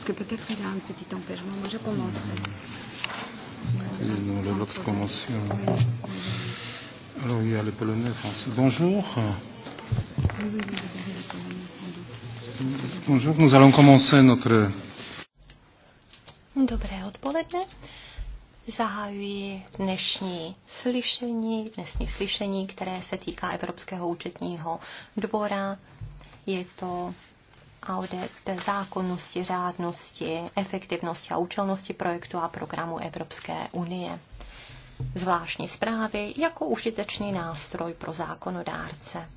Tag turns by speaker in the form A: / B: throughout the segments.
A: Parce que peut-être il a un petit tempérament. Moi, je commencerai. l'autre commence.
B: Euh.
C: Alors, il y a le polonais français. Bonjour. Bonjour, nous allons commencer notre...
B: Dobré odpoledne. Zahajuji dnešní slyšení, dnešní slyšení, které se týká Evropského účetního dvora. Je to audit zákonnosti, řádnosti, efektivnosti a účelnosti projektu a programu Evropské unie. Zvláštní zprávy jako užitečný nástroj pro zákonodárce.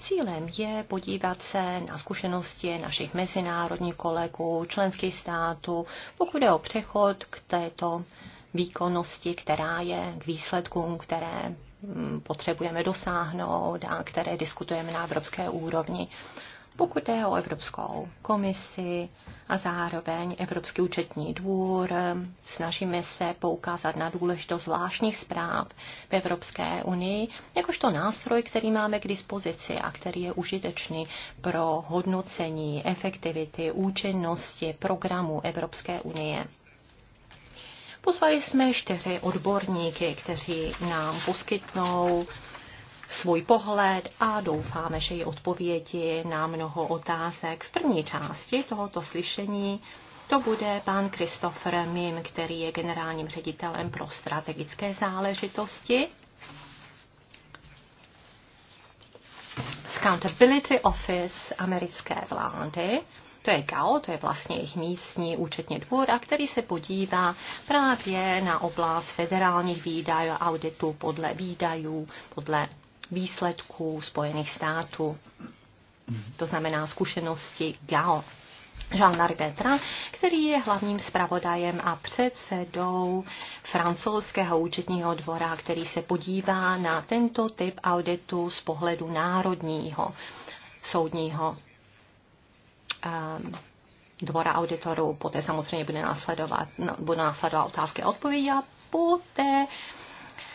B: Cílem je podívat se na zkušenosti našich mezinárodních kolegů, členských států, pokud je o přechod k této výkonnosti, která je k výsledkům, které Mm, potřebujeme dosáhnout a které diskutujeme na evropské úrovni. Pokud jde o Evropskou komisi a zároveň Evropský účetní dvůr, snažíme se poukázat na důležitost zvláštních zpráv v Evropské unii, jakožto nástroj, který máme k dispozici a který je užitečný pro hodnocení efektivity, účinnosti programu Evropské unie. Pozvali jsme čtyři odborníky, kteří nám poskytnou svůj pohled a doufáme, že i odpovědi na mnoho otázek. V první části tohoto slyšení to bude pan Christopher Mim, který je generálním ředitelem pro strategické záležitosti. Accountability Office americké vlády to je GAO, to je vlastně jejich místní účetní dvůr, a který se podívá právě na oblast federálních výdajů, auditu podle výdajů, podle výsledků Spojených států. To znamená zkušenosti GAO. Jean-Marie Petra, který je hlavním zpravodajem a předsedou francouzského účetního dvora, který se podívá na tento typ auditu z pohledu národního soudního Ehm, dvora auditorů, poté samozřejmě bude následovat, no, bude následovat otázky a odpovědi a poté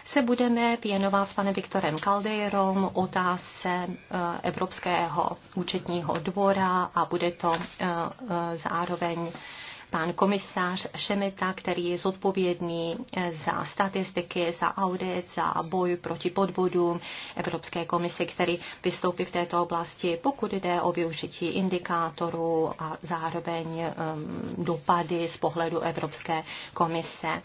B: se budeme věnovat s panem Viktorem Kaldejrom otázce eh, Evropského účetního dvora a bude to eh, eh, zároveň pan komisář Šemeta, který je zodpovědný eh, za statistiky, za audit, za boj proti podvodům Evropské komise, který vystoupí v této oblasti, pokud jde o využití indikátorů a zároveň ehm, dopady z pohledu Evropské komise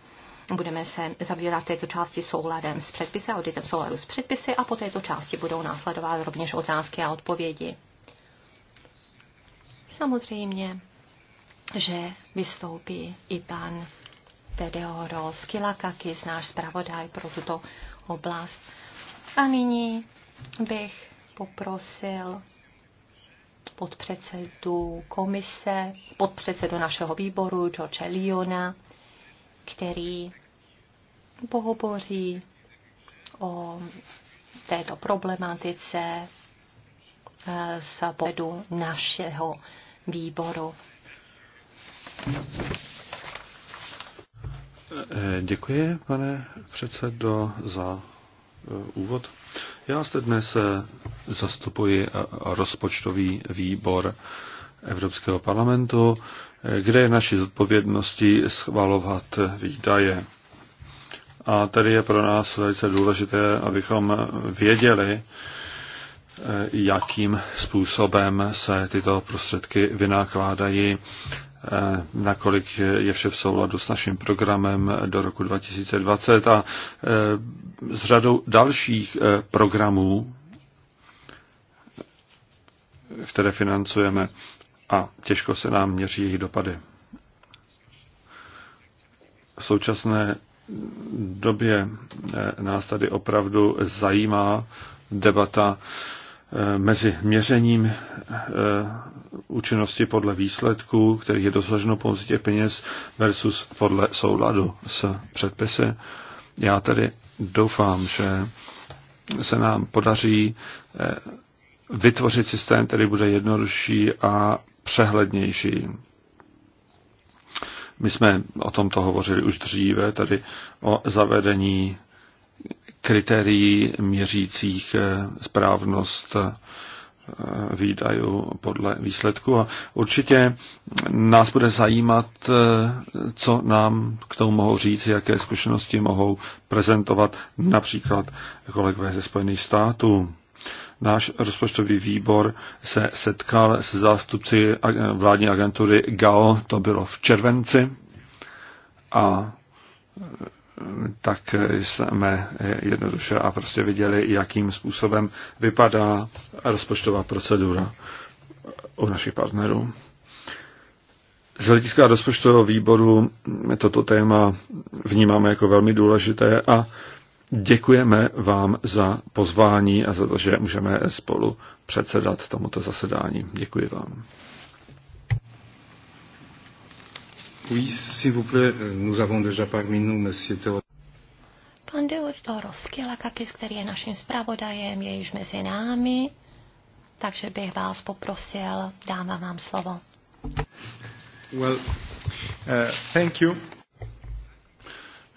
B: budeme se zabývat této části souladem s předpisy, auditem souladu s předpisy a po této části budou následovat rovněž otázky a odpovědi. Samozřejmě že vystoupí i pan Tedeoro Skilakakis, náš zpravodaj pro tuto oblast. A nyní bych poprosil podpředsedu komise, podpředsedu našeho výboru, George Liona, který pohovoří o této problematice z pohledu našeho výboru.
C: Eh, děkuji, pane předsedo, za eh, úvod. Já zde dnes eh, zastupuji rozpočtový výbor Evropského parlamentu, kde je naší zodpovědností schvalovat výdaje. A tady je pro nás velice důležité, abychom věděli, jakým způsobem se tyto prostředky vynakládají Eh, nakolik je vše v souladu s naším programem do roku 2020 a eh, s řadou dalších eh, programů, které financujeme a těžko se nám měří jejich dopady. V současné době nás tady opravdu zajímá debata Eh, mezi měřením eh, účinnosti podle výsledků, kterých je dosaženo pomocí těch peněz, versus podle souladu s předpisy. Já tedy doufám, že se nám podaří eh, vytvořit systém, který bude jednodušší a přehlednější. My jsme o tomto hovořili už dříve, tady o zavedení kritérií měřících eh, správnost eh, výdajů podle výsledku. A určitě nás bude zajímat, eh, co nám k tomu mohou říct, jaké zkušenosti mohou prezentovat například kolegové ze Spojených států. Náš rozpočtový výbor se setkal s zástupci vládní agentury GAO, to bylo v červenci, a tak jsme jednoduše a prostě viděli, jakým způsobem vypadá rozpočtová procedura u našich partnerů. Z hlediska rozpočtového výboru toto téma vnímáme jako velmi důležité a děkujeme vám za pozvání a za to, že můžeme spolu předsedat tomuto zasedání. Děkuji vám. Oui, s'il vous plaît, euh, nous avons déjà parmi nous monsieur Théodore.
B: Pan Teodoros Kilakakis, který je naším zpravodajem, je již mezi námi, takže bych vás poprosil, dávám vám slovo.
C: Well, uh, thank you.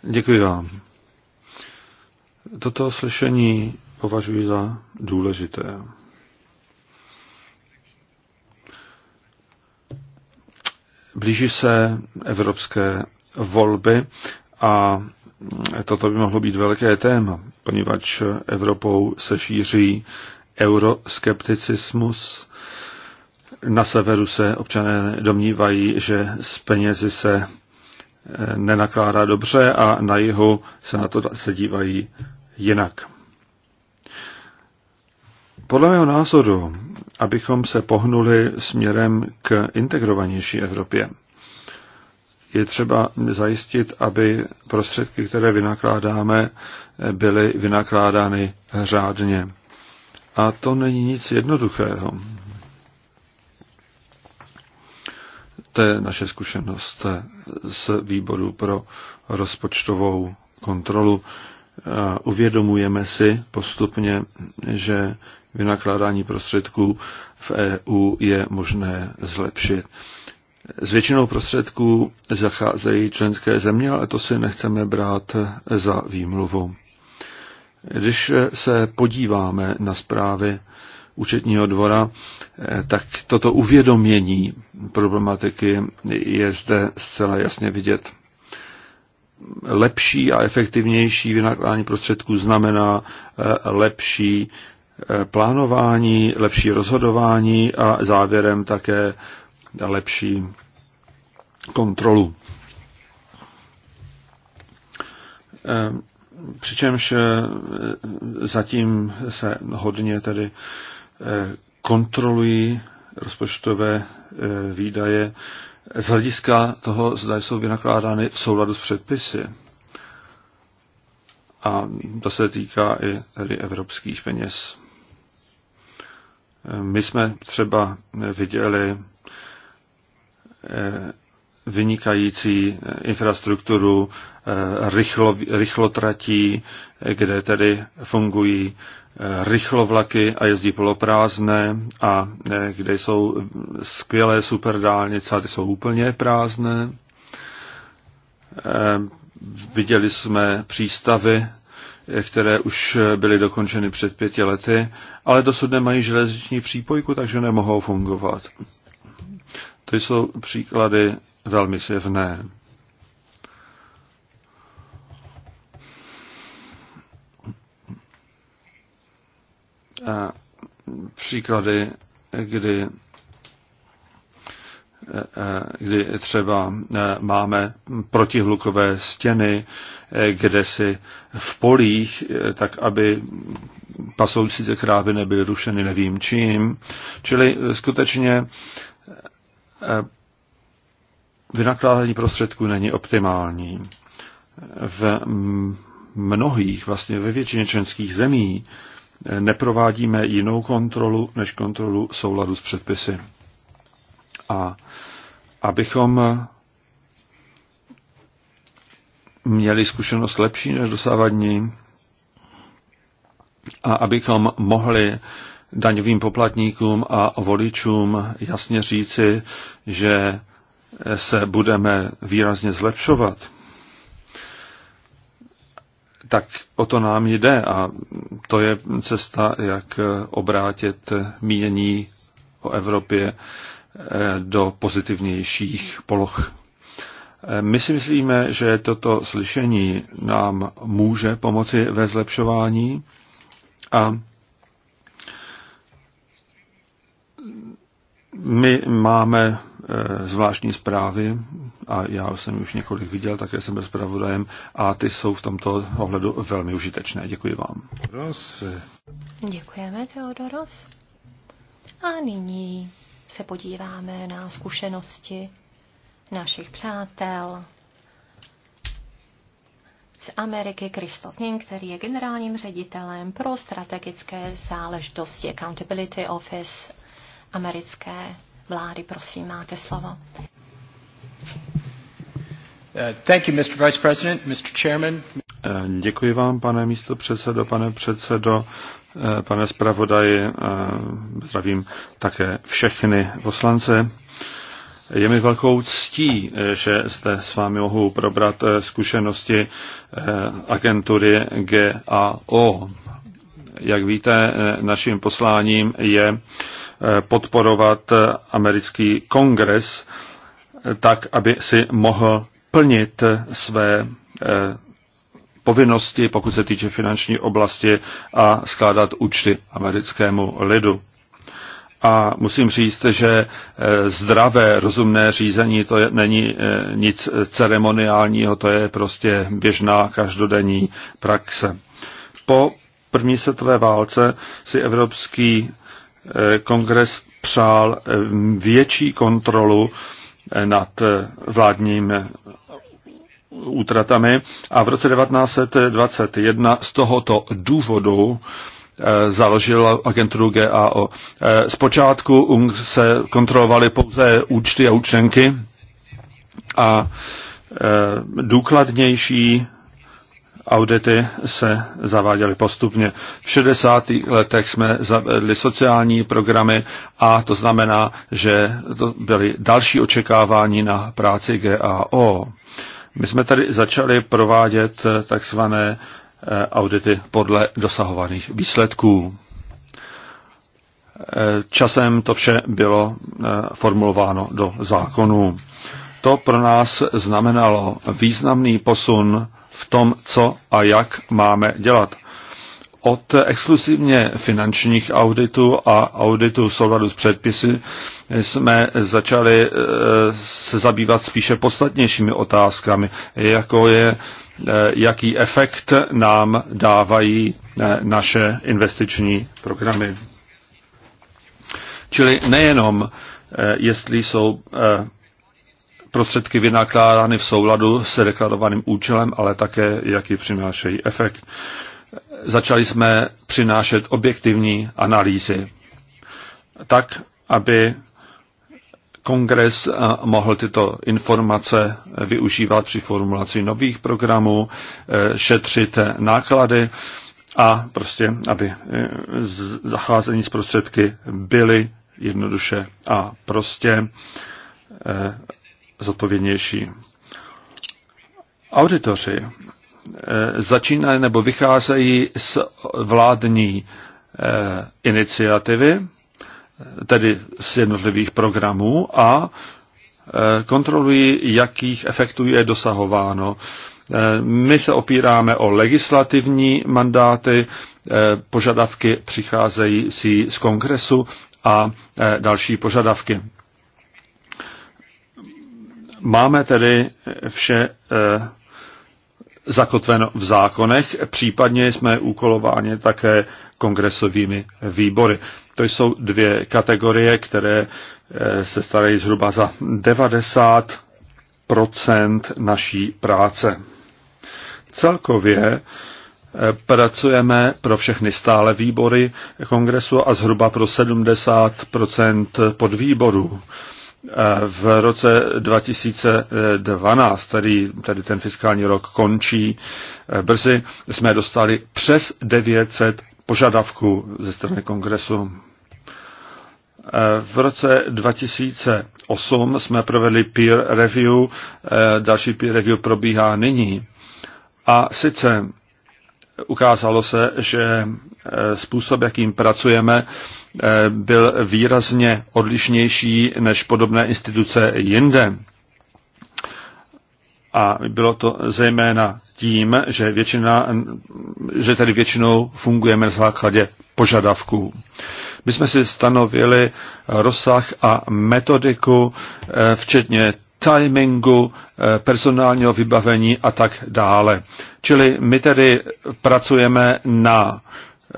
C: Děkuji vám. Toto slyšení považuji za důležité. Blíží se evropské volby a toto by mohlo být velké téma, poněvadž Evropou se šíří euroskepticismus. Na severu se občané domnívají, že s penězi se eh, nenakládá dobře a na jihu se na to se dívají jinak. Podle mého názoru abychom se pohnuli směrem k integrovanější Evropě. Je třeba zajistit, aby prostředky, které vynakládáme, byly vynakládány řádně. A to není nic jednoduchého. To je naše zkušenost z výboru pro rozpočtovou kontrolu. Uvědomujeme si postupně, že vynakládání prostředků v EU je možné zlepšit. S většinou prostředků zacházejí členské země, ale to si nechceme brát za výmluvu. Když se podíváme na zprávy účetního dvora, tak toto uvědomění problematiky je zde zcela jasně vidět. Lepší a efektivnější vynakládání prostředků znamená eh, lepší Eh, plánování, lepší rozhodování a závěrem také lepší kontrolu. Eh, přičemž eh, zatím se hodně tedy kontrolují rozpočtové výdaje z hlediska toho, zda jsou vynakládány v souladu s předpisy. A to se týká i tedy evropských peněz. My jsme třeba viděli eh, vynikající infrastrukturu eh, rychlo, rychlotratí, kde tedy fungují eh, rychlovlaky a jezdí poloprázdné a kde jsou skvělé superdálnice a ty jsou úplně prázdné. Viděli jsme přístavy, které už byly dokončeny před pěti lety, ale dosud nemají železniční přípojku, takže nemohou fungovat. To jsou příklady velmi zjevné. A příklady, kdy kdy třeba eh, máme protihlukové stěny, eh, kde si v polích, eh, tak aby pasoucí ze krávy nebyly rušeny nevím čím. Čili skutečně vynakládání prostředků není optimální. V mnohých, vlastně ve většině členských zemí, neprovádíme jinou kontrolu než kontrolu souladu s předpisy a abychom měli zkušenost lepší než dosávadní a abychom mohli daňovým poplatníkům a voličům jasně říci, že se budeme výrazně zlepšovat, tak o to nám jde a to je cesta, jak obrátit mínění o Evropě do pozitivnějších poloh. My si myslíme, že toto slyšení nám může pomoci ve zlepšování a my máme eh, zvláštní zprávy a já jsem už několik viděl, také jsem byl zpravodajem a ty jsou v tomto ohledu velmi užitečné. Děkuji vám. Ros.
B: Děkujeme, Teodoros. A nyní se podíváme na zkušenosti našich přátel z Ameriky, Kristof který je generálním ředitelem pro strategické záležitosti Accountability Office americké vlády. Prosím, máte slovo.
A: Uh, thank you, Mr. Vice President, Mr. Chairman.
C: Děkuji vám, pane místo předsedo, pane předsedo, eh, pane zpravodaji, eh, zdravím také všechny poslance. Je mi velkou ctí, eh, že zde s vámi mohu probrat zkušenosti agentury GAO. Jak víte, naším posláním je podporovat americký kongres tak, aby si mohl plnit své povinnosti, pokud se týče finanční oblasti a skládat účty americkému lidu. A musím říct, že eh, zdravé, rozumné řízení to je, není eh, nic ceremoniálního, to je prostě běžná každodenní praxe. Po první světové válce si Evropský eh, kongres přál větší kontrolu nad vládním útratami a v roce 1921 z tohoto důvodu eh, založil agenturu GAO. Eh, zpočátku se kontrolovaly pouze účty a účtenky a eh, důkladnější audity se zaváděly postupně. V 60. letech jsme zavedli sociální programy a to znamená, že to byly další očekávání na práci GAO. My jsme tady začali provádět eh, takzvané eh, audity podle dosahovaných výsledků. Eh, časem to vše bylo formulováno do zákonu. To pro nás znamenalo významný posun v tom, co a jak máme dělat od exkluzivně finančních auditů a auditů souladu s předpisy jsme začali eh, se zabývat spíše podstatnějšími otázkami, jako je, eh, jaký efekt nám dávají eh, naše investiční programy. Čili nejenom, jestli jsou prostředky vynakládány v souladu s deklarovaným účelem, ale také, jaký přinášejí efekt začali jsme přinášet objektivní analýzy, tak, aby kongres eh, mohl tyto informace využívat při formulaci nových programů, eh, šetřit náklady a prostě, aby eh, zacházení s prostředky byly jednoduše a prostě zodpovědnější. Auditoři Eh, začínají nebo vycházejí z vládní eh, iniciativy, eh, tedy z jednotlivých programů a kontrolují, jakých efektů je dosahováno. My se opíráme o legislativní mandáty, požadavky přicházejí si z kongresu a další požadavky. Máme tedy vše zakotveno v zákonech, případně jsme úkolováni také kongresovými výbory. To jsou dvě kategorie, které eh, se starají zhruba za 90 naší práce. Celkově eh, pracujeme pro všechny stále výbory kongresu a zhruba pro 70 podvýborů. výborů v roce 2012, tedy, tady ten fiskální rok končí eh, brzy, jsme dostali přes 900 požadavků ze strany kongresu. Eh, v roce 2008 jsme provedli peer review, eh, další peer review probíhá nyní. A sice ukázalo se, že způsob, jakým pracujeme, Eh, byl výrazně odlišnější než podobné instituce jinde. A bylo to zejména tím, že, většina, že tedy většinou fungujeme na základě požadavků. My jsme si stanovili rozsah a metodiku, eh, včetně timingu, eh, personálního vybavení a tak dále. Čili my tedy pracujeme na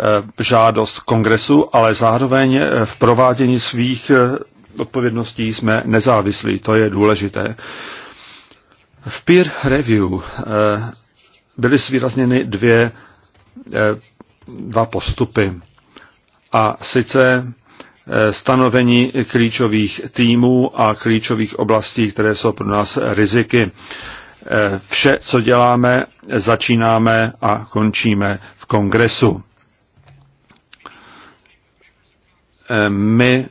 C: Eh, žádost kongresu, ale zároveň eh, v provádění svých eh, odpovědností jsme nezávislí. To je důležité. V peer review byly svýrazněny dvě, dva postupy. A sice stanovení klíčových týmů a klíčových oblastí, které jsou pro nás riziky. Vše, co děláme, začínáme a končíme v kongresu. my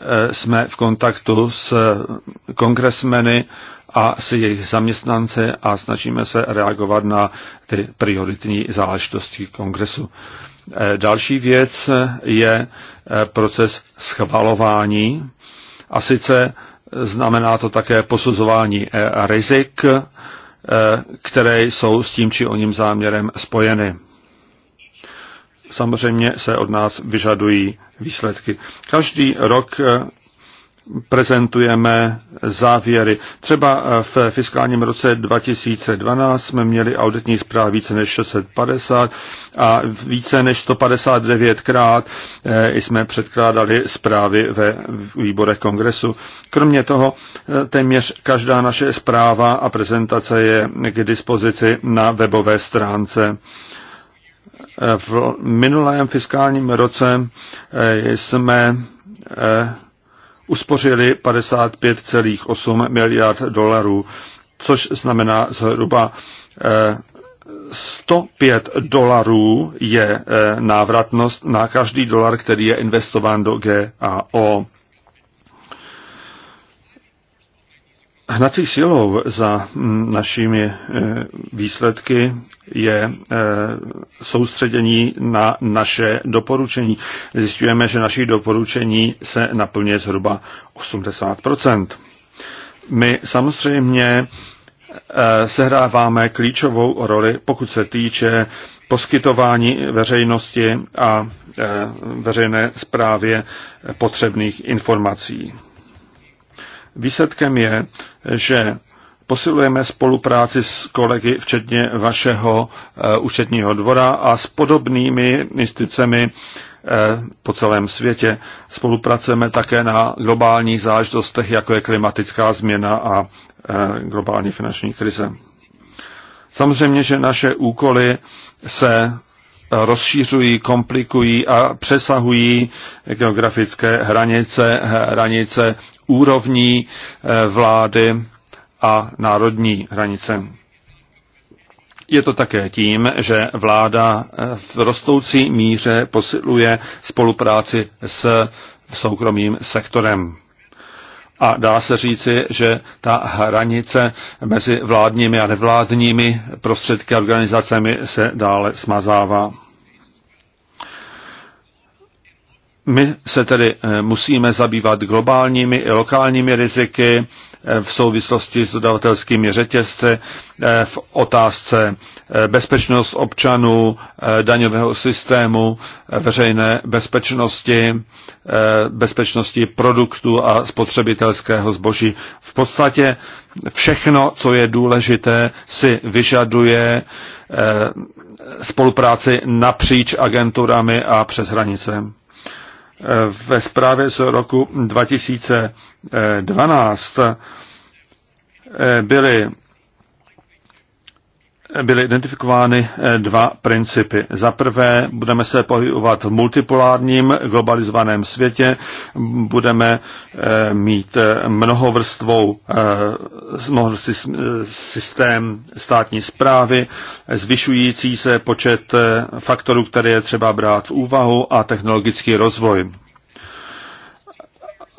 C: eh, jsme v kontaktu s kongresmeny a s jejich zaměstnanci a snažíme se reagovat na ty prioritní záležitosti kongresu. Eh, další věc je eh, proces schvalování a sice znamená to také posuzování rizik, které jsou s tím či ním záměrem spojeny samozřejmě se od nás vyžadují výsledky. Každý rok eh, prezentujeme závěry. Třeba eh, v fiskálním roce 2012 jsme měli auditní zprávy více než 650 a více než 159krát eh, jsme předkládali zprávy ve výborech kongresu. Kromě toho téměř každá naše zpráva a prezentace je k dispozici na webové stránce v minulém fiskálním roce eh, jsme eh, uspořili 55,8 miliard dolarů, což znamená zhruba 105 eh, dolarů je návratnost na každý dolar, který je investován do GAO. Hnací silou za mm, našimi eh, výsledky je eh, soustředění na naše doporučení. Zjišťujeme, že naše doporučení se naplně zhruba 80 My samozřejmě eh, sehráváme klíčovou roli, pokud se týče poskytování veřejnosti a veřejné zprávě potřebných informací. Výsledkem je, že posilujeme spolupráci s kolegy, včetně vašeho eh, účetního dvora a s podobnými institucemi eh, po celém světě. Spolupracujeme také na globálních záležitostech, jako je klimatická změna a eh, globální finanční krize. Samozřejmě, že naše úkoly se rozšířují, komplikují a přesahují geografické hranice, hranice úrovní eh, vlády a národní hranice. Je to také tím, že vláda eh, v rostoucí míře posiluje spolupráci s soukromým sektorem. A dá se říci, že ta hranice mezi vládními a nevládními prostředky a organizacemi se dále smazává. My se tedy eh, musíme zabývat globálními i lokálními riziky eh, v souvislosti s dodavatelskými řetězce, eh, v otázce bezpečnost občanů, daňového systému, veřejné bezpečnosti, bezpečnosti produktů a spotřebitelského zboží. V podstatě všechno, co je důležité, si vyžaduje spolupráci napříč agenturami a přes hranice ve zprávě z roku 2012 byly byly identifikovány eh, dva principy. Za prvé budeme se pohybovat v multipolárním globalizovaném světě, budeme eh, mít eh, mnohovrstvou systém státní zprávy, zvyšující se počet faktorů, které je třeba brát v úvahu a technologický rozvoj.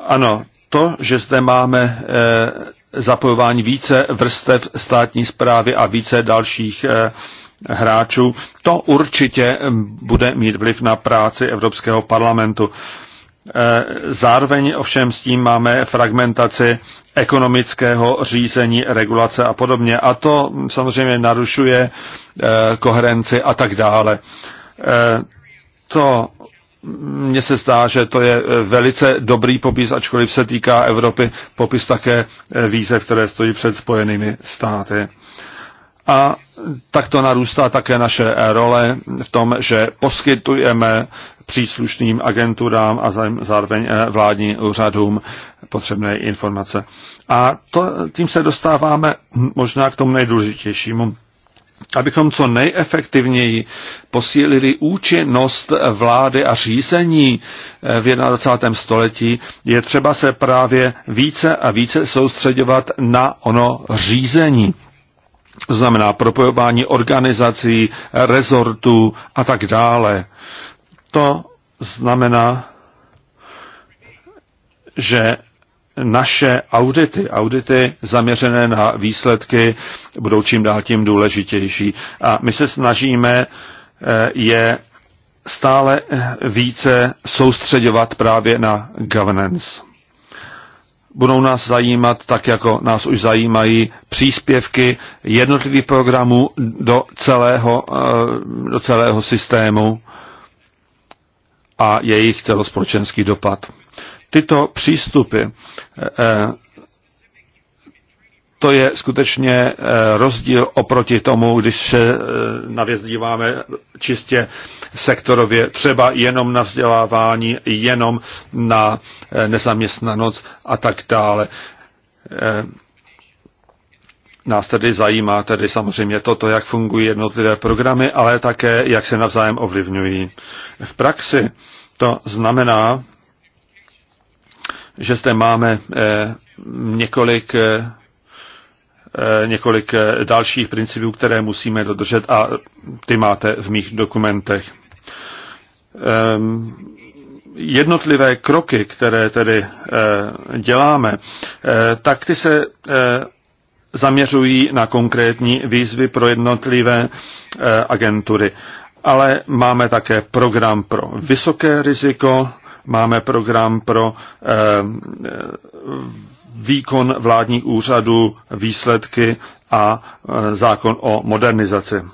C: Ano, to, že zde máme zapojování více vrstev státní zprávy a více dalších eh, hráčů. To určitě bude mít vliv na práci Evropského parlamentu. Eh, zároveň ovšem s tím máme fragmentaci ekonomického řízení, regulace a podobně. A to samozřejmě narušuje eh, koherenci a tak dále. To mně se zdá, že to je eh, velice dobrý popis, ačkoliv se týká Evropy, popis také eh, víze, které stojí před spojenými státy. A takto narůstá také naše role v tom, že poskytujeme příslušným agenturám a zároveň eh, vládním úřadům potřebné informace. A to, tím se dostáváme možná k tomu nejdůležitějšímu abychom co nejefektivněji posílili účinnost vlády a řízení eh, v 21. století, je třeba se právě více a více soustředovat na ono řízení. To znamená propojování organizací, rezortů a tak dále. To znamená, že naše audity, audity zaměřené na výsledky, budou čím dál tím důležitější. A my se snažíme eh, je stále eh, více soustředovat právě na governance. Budou nás zajímat, tak jako nás už zajímají, příspěvky jednotlivých programů do celého, eh, do celého systému a jejich celospolečenský dopad. Tyto přístupy eh, eh, to je skutečně eh, rozdíl oproti tomu, když se navězdíváme čistě sektorově, třeba jenom na vzdělávání, jenom na nezaměstnanost a tak dále. Nás tedy zajímá tedy samozřejmě toto, jak fungují jednotlivé programy, ale také, jak se navzájem ovlivňují. V praxi to znamená, že zde máme eh, několik eh, eh, několik dalších principů, které musíme dodržet a ty máte v mých dokumentech. Ehm, jednotlivé kroky, které tedy děláme, tak ty se zaměřují na konkrétní výzvy pro jednotlivé agentury. Ale máme také program pro vysoké riziko, Máme program pro eh, výkon vládních úřadů, výsledky a eh, zákon o modernizaci.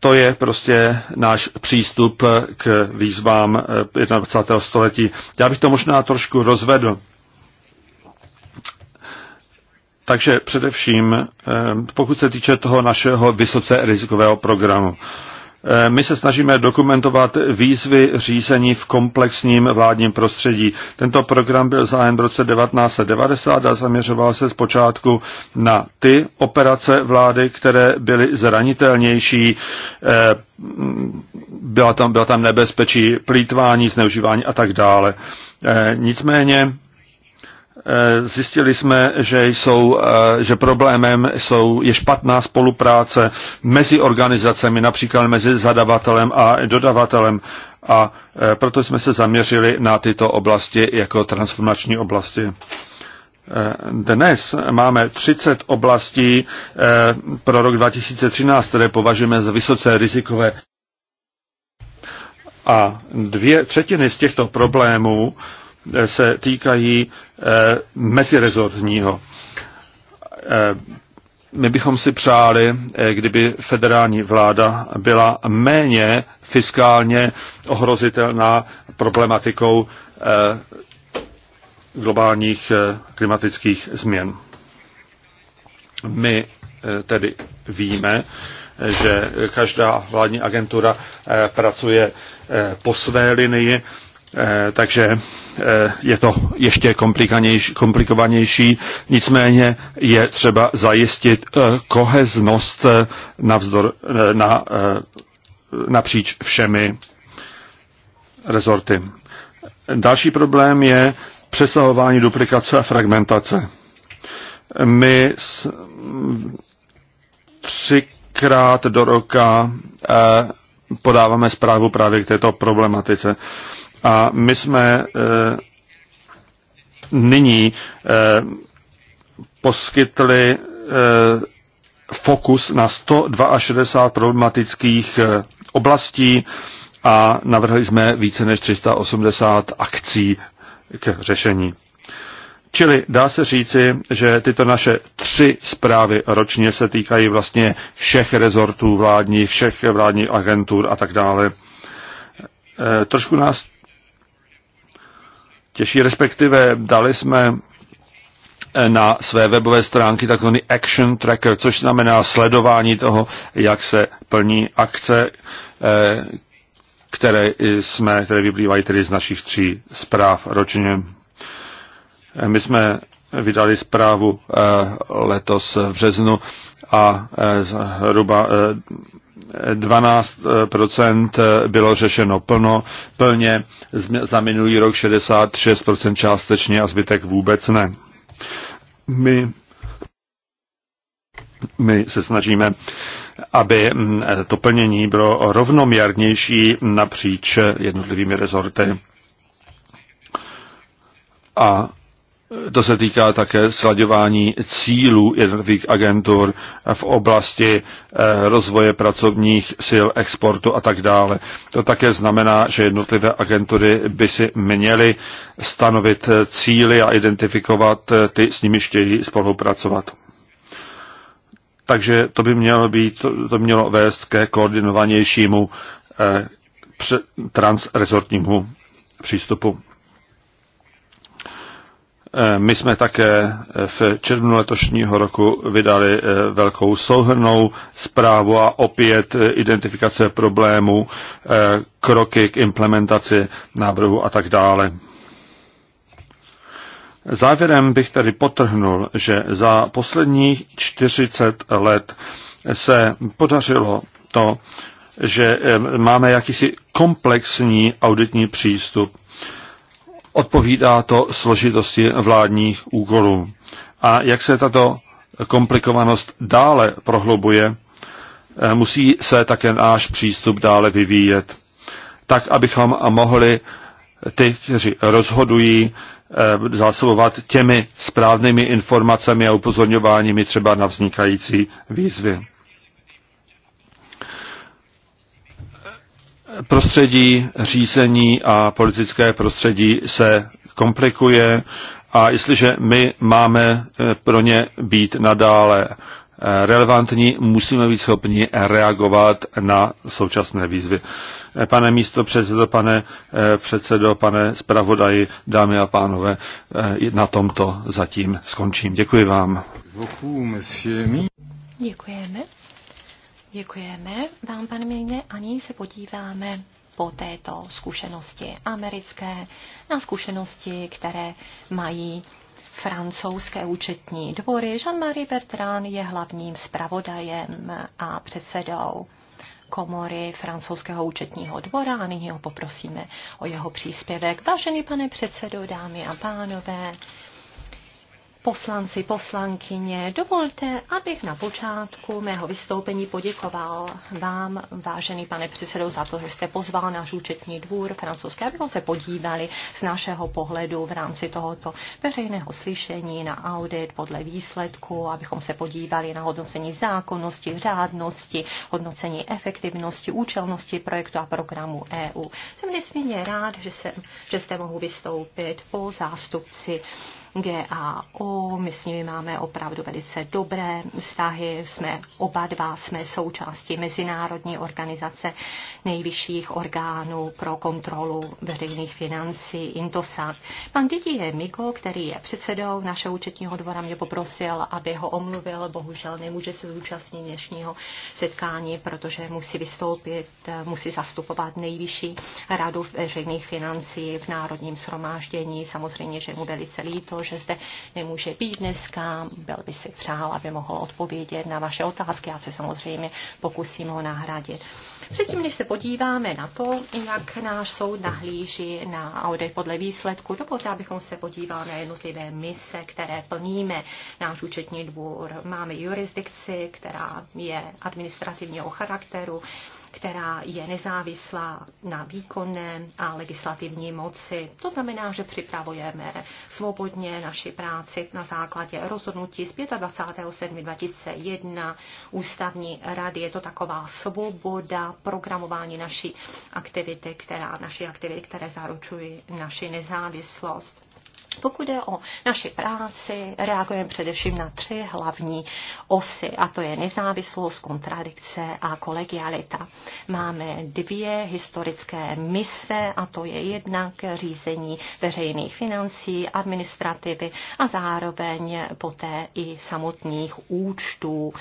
C: To je prostě náš přístup eh, k výzvám 21. století. Já bych to možná trošku rozvedl. Takže především, pokud se týče toho našeho vysoce rizikového programu, Eh, my se snažíme dokumentovat výzvy řízení v komplexním vládním prostředí. Tento program byl zahájen v roce 1990 a zaměřoval se zpočátku na ty operace vlády, které byly zranitelnější. Eh, byla tam, byla tam nebezpečí plítvání, zneužívání a tak dále. Eh, nicméně Eh, zjistili jsme, že, jsou, eh, že problémem jsou, je špatná spolupráce mezi organizacemi, například mezi zadavatelem a dodavatelem. A eh, proto jsme se zaměřili na tyto oblasti jako transformační oblasti. Dnes máme 30 oblastí pro rok 2013, které považujeme za vysoce rizikové. A dvě třetiny z těchto problémů se týkají eh, mezirezortního. Eh, my bychom si přáli, eh, kdyby federální vláda byla méně fiskálně ohrozitelná problematikou globálních klimatických změn. My tedy víme, že každá vládní agentura pracuje po své linii, takže Eh, je to ještě komplikovanější, nicméně je třeba zajistit eh, koheznost eh, navzdor, na, napříč všemi rezorty. Další problém je přesahování duplikace a fragmentace. My třikrát do roka podáváme zprávu právě k této problematice. A my jsme eh, nyní eh, poskytli eh, fokus na 162 problematických oblastí a navrhli jsme více než 380 akcí k řešení. Čili dá se říci, že tyto naše tři zprávy ročně se týkají vlastně všech rezortů vládních, všech vládních agentur a tak dále. Trošku nás těší, respektive dali jsme eh, na své webové stránky takzvaný action tracker, což znamená sledování toho, jak se plní akce, eh, které jsme, které vyplývají tedy z našich tří zpráv ročně. Eh, my jsme vydali zprávu letos v březnu a zhruba 12 eh, bylo řešeno plno, plně, za minulý rok 66 částečně a zbytek vůbec ne. My, my se snažíme, aby mm, to plnění bylo rovnoměrnější napříč jednotlivými rezorty. A to se týká také sladěvání cílů jednotlivých agentur v oblasti eh, rozvoje pracovních sil, exportu a tak dále. To také znamená, že jednotlivé agentury by si měly stanovit eh, cíly a identifikovat eh, ty, s nimi chtějí spolupracovat. Takže to by mělo, být, to mělo vést ke koordinovanějšímu transrezortnímu přístupu. Eh, my jsme také eh, v červnu letošního roku vydali eh, velkou souhrnou zprávu a opět identifikace problémů, kroky k implementaci návrhu a tak dále. Závěrem bych tedy potrhnul, že za posledních 40 let se podařilo to, že máme jakýsi komplexní auditní přístup Odpovídá to složitosti vládních úkolů. A jak se tato komplikovanost dále prohlubuje, eh, musí se také náš přístup dále vyvíjet, tak abychom mohli ty, kteří rozhodují, eh, zásobovat těmi správnými informacemi a upozorňováními třeba na vznikající výzvy prostředí řízení a politické prostředí se komplikuje a jestliže my máme eh, pro ně být nadále eh, relevantní, musíme být schopni reagovat na současné výzvy. Eh, pane místo předsedo, pane předsedo, pane zpravodaji, dámy a pánové, na tomto zatím skončím. Děkuji vám.
A: Děkujeme. Děkujeme
B: vám, pane Milne, a nyní se podíváme po této zkušenosti americké na zkušenosti, které mají francouzské účetní dvory. Jean-Marie Bertrand je hlavním zpravodajem a předsedou komory francouzského účetního dvora a nyní ho poprosíme o jeho příspěvek. Vážený pane předsedo, dámy a pánové, poslanci, poslankyně, dovolte, abych na počátku mého vystoupení poděkoval vám, vážený pane předsedo, za to, že jste pozval náš účetní dvůr francouzské, abychom se podívali z našeho pohledu v rámci tohoto veřejného slyšení na audit podle výsledku, abychom se podívali na hodnocení zákonnosti, řádnosti, hodnocení efektivnosti, účelnosti projektu a programu EU. Jsem nesmírně rád, že, jsem, že jste mohu vystoupit po zástupci GAO, my s nimi máme opravdu velice dobré vztahy, jsme oba dva, jsme součástí Mezinárodní organizace nejvyšších orgánů pro kontrolu veřejných financí Intosat. Pan Didier Miko, který je předsedou našeho účetního dvora, mě poprosil, aby ho omluvil, bohužel nemůže se zúčastnit dnešního setkání, protože musí vystoupit, musí zastupovat nejvyšší radu veřejných financí v Národním shromáždění. Samozřejmě, že mu velice líto, protože zde nemůže být dneska. Byl by si přál, aby mohl odpovědět na vaše otázky. Já se samozřejmě pokusím ho nahradit. Předtím, než se podíváme na to, jak náš soud nahlíží na audit podle výsledku, dovolte, abychom se podívali na jednotlivé mise, které plníme. Náš účetní dvůr máme jurisdikci, která je administrativního charakteru, která je nezávislá na výkonné a legislativní moci. To znamená, že připravujeme svobodně naši práci na základě rozhodnutí z 25.7.2001 ústavní rady. Je to taková svoboda programování naší aktivity, která, naší aktivity, které zaručují naši nezávislost. Pokud jde o naši práci, reagujeme především na tři hlavní osy, a to je nezávislost, kontradikce a kolegialita. Máme dvě historické mise, a to je jednak řízení veřejných financí, administrativy a zároveň poté i samotných účtů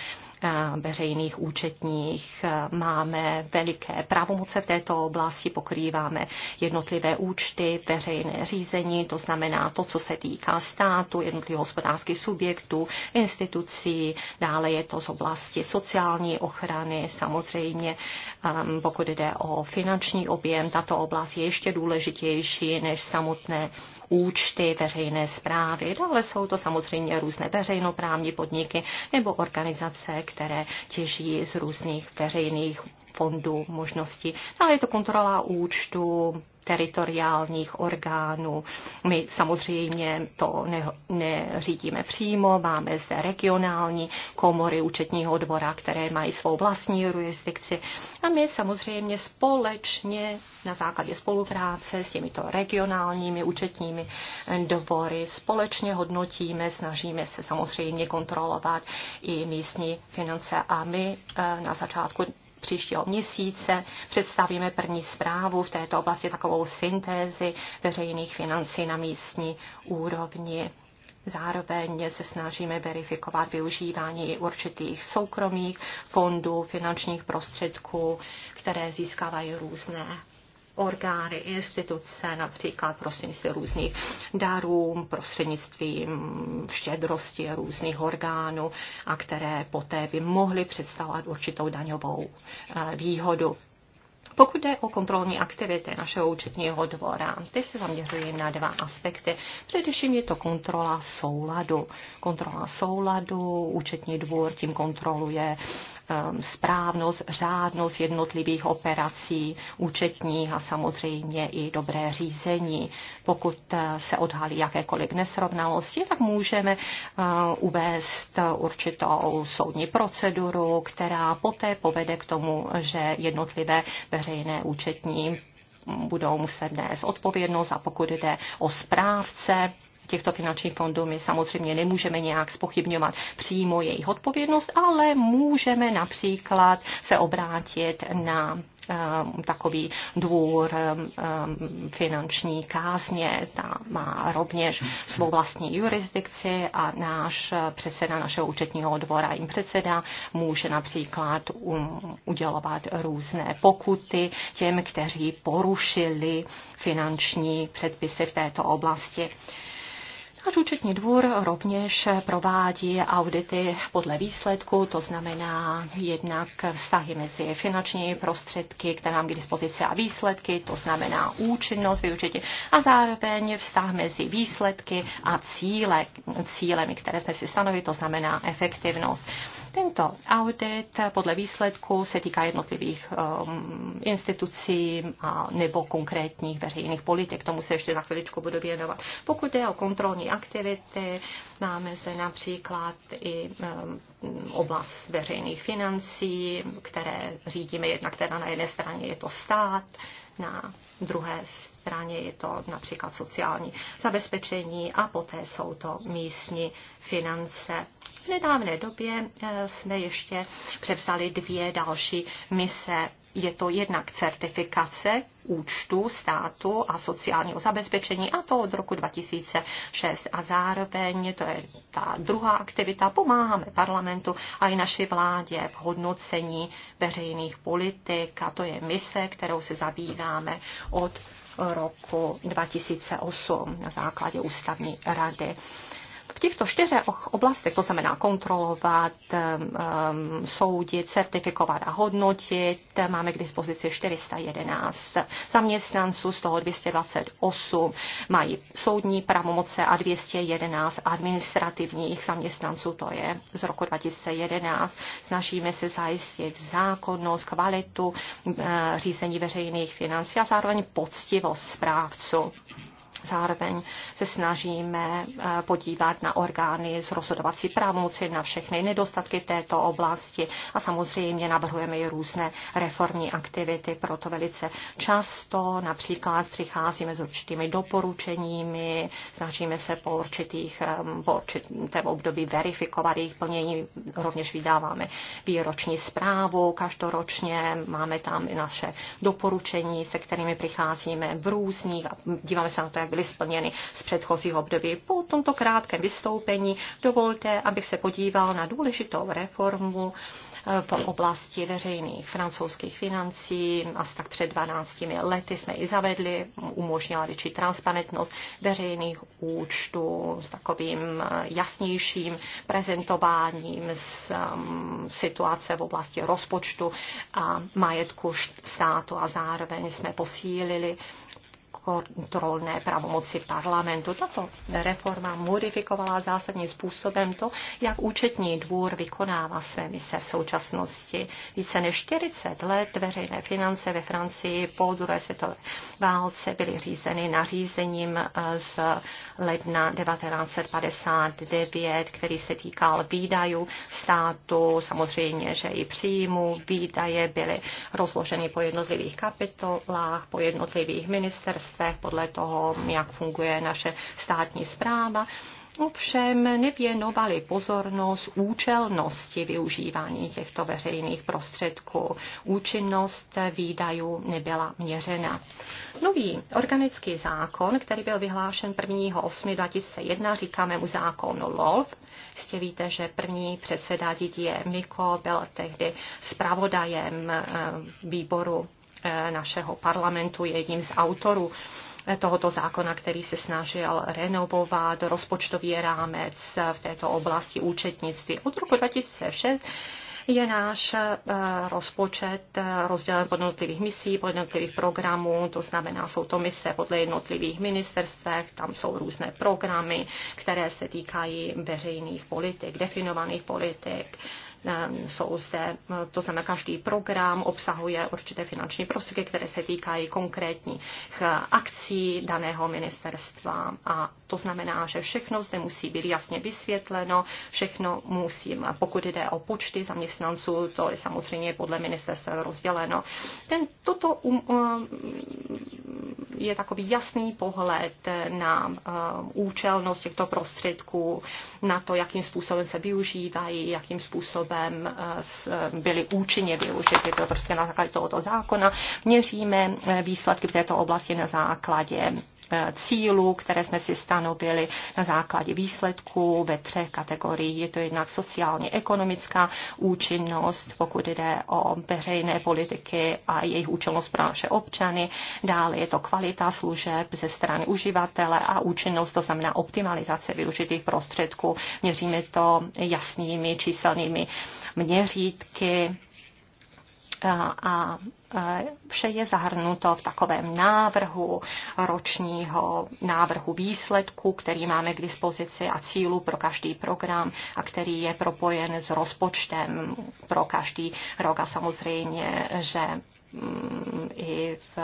B: Eh, veřejných účetních, eh, máme veliké pravomoce v této oblasti, pokrýváme jednotlivé účty, veřejné řízení, to znamená to, co se týká státu, jednotlivých hospodářských subjektů, institucí, dále je to z oblasti sociální ochrany, samozřejmě ehm, pokud jde o finanční objem, tato oblast je ještě důležitější než samotné účty veřejné zprávy. Dále no, jsou to samozřejmě různé veřejnoprávní podniky nebo organizace, které těží z různých veřejných fondů možností. Dále no, je to kontrola účtu, teritoriálních orgánů. My samozřejmě to ne, neřídíme přímo, máme zde regionální komory účetního dvora, které mají svou vlastní jurisdikci a my samozřejmě společně na základě spolupráce s těmito regionálními účetními dvory společně hodnotíme, snažíme se samozřejmě kontrolovat i místní finance a my eh, na začátku příštího měsíce představíme první zprávu v této oblasti, takovou syntézi veřejných financí na místní úrovni. Zároveň se snažíme verifikovat využívání určitých soukromých fondů, finančních prostředků, které získávají různé orgány, instituce, například prostřednictvím různých darů, prostřednictvím štědrosti různých orgánů, a které poté by mohly představovat určitou daňovou eh, výhodu. Pokud jde o kontrolní aktivity našeho účetního dvora, ty se zaměřují na dva aspekty. Především je to kontrola souladu. Kontrola souladu, účetní dvůr tím kontroluje Um, správnost, řádnost jednotlivých operací, účetních a samozřejmě i dobré řízení. Pokud uh, se odhalí jakékoliv nesrovnalosti, tak můžeme uh, uvést určitou soudní proceduru, která poté povede k tomu, že jednotlivé veřejné účetní budou muset nést odpovědnost a pokud jde o správce těchto finančních fondů. My samozřejmě nemůžeme nějak spochybňovat přímo jejich odpovědnost, ale můžeme například se obrátit na eh, takový dvůr eh, finanční kázně, ta má rovněž svou vlastní jurisdikci a náš předseda našeho účetního dvora jim předseda může například um, udělovat různé pokuty těm, kteří porušili finanční předpisy v této oblasti. Náš účetní dvůr rovněž provádí audity podle výsledku, to znamená jednak vztahy mezi finanční prostředky, které mám k dispozici a výsledky, to znamená účinnost využití a zároveň vztah mezi výsledky a cíle, cílemi, které jsme si stanovili, to znamená efektivnost. Tento audit podle výsledku se týká jednotlivých um, institucí a nebo konkrétních veřejných politik. Tomu se ještě za chviličku budu věnovat. Pokud je o kontrolní aktivity. Máme zde například i ehm, oblast veřejných financí, které řídíme jednak teda na jedné straně je to stát, na druhé straně je to například sociální zabezpečení a poté jsou to místní finance. V nedávné době eh, jsme ještě převzali dvě další mise je to jednak certifikace účtu státu a sociálního zabezpečení a to od roku 2006. A zároveň, to je ta druhá aktivita, pomáháme parlamentu a i naší vládě v hodnocení veřejných politik a to je mise, kterou se zabýváme od roku 2008 na základě ústavní rady. V těchto čtyřech oblastech, to znamená kontrolovat, soudit, certifikovat a hodnotit, máme k dispozici 411 zaměstnanců, z toho 228 mají soudní pravomoce a 211 administrativních zaměstnanců, to je z roku 2011. Snažíme se zajistit zákonnost, kvalitu řízení veřejných financí a zároveň poctivost správců zároveň se snažíme eh, podívat na orgány z rozhodovací pravomoci, na všechny nedostatky této oblasti a samozřejmě navrhujeme i různé reformní aktivity. Proto velice často například přicházíme s určitými doporučeními, snažíme se po, určitých, eh, po určitém období verifikovat jejich plnění, rovněž vydáváme výroční zprávu každoročně, máme tam i naše doporučení, se kterými přicházíme v různých, díváme se na to, jak byly splněny z předchozího období. Po tomto krátkém vystoupení dovolte, abych se podíval na důležitou reformu eh, v oblasti veřejných francouzských financí. Asi tak před 12 lety jsme ji zavedli, umožnila větší transparentnost veřejných účtů s takovým eh, jasnějším prezentováním z um, mm, situace v oblasti rozpočtu a majetku státu a zároveň jsme posílili kontrolné pravomoci parlamentu. Tato reforma modifikovala zásadním způsobem to, jak účetní dvůr vykonává své mise v současnosti. Více než 40 let veřejné finance ve Francii po druhé světové válce byly řízeny nařízením eh, z ledna 1959, který se týkal výdajů státu, samozřejmě, že i příjmu. Výdaje byly rozloženy po jednotlivých kapitolách, po jednotlivých ministerstvích ministerstvech, podle toho, jak funguje naše státní zpráva ovšem nevěnovali pozornost účelnosti využívání těchto veřejných prostředků. Účinnost výdajů nebyla měřena. Nový organický zákon, který byl vyhlášen 1.8.2001, říkáme mu zákon LOV. Jistě víte, že první předseda Didier Miko byl tehdy zpravodajem eh, výboru Eh, našeho parlamentu je jedním z autorů eh, tohoto zákona, který se snažil renovovat rozpočtový rámec eh, v této oblasti účetnictví. Od roku 2006 je náš rozpočet rozdělen podle jednotlivých misí, podle jednotlivých programů, to znamená, jsou to mise podle jednotlivých ministerstvech, tam jsou různé programy, které se týkají veřejných politik, definovaných politik, Ehm, jsou zde, eh, to znamená, každý program obsahuje určité finanční prostředky, které se týkají konkrétních eh, akcí daného ministerstva. A to znamená, že všechno zde musí být jasně vysvětleno, všechno musím. Eh, pokud jde o počty zaměstnanců, to je samozřejmě podle ministerstva rozděleno. Ten, toto um, je takový jasný pohled na um, účelnost těchto prostředků, na to, jakým způsobem se využívají, jakým způsobem způsobem eh, eh, byly účinně využity to prostě na základě tohoto zákona. Měříme eh, výsledky v této oblasti na základě Eh, cílů, které jsme si stanovili na základě výsledků ve třech kategoriích. Je to jednak sociálně ekonomická účinnost, pokud jde o veřejné politiky a jejich účelnost pro naše občany. Dále je to kvalita služeb ze strany uživatele a účinnost, to znamená optimalizace využitých prostředků. Měříme to jasnými číselnými měřítky a e, vše je zahrnuto v takovém návrhu ročního návrhu výsledku, který máme k dispozici a cílu pro každý program a který je propojen s rozpočtem pro každý rok a samozřejmě, že mm, i v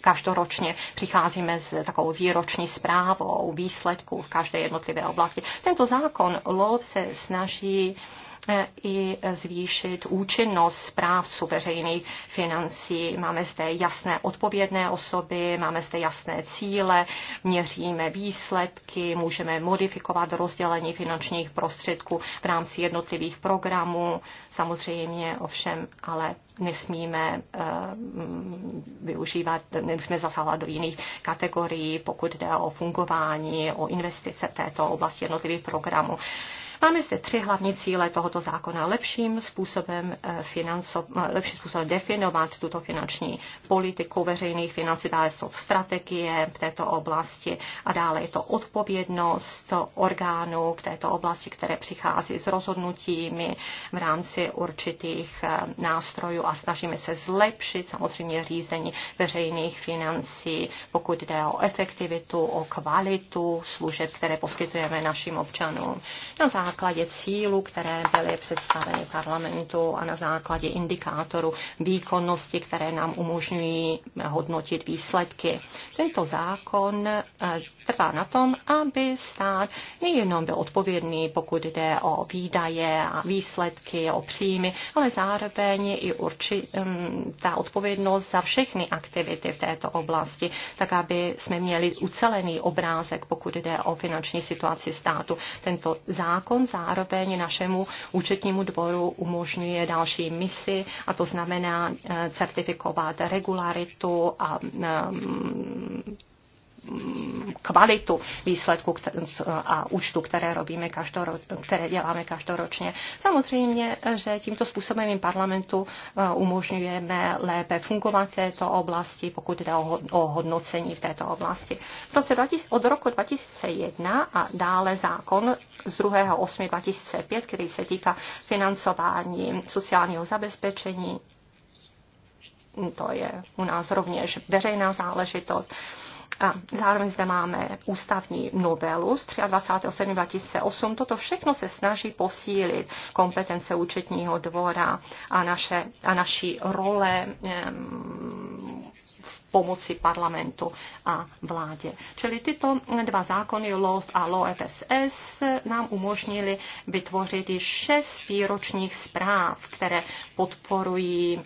B: každoročně přicházíme s takovou výroční zprávou výsledků v každé jednotlivé oblasti. Tento zákon LOV se snaží i zvýšit účinnost správců veřejných financí. Máme zde jasné odpovědné osoby, máme zde jasné cíle, měříme výsledky, můžeme modifikovat rozdělení finančních prostředků v rámci jednotlivých programů. Samozřejmě ovšem, ale nesmíme eh, využívat, nemusíme zasahovat do jiných kategorií, pokud jde o fungování, o investice v této oblasti jednotlivých programů. Máme zde tři hlavní cíle tohoto zákona. Lepším způsobem, eh, financo, eh, lepší způsobem definovat tuto finanční politiku veřejných financí, dále jsou strategie v této oblasti a dále je to odpovědnost orgánů v této oblasti, které přichází s rozhodnutími v rámci určitých eh, nástrojů a snažíme se zlepšit samozřejmě řízení veřejných financí, pokud jde o efektivitu, o kvalitu služeb, které poskytujeme našim občanům. Na základě cílů, které byly představeny parlamentu a na základě indikátoru výkonnosti, které nám umožňují hodnotit výsledky. Tento zákon eh, trvá na tom, aby stát nejenom byl odpovědný, pokud jde o výdaje a výsledky, o příjmy, ale zároveň i určitá mm, odpovědnost za všechny aktivity v této oblasti, tak aby jsme měli ucelený obrázek, pokud jde o finanční situaci státu. Tento zákon zákon zároveň našemu účetnímu dvoru umožňuje další misi, a to znamená eh, certifikovat regularitu a eh, Mm, kvalitu výsledku a účtu, které, robíme každoročně, které děláme každoročně. Samozřejmě, že tímto způsobem jim parlamentu eh, umožňujeme lépe fungovat v této oblasti, pokud jde o hodnocení v této oblasti. Prostě od roku 2001 a dále zákon z 2.8.2005, který se týká financování sociálního zabezpečení, to je u nás rovněž veřejná záležitost a zároveň zde máme ústavní novelu z 23. 2008. Toto všechno se snaží posílit kompetence účetního dvora a, naše, a naší role v pomoci parlamentu a vládě. Čili tyto dva zákony, LOV a LOFSS, nám umožnili vytvořit i šest výročních zpráv, které podporují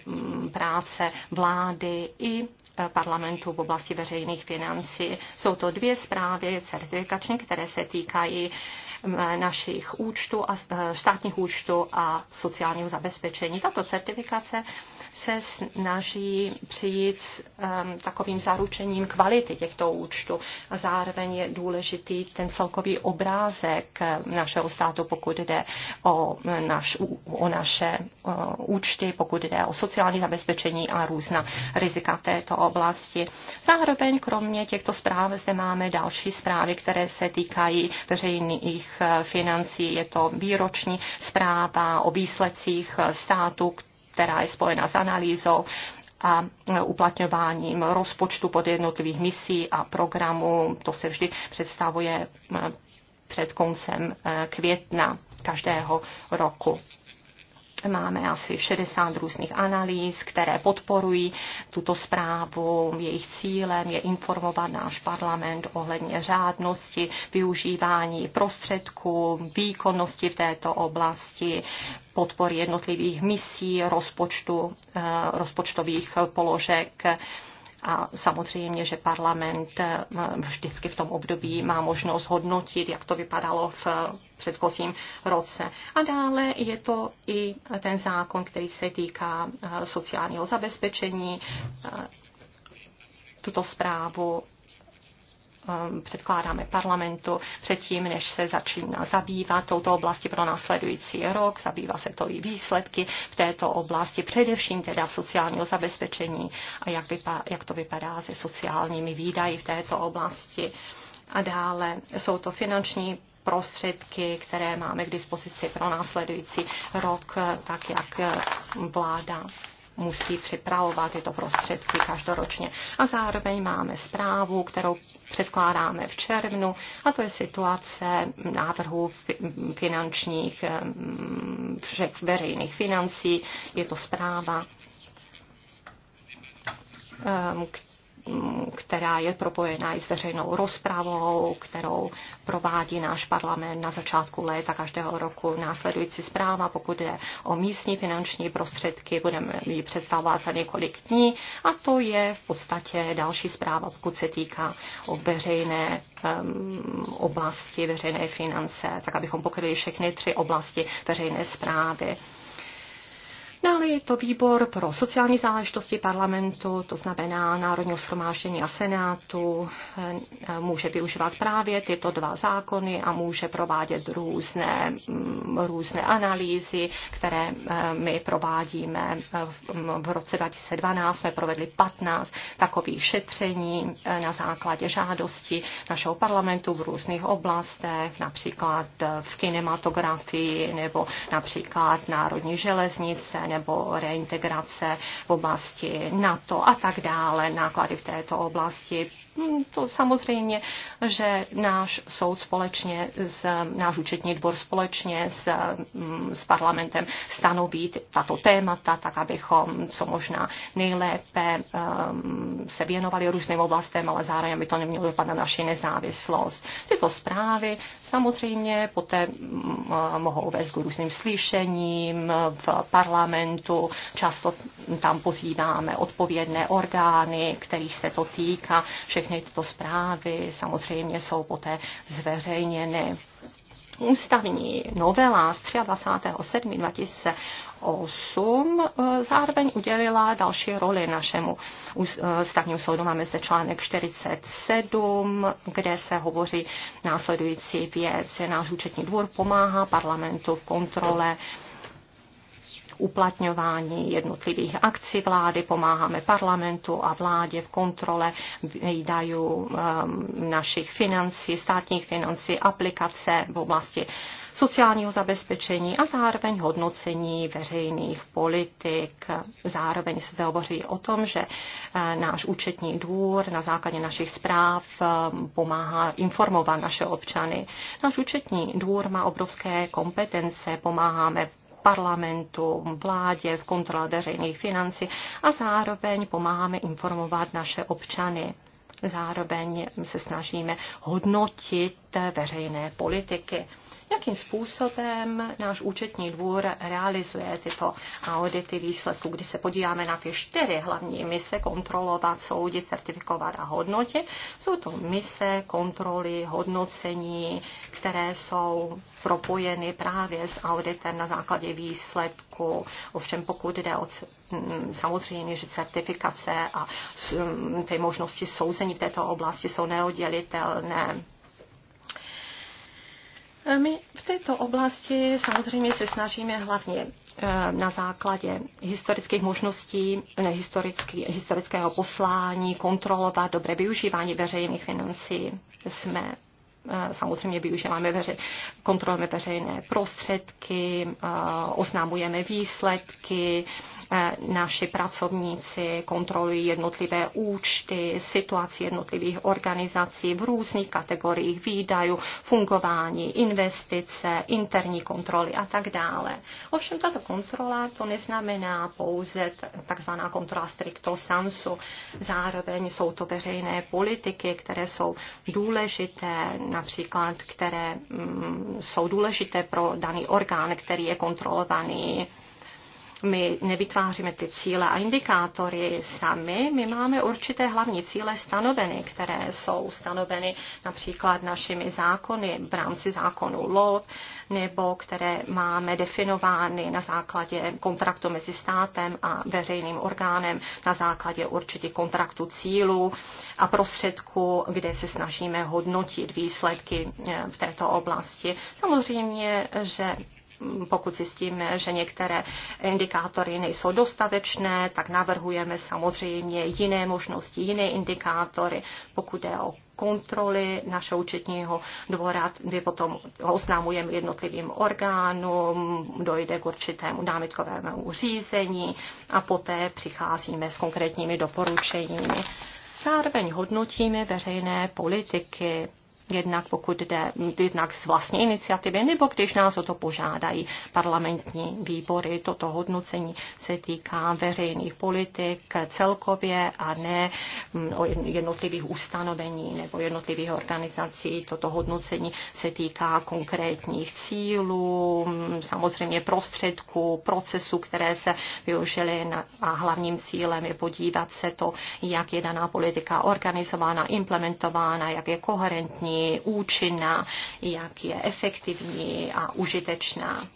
B: práce vlády i parlamentu v oblasti veřejných financí. Jsou to dvě zprávy certifikační, které se týkají našich účtů a e, státních účtů a sociálního zabezpečení. Tato certifikace se snaží přijít s um, takovým zaručením kvality těchto účtů a zároveň je důležitý ten celkový obrázek um, našeho státu, pokud jde o, um, naš, o naše uh, účty, pokud jde o sociální zabezpečení a různá rizika v této oblasti. Zároveň kromě těchto zpráv zde máme další zprávy, které se týkají veřejných uh, financí. Je to výroční zpráva o výsledcích uh, státu, která je spojená s analýzou a uplatňováním rozpočtu pod jednotlivých misí a programů. To se vždy představuje eh, před koncem eh, května každého roku. Máme asi 60 různých analýz, které podporují tuto zprávu. Jejich cílem je informovat náš parlament ohledně řádnosti, využívání prostředků, výkonnosti v této oblasti, podpory jednotlivých misí, rozpočtu, eh, rozpočtových položek a samozřejmě, že parlament eh, vždycky v tom období má možnost hodnotit, jak to vypadalo v eh, předchozím roce. A dále je to i ten zákon, který se týká eh, sociálního zabezpečení. Tuto zprávu Um, předkládáme parlamentu předtím, než se začíná zabývat touto oblasti pro následující rok. Zabývá se to i výsledky v této oblasti, především teda sociálního zabezpečení a jak, vypa- jak to vypadá se sociálními výdaji v této oblasti. A dále jsou to finanční prostředky, které máme k dispozici pro následující rok, tak jak vláda musí připravovat tyto prostředky každoročně. A zároveň máme zprávu, kterou předkládáme v červnu, a to je situace návrhu finančních všech veřejných financí. Je to zpráva, která je propojená i s veřejnou rozpravou, kterou provádí náš parlament na začátku léta každého roku. Následující zpráva, pokud je o místní finanční prostředky, budeme ji představovat za několik dní a to je v podstatě další zpráva, pokud se týká o veřejné um, oblasti, veřejné finance, tak abychom pokryli všechny tři oblasti veřejné zprávy. Dále je to výbor pro sociální záležitosti parlamentu, to znamená Národního shromáždění a Senátu, eh, může využívat právě tyto dva zákony a může provádět různé, mm, různé analýzy, které eh, my provádíme. Eh, mm, v roce 2012 jsme provedli 15 takových šetření na základě žádosti našeho parlamentu v různých oblastech, například v kinematografii nebo například Národní železnice nebo reintegrace v oblasti NATO a tak dále, náklady v této oblasti. Hmm, to samozřejmě, že náš soud společně, s, náš účetní dvor společně s, hmm, s parlamentem stanoví tato témata, tak abychom co možná nejlépe um, se věnovali různým oblastem, ale zároveň by to nemělo dopad na naši nezávislost. Tyto zprávy samozřejmě poté mohou vést k různým slyšením v parlamentu, parlamentu. Často tam pozýváme odpovědné orgány, kterých se to týká. Všechny tyto zprávy samozřejmě jsou poté zveřejněny. Ústavní novela z 23. 2008 eh, zároveň udělila další roli našemu eh, ústavnímu soudu. Máme zde článek 47, kde se hovoří následující věc, náš účetní dvůr pomáhá parlamentu v kontrole uplatňování jednotlivých akcí vlády, pomáháme parlamentu a vládě v kontrole výdajů ehm, našich financí, státních financí, aplikace v oblasti sociálního zabezpečení a zároveň hodnocení veřejných politik. Zároveň se hovoří o tom, že eh, náš účetní dvůr na základě našich zpráv ehm, pomáhá informovat naše občany. Náš účetní dvůr má obrovské kompetence, pomáháme parlamentu, vládě, v kontrole veřejných financí a zároveň pomáháme informovat naše občany. Zároveň se snažíme hodnotit veřejné politiky jakým způsobem náš účetní dvůr realizuje tyto audity výsledků, kdy se podíváme na ty čtyři hlavní mise, kontrolovat, soudit, certifikovat a hodnotit. Jsou to mise, kontroly, hodnocení, které jsou propojeny právě s auditem na základě výsledku. Ovšem pokud jde o samozřejmě, že certifikace a ty možnosti souzení v této oblasti jsou neoddělitelné E, my v této oblasti samozřejmě se snažíme hlavně e, na základě historických možností, ne, historický, historického poslání, kontrolovat dobré využívání veřejných financí. Jsme samozřejmě využíváme veře, kontrolujeme veřejné prostředky, oznámujeme výsledky, naši pracovníci kontrolují jednotlivé účty, situaci jednotlivých organizací v různých kategoriích výdajů, fungování, investice, interní kontroly a tak dále. Ovšem tato kontrola to neznamená pouze takzvaná kontrola stricto sensu. Zároveň jsou to veřejné politiky, které jsou důležité, například, které mm, jsou důležité pro daný orgán, který je kontrolovaný my nevytváříme ty cíle a indikátory sami, my máme určité hlavní cíle stanoveny, které jsou stanoveny například našimi zákony v rámci zákonu LOV, nebo které máme definovány na základě kontraktu mezi státem a veřejným orgánem, na základě určitých kontraktů cílů a prostředků, kde se snažíme hodnotit výsledky eh, v této oblasti. Samozřejmě, že pokud zjistíme, že některé indikátory nejsou dostatečné, tak navrhujeme samozřejmě jiné možnosti, jiné indikátory, pokud je o kontroly našeho účetního dvora, kdy potom oznámujeme jednotlivým orgánům, dojde k určitému námitkovému řízení a poté přicházíme s konkrétními doporučeními. Zároveň hodnotíme veřejné politiky, jednak pokud jde jednak z vlastní iniciativy, nebo když nás o to požádají parlamentní výbory. Toto hodnocení se týká veřejných politik celkově a ne mm, jednotlivých ustanovení nebo jednotlivých organizací. Toto hodnocení se týká konkrétních cílů, mm, samozřejmě prostředků, procesů, které se využily a hlavním cílem je podívat se to, jak je daná politika organizována, implementována, jak je koherentní, účinná, jak je efektivní a užitečná.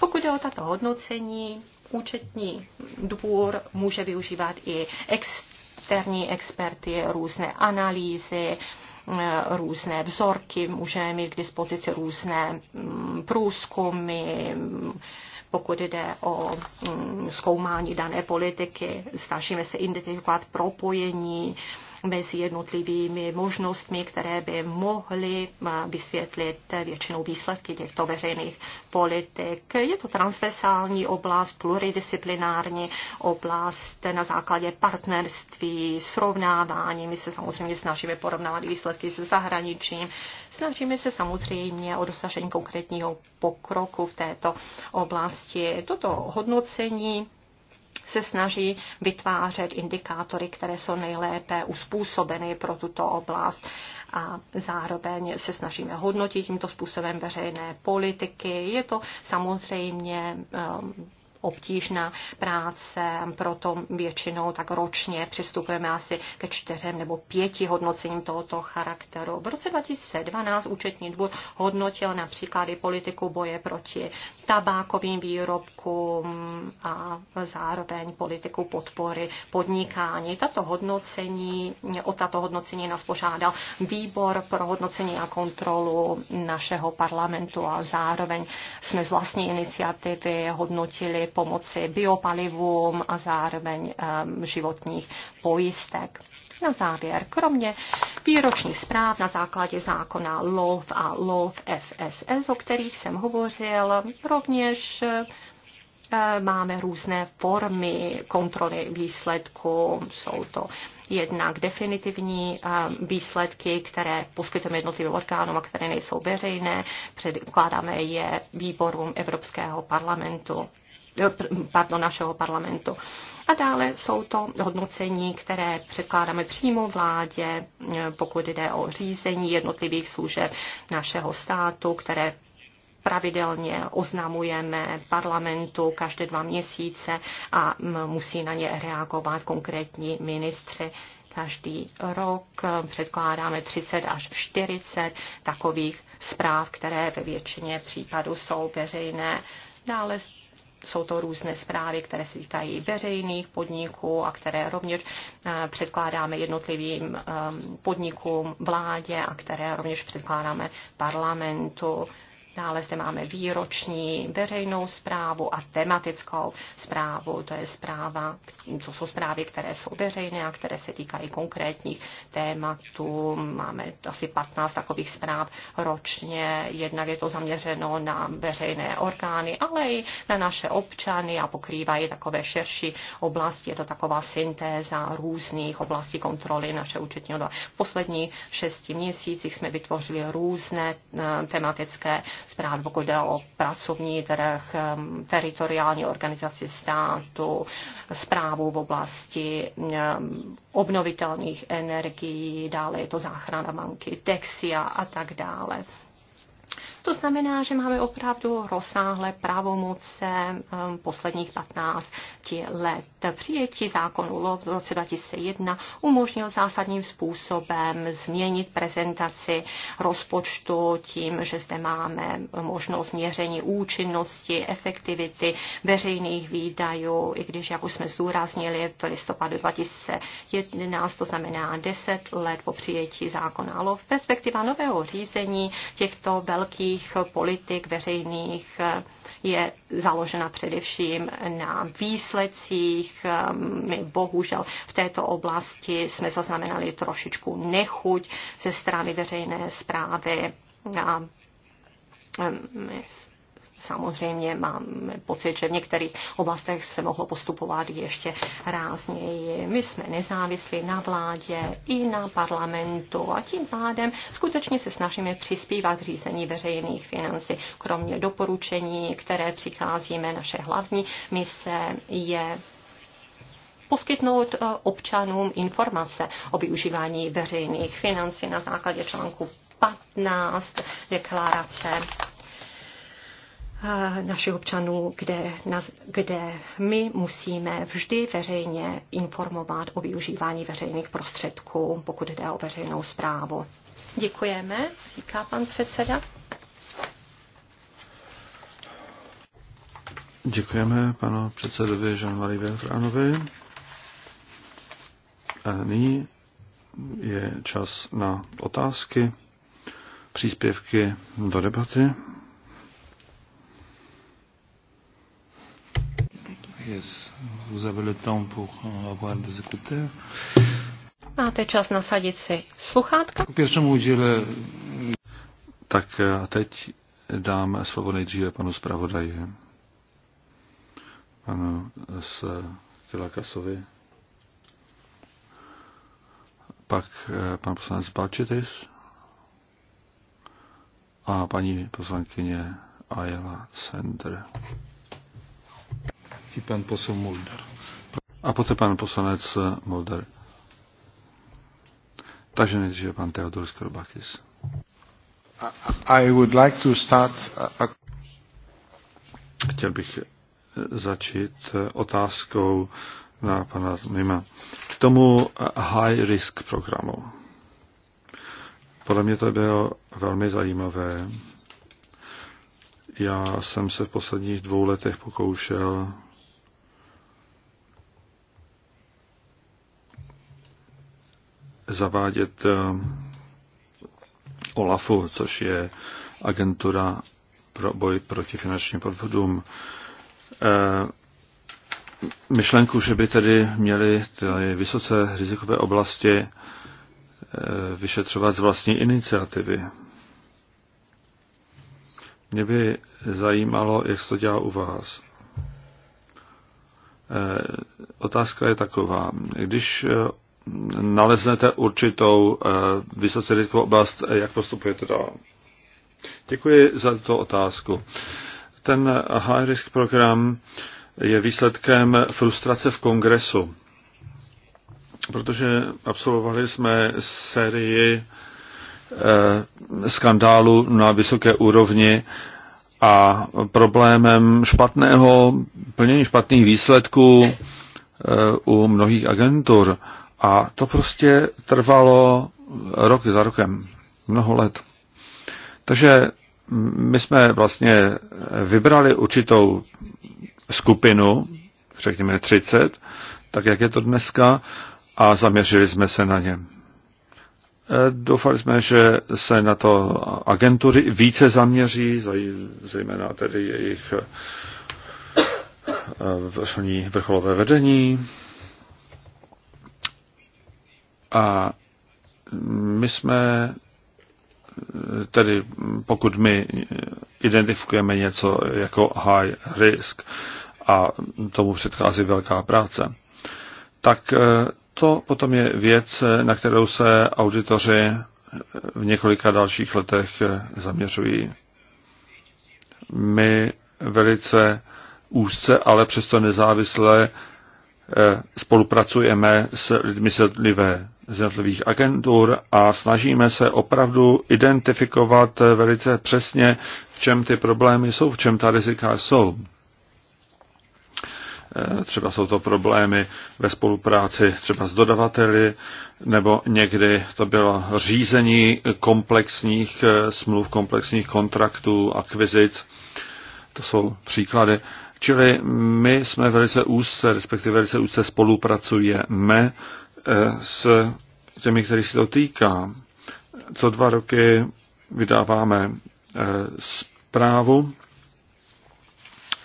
B: Pokud je o tato hodnocení, účetní dvůr může využívat i externí experty, různé analýzy, různé vzorky, můžeme mít k dispozici různé mm, průzkumy, pokud jde o mm, zkoumání dané politiky, snažíme se identifikovat propojení mezi jednotlivými možnostmi, které by mohly eh, vysvětlit většinou výsledky těchto veřejných politik. Je to transversální oblast, pluridisciplinární oblast na základě partnerství, srovnávání. My se samozřejmě snažíme porovnávat výsledky se zahraničím. Snažíme se samozřejmě o dosažení konkrétního pokroku v této oblasti. Toto hodnocení se snaží vytvářet indikátory, které jsou nejlépe uspůsobeny pro tuto oblast a zároveň se snažíme hodnotit tímto způsobem veřejné politiky. Je to samozřejmě um, obtížná práce, proto většinou tak ročně přistupujeme asi ke čtyřem nebo pěti hodnocením tohoto charakteru. V roce 2012 účetní dvůr hodnotil například i politiku boje proti tabákovým výrobkům a zároveň politiku podpory podnikání. Tato hodnocení, o tato hodnocení nás požádal výbor pro hodnocení a kontrolu našeho parlamentu a zároveň jsme z vlastní iniciativy hodnotili pomoci biopalivům a zároveň eh, životních pojistek na závěr, kromě výroční zpráv na základě zákona LOV a LOV FSS, o kterých jsem hovořil, rovněž eh, máme různé formy kontroly výsledku. Jsou to jednak definitivní eh, výsledky, které poskytujeme jednotlivým orgánům a které nejsou veřejné. Předkládáme je výborům Evropského parlamentu pardon, našeho parlamentu. A dále jsou to hodnocení, které předkládáme přímo vládě, pokud jde o řízení jednotlivých služeb našeho státu, které pravidelně oznamujeme parlamentu každé dva měsíce a musí na ně reagovat konkrétní ministři. Každý rok předkládáme 30 až 40 takových zpráv, které ve většině případů jsou veřejné. Dále jsou to různé zprávy, které se týkají veřejných podniků a které rovněž eh, předkládáme jednotlivým eh, podnikům, vládě a které rovněž předkládáme parlamentu Dále zde máme výroční veřejnou zprávu a tematickou zprávu. To je zpráva, to jsou zprávy, které jsou veřejné a které se týkají konkrétních tématů. Máme asi 15 takových zpráv ročně. Jednak je to zaměřeno na veřejné orgány, ale i na naše občany a pokrývají takové širší oblasti. Je to taková syntéza různých oblastí kontroly naše účetního. V posledních šesti měsících jsme vytvořili různé eh, tematické zpráv, pokud jde o pracovní trh, teritoriální organizaci státu, zprávu v oblasti obnovitelných energií, dále je to záchrana banky Texia a tak dále. To znamená, že máme opravdu rozsáhlé pravomoce um, posledních 15 let. Přijetí zákonu LOV v roce 2001 umožnil zásadním způsobem změnit prezentaci rozpočtu tím, že zde máme možnost měření účinnosti, efektivity veřejných výdajů, i když, jak už jsme zdůraznili v listopadu 2011, to znamená 10 let po přijetí zákona LOV, perspektiva nového řízení těchto velkých českých politik veřejných je založena především na výsledcích. My bohužel v této oblasti jsme zaznamenali trošičku nechuť ze strany veřejné zprávy a Samozřejmě mám pocit, že v některých oblastech se mohlo postupovat ještě rázněji. My jsme nezávislí na vládě i na parlamentu a tím pádem skutečně se snažíme přispívat k řízení veřejných financí. Kromě doporučení, které přicházíme, naše hlavní mise je poskytnout eh, občanům informace o využívání veřejných financí na základě článku 15 deklarace našich občanů, kde, kde my musíme vždy veřejně informovat o využívání veřejných prostředků, pokud jde o veřejnou zprávu. Děkujeme, říká pan předseda.
C: Děkujeme panu předsedovi Jean-Marie Venfránovi. A nyní je čas na otázky, příspěvky do debaty. Yes. Vous avez le temps pour euh, avoir des écouteurs.
B: Máte čas nasadit si sluchátka? Jako
C: Pierwszemu Tak eh, a teď dám slovo nejdříve panu zpravodaji, panu z Kilakasovi, pak eh, pan poslanec Balčitis a paní poslankyně Ayala Sender i pan posel Mulder. A poté pan poslanec Mulder. Takže nejdříve pan Teodor Skrobakis. I would like to start a... Chtěl bych eh, začít eh, otázkou na pana Mima. K tomu eh, high risk programu. Podle mě to bylo velmi zajímavé. Já jsem se v posledních dvou letech pokoušel zavádět eh, OLAFu, což je agentura pro boj proti finančním podvodům. Eh, myšlenku, že by tedy měly ty vysoce rizikové oblasti eh, vyšetřovat z vlastní iniciativy. Mě by zajímalo, jak se to dělá u vás. Otázka je taková. Když naleznete určitou eh, vysoce rizikovou oblast, eh, jak postupujete dál. Děkuji za tuto otázku. Ten high risk program je výsledkem frustrace v kongresu, protože absolvovali jsme sérii eh, skandálu na vysoké úrovni a problémem špatného, plnění špatných výsledků u mnohých agentur a to prostě trvalo rok za rokem, mnoho let. Takže my jsme vlastně vybrali určitou skupinu, řekněme 30, tak jak je to dneska, a zaměřili jsme se na ně. Doufali jsme, že se na to agentury více zaměří, zejména tedy jejich eh, vrcholní, vrcholové vedení, a my jsme, tedy pokud my identifikujeme něco jako high risk a tomu předchází velká práce, tak eh, to potom je věc, eh, na kterou se auditoři eh, v několika dalších letech zaměřují. My velice úzce, ale přesto nezávisle spolupracujeme s lidmi z z jednotlivých agentur a snažíme se opravdu identifikovat velice přesně, v čem ty problémy jsou, v čem ta rizika jsou. E, třeba jsou to problémy ve spolupráci třeba s dodavateli, nebo někdy to bylo řízení komplexních e, smluv, komplexních kontraktů, akvizic. To jsou příklady. Čili my jsme velice úzce, respektive velice úzce spolupracujeme s těmi, kteří se to týká. Co dva roky vydáváme eh, zprávu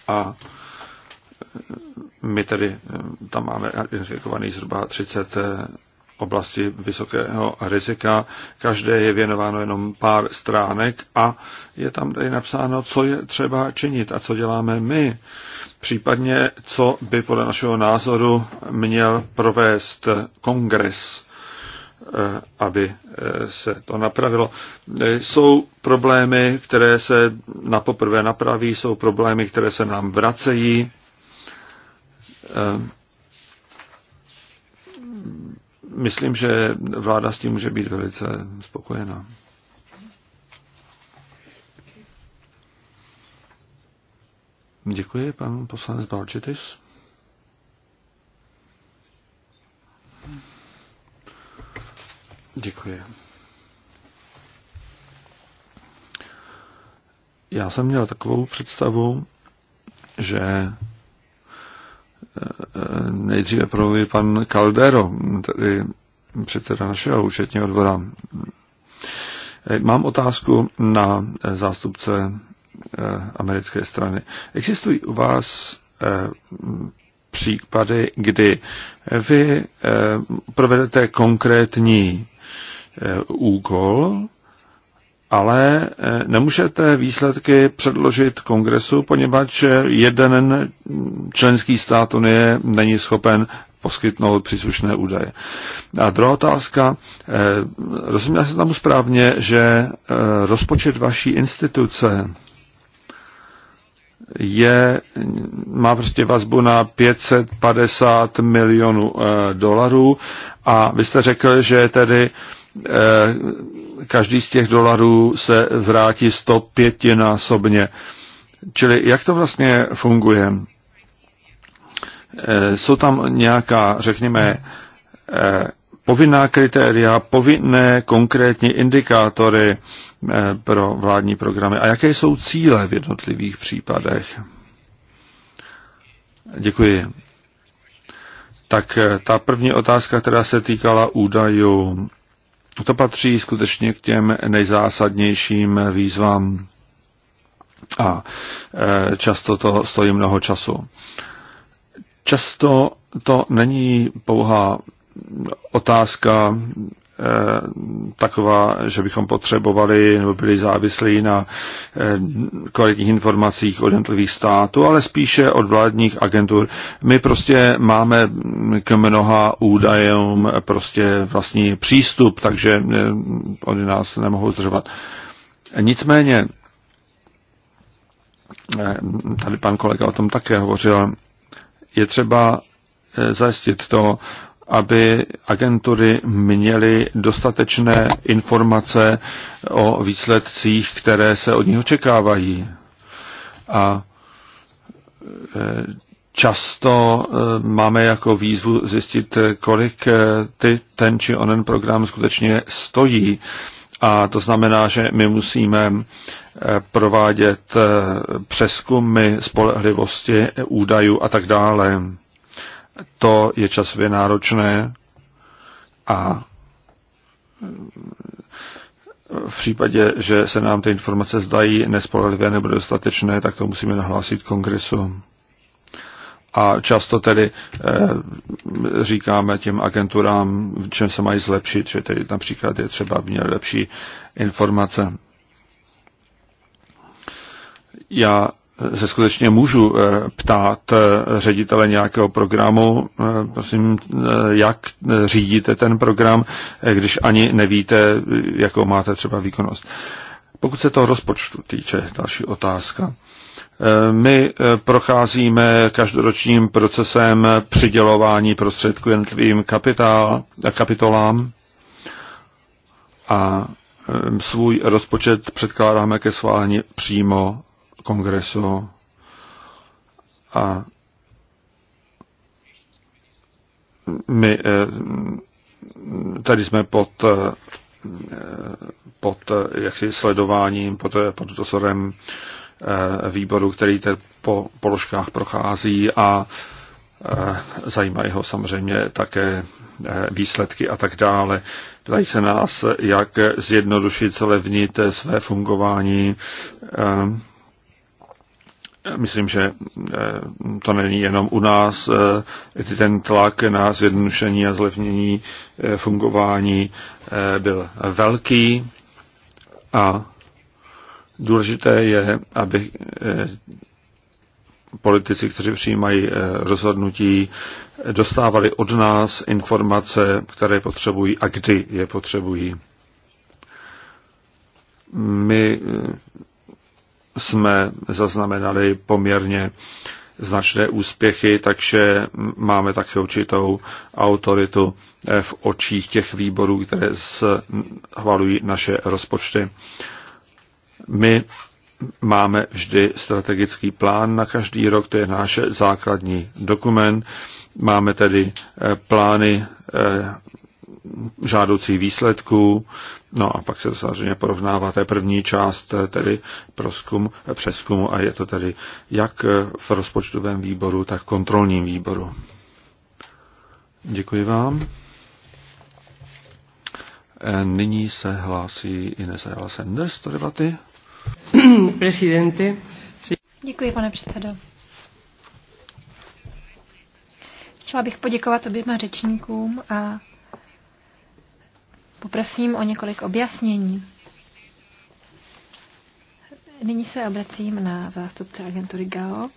C: a eh, my tedy eh, tam máme identifikovaný zhruba 30 oblasti vysokého rizika. Každé je věnováno jenom pár stránek a je tam tady napsáno, co je třeba činit a co děláme my. Případně, co by podle našeho názoru měl provést kongres, eh, aby eh, se to napravilo. Eh, jsou problémy, které se na poprvé napraví, jsou problémy, které se nám vracejí myslím, že vláda s tím může být velice spokojená. Děkuji, pan poslanec Balčitis. Děkuji. Já jsem měl takovou představu, že nejdříve promluví pan Caldero, tedy předseda našeho účetního dvora. Mám otázku na zástupce eh, americké strany. Existují u vás eh, případy, kdy vy eh, provedete konkrétní úkol ale eh, nemůžete výsledky předložit kongresu, poněvadž jeden členský stát Unie není schopen poskytnout příslušné údaje. A druhá otázka. Eh, Rozuměl jsem tam správně, že eh, rozpočet vaší instituce je, má prostě vazbu na 550 milionů dolarů a vy jste řekl, že tedy Eh, každý z těch dolarů se vrátí 105 násobně. Čili jak to vlastně funguje? Eh, jsou tam nějaká, řekněme, eh, povinná kritéria, povinné konkrétní indikátory pro vládní programy a jaké jsou cíle v jednotlivých případech? Děkuji. Tak ta první otázka, která se týkala údajů, to patří skutečně k těm nejzásadnějším výzvám a e, často to stojí mnoho času. Často to není pouhá otázka Eh, taková, že bychom potřebovali nebo byli závislí na eh, kvalitních informacích od jednotlivých států, ale spíše od vládních agentur. My prostě máme k mnoha údajům prostě vlastní přístup, takže eh, oni nás nemohou zdržovat. Nicméně, tady pan kolega o tom také hovořil, je třeba zajistit to, aby agentury měly dostatečné informace o výsledcích, které se od nich očekávají. A e, často e, máme jako výzvu zjistit, kolik e, ty, ten či onen program skutečně stojí. A to znamená, že my musíme provádět přeskumy spolehlivosti údajů a tak dále to je časově náročné a eh, v případě, že se nám ty informace zdají nespolehlivé nebo dostatečné, tak to musíme nahlásit kongresu. A často tedy e, říkáme těm agenturám, v čem se mají zlepšit, že tedy například je třeba měl lepší informace. Já se skutečně můžu eh, ptát eh, ředitele nějakého programu, eh, prosím, jak řídíte ten program, když ani nevíte, jakou máte třeba výkonnost. Pokud se toho rozpočtu týče, další otázka. My procházíme každoročním procesem přidělování prostředků jednotlivým kapitolám a svůj rozpočet předkládáme ke schválení přímo kongreso a my eh, tady jsme pod eh, pod eh, jaksi sledováním, pod, pod dozorem výboru, který te po položkách prochází a zajímají ho samozřejmě také výsledky a tak dále. Ptají se nás, jak zjednodušit, zlevnit své fungování, Myslím, že eh, to není jenom u nás, eh, ten tlak na zjednodušení a zlevnění eh, fungování byl velký a důležité je, aby politici, kteří přijímají rozhodnutí, dostávali od nás informace, které potřebují a kdy je potřebují. My jsme zaznamenali poměrně značné úspěchy, takže máme také určitou autoritu v očích těch výborů, které schvalují naše rozpočty. My máme vždy strategický plán na každý rok, to je náš základní dokument. Máme tedy eh, plány eh, žádoucí výsledků, No a pak se to samozřejmě porovnává té první část, eh, tedy proskum, eh, přeskumu a je to tedy jak eh, v rozpočtovém výboru, tak v kontrolním výboru. Děkuji vám. Nyní se hlásí Ines Ayala Sanders do debaty.
B: Presidente.
A: Děkuji, pane předsedo. Chtěla bych poděkovat oběma řečníkům a Poprosím o několik objasnění. Nyní se obracím na zástupce agentury GAO.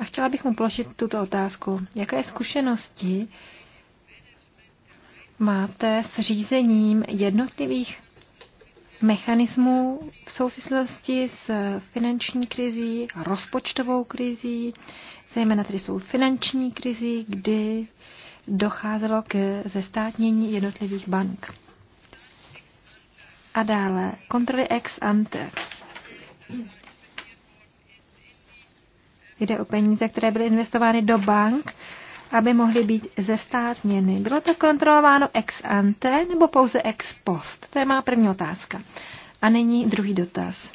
A: A chtěla bych mu položit tuto otázku. Jaké zkušenosti máte s řízením jednotlivých mechanismů v souvislosti s finanční krizí a rozpočtovou krizí, zejména tedy jsou finanční krizi, kdy docházelo k zestátnění jednotlivých bank. A dále kontroly ex ante. Jde o peníze, které byly investovány do bank, aby mohly být zestátněny. Bylo to kontrolováno ex ante nebo pouze ex post? To je má první otázka. A nyní druhý dotaz.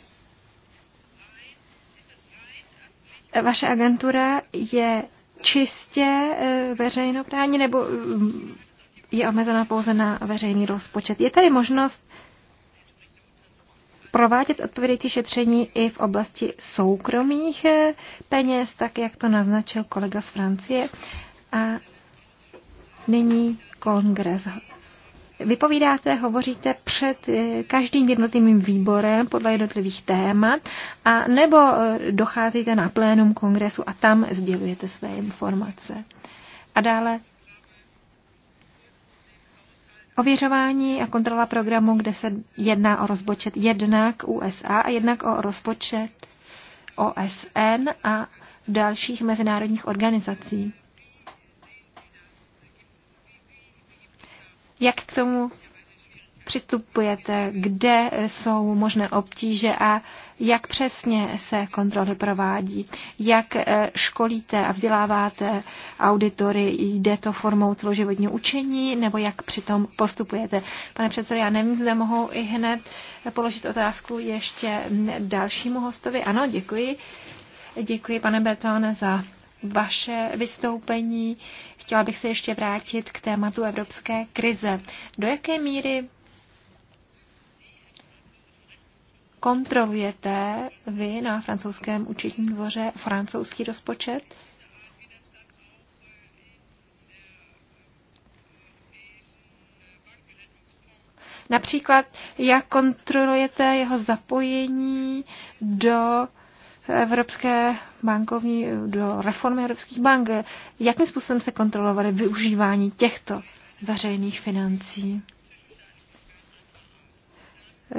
A: Vaše agentura je čistě eh, veřejnoprávní nebo eh, je omezena pouze na veřejný rozpočet. Je tady možnost provádět odpovědějící šetření i v oblasti soukromých eh, peněz, tak jak to naznačil kolega z Francie. A nyní kongres vypovídáte, hovoříte před eh, každým jednotlivým výborem podle jednotlivých témat, a nebo eh, docházíte na plénum kongresu a tam sdělujete své informace. A dále Ověřování a kontrola programu, kde se jedná o rozpočet jednak USA a jednak o rozpočet OSN a dalších mezinárodních organizací. Jak k tomu přistupujete, kde jsou možné obtíže a jak přesně se kontroly provádí, jak eh, školíte a vzděláváte auditory, jde to formou celoživotního učení nebo jak přitom postupujete. Pane předsedo, já nevím, zda mohu i hned položit otázku ještě dalšímu hostovi. Ano, děkuji. Děkuji, pane Bertone, za vaše vystoupení. Chtěla bych se ještě vrátit k tématu evropské krize. Do jaké míry kontrolujete vy na francouzském účetním dvoře francouzský rozpočet? Například, jak kontrolujete jeho zapojení do Evropské bankovní, do reformy evropských bank. Jakým způsobem se kontrolovaly využívání těchto veřejných financí?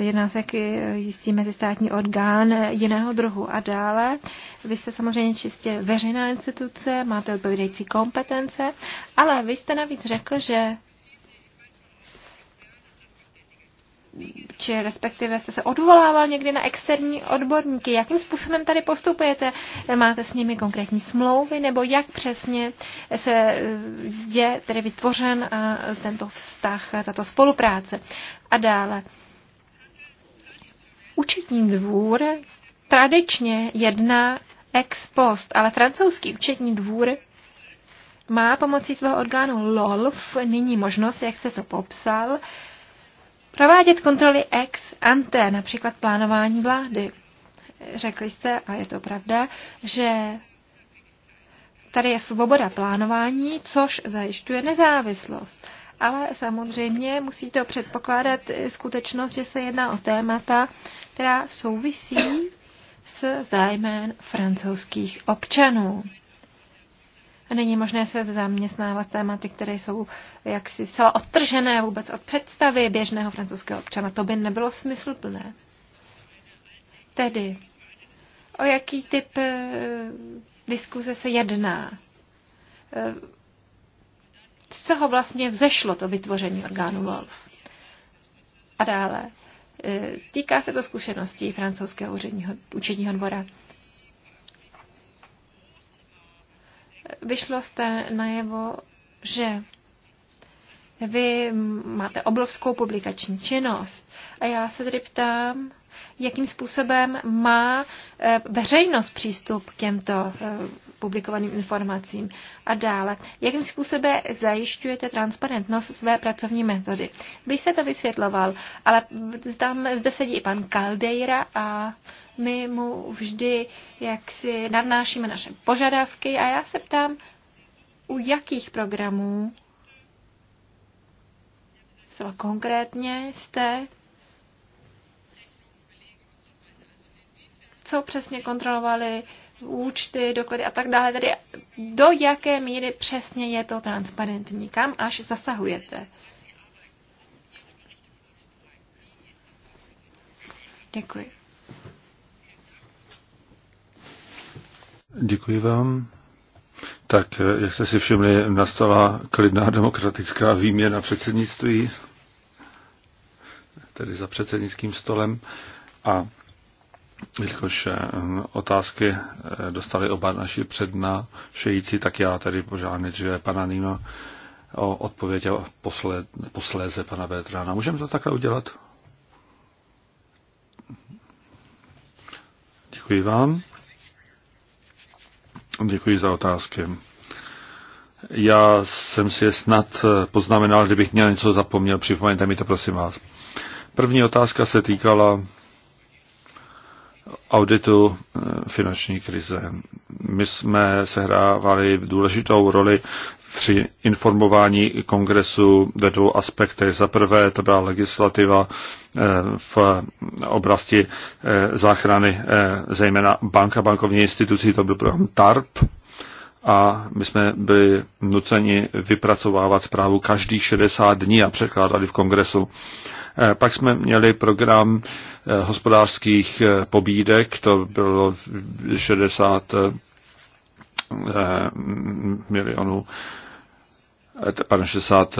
A: Jedná se taky eh, jistý mezistátní orgán jiného druhu. A dále, vy jste samozřejmě čistě veřejná instituce, máte odpovídající kompetence, ale vy jste navíc řekl, že či respektive jste se odvolával někdy na externí odborníky. Jakým způsobem tady postupujete? Máte s nimi konkrétní smlouvy, nebo jak přesně se eh, je tedy vytvořen eh, tento vztah, eh, tato spolupráce? A dále. Učitní dvůr tradičně jedná ex post, ale francouzský účetní dvůr má pomocí svého orgánu LOLF nyní možnost, jak se to popsal, Provádět kontroly ex ante, například plánování vlády. Řekli jste, a je to pravda, že tady je svoboda plánování, což zajišťuje nezávislost. Ale samozřejmě musí to předpokládat skutečnost, že se jedná o témata, která souvisí s zájmem francouzských občanů není možné se zaměstnávat tématy, které jsou jaksi zcela odtržené vůbec od představy běžného francouzského občana. To by nebylo smysluplné. Tedy, o jaký typ eh, diskuze se jedná? Eh, z čeho vlastně vzešlo to vytvoření orgánu Wolf? A dále, eh, týká se to zkušeností francouzského úředního, učeního dvora. vyšlo jste najevo, že vy máte obrovskou publikační činnost a já se tedy ptám, jakým způsobem má eh, veřejnost přístup k těmto eh, publikovaným informacím. A dále, jakým způsobem zajišťujete transparentnost své pracovní metody? Vy jste to vysvětloval, ale tam zde sedí i pan Caldeira a my mu vždy jak si nadnášíme naše požadavky a já se ptám, u jakých programů zcela konkrétně jste co přesně kontrolovali, účty, doklady a tak dále, tedy do jaké míry přesně je to transparentní, kam až zasahujete. Děkuji.
C: Děkuji vám. Tak, jak jste si všimli, nastala klidná demokratická výměna předsednictví, tedy za předsednickým stolem. A jelikož eh, otázky eh, dostali oba naši přednášející, tak já tady požádám že pana Nino o odpověď a poslé, posléze pana Bertrana. Můžeme to takhle udělat? Děkuji vám. Děkuji za otázky. Já jsem si je snad eh, poznamenal, kdybych měl něco zapomněl, připomeňte mi to, prosím vás. První otázka se týkala auditu eh, finanční krize. My jsme sehrávali důležitou roli při informování kongresu ve dvou aspektech. Za prvé to byla legislativa eh, v oblasti eh, záchrany zejména banka, bankovní institucí, to byl program TARP, a my jsme byli nuceni vypracovávat zprávu každých 60 dní a překládali v kongresu. Eh, pak jsme měli program eh, hospodářských eh, pobídek, to bylo 60 milionů pardon, 60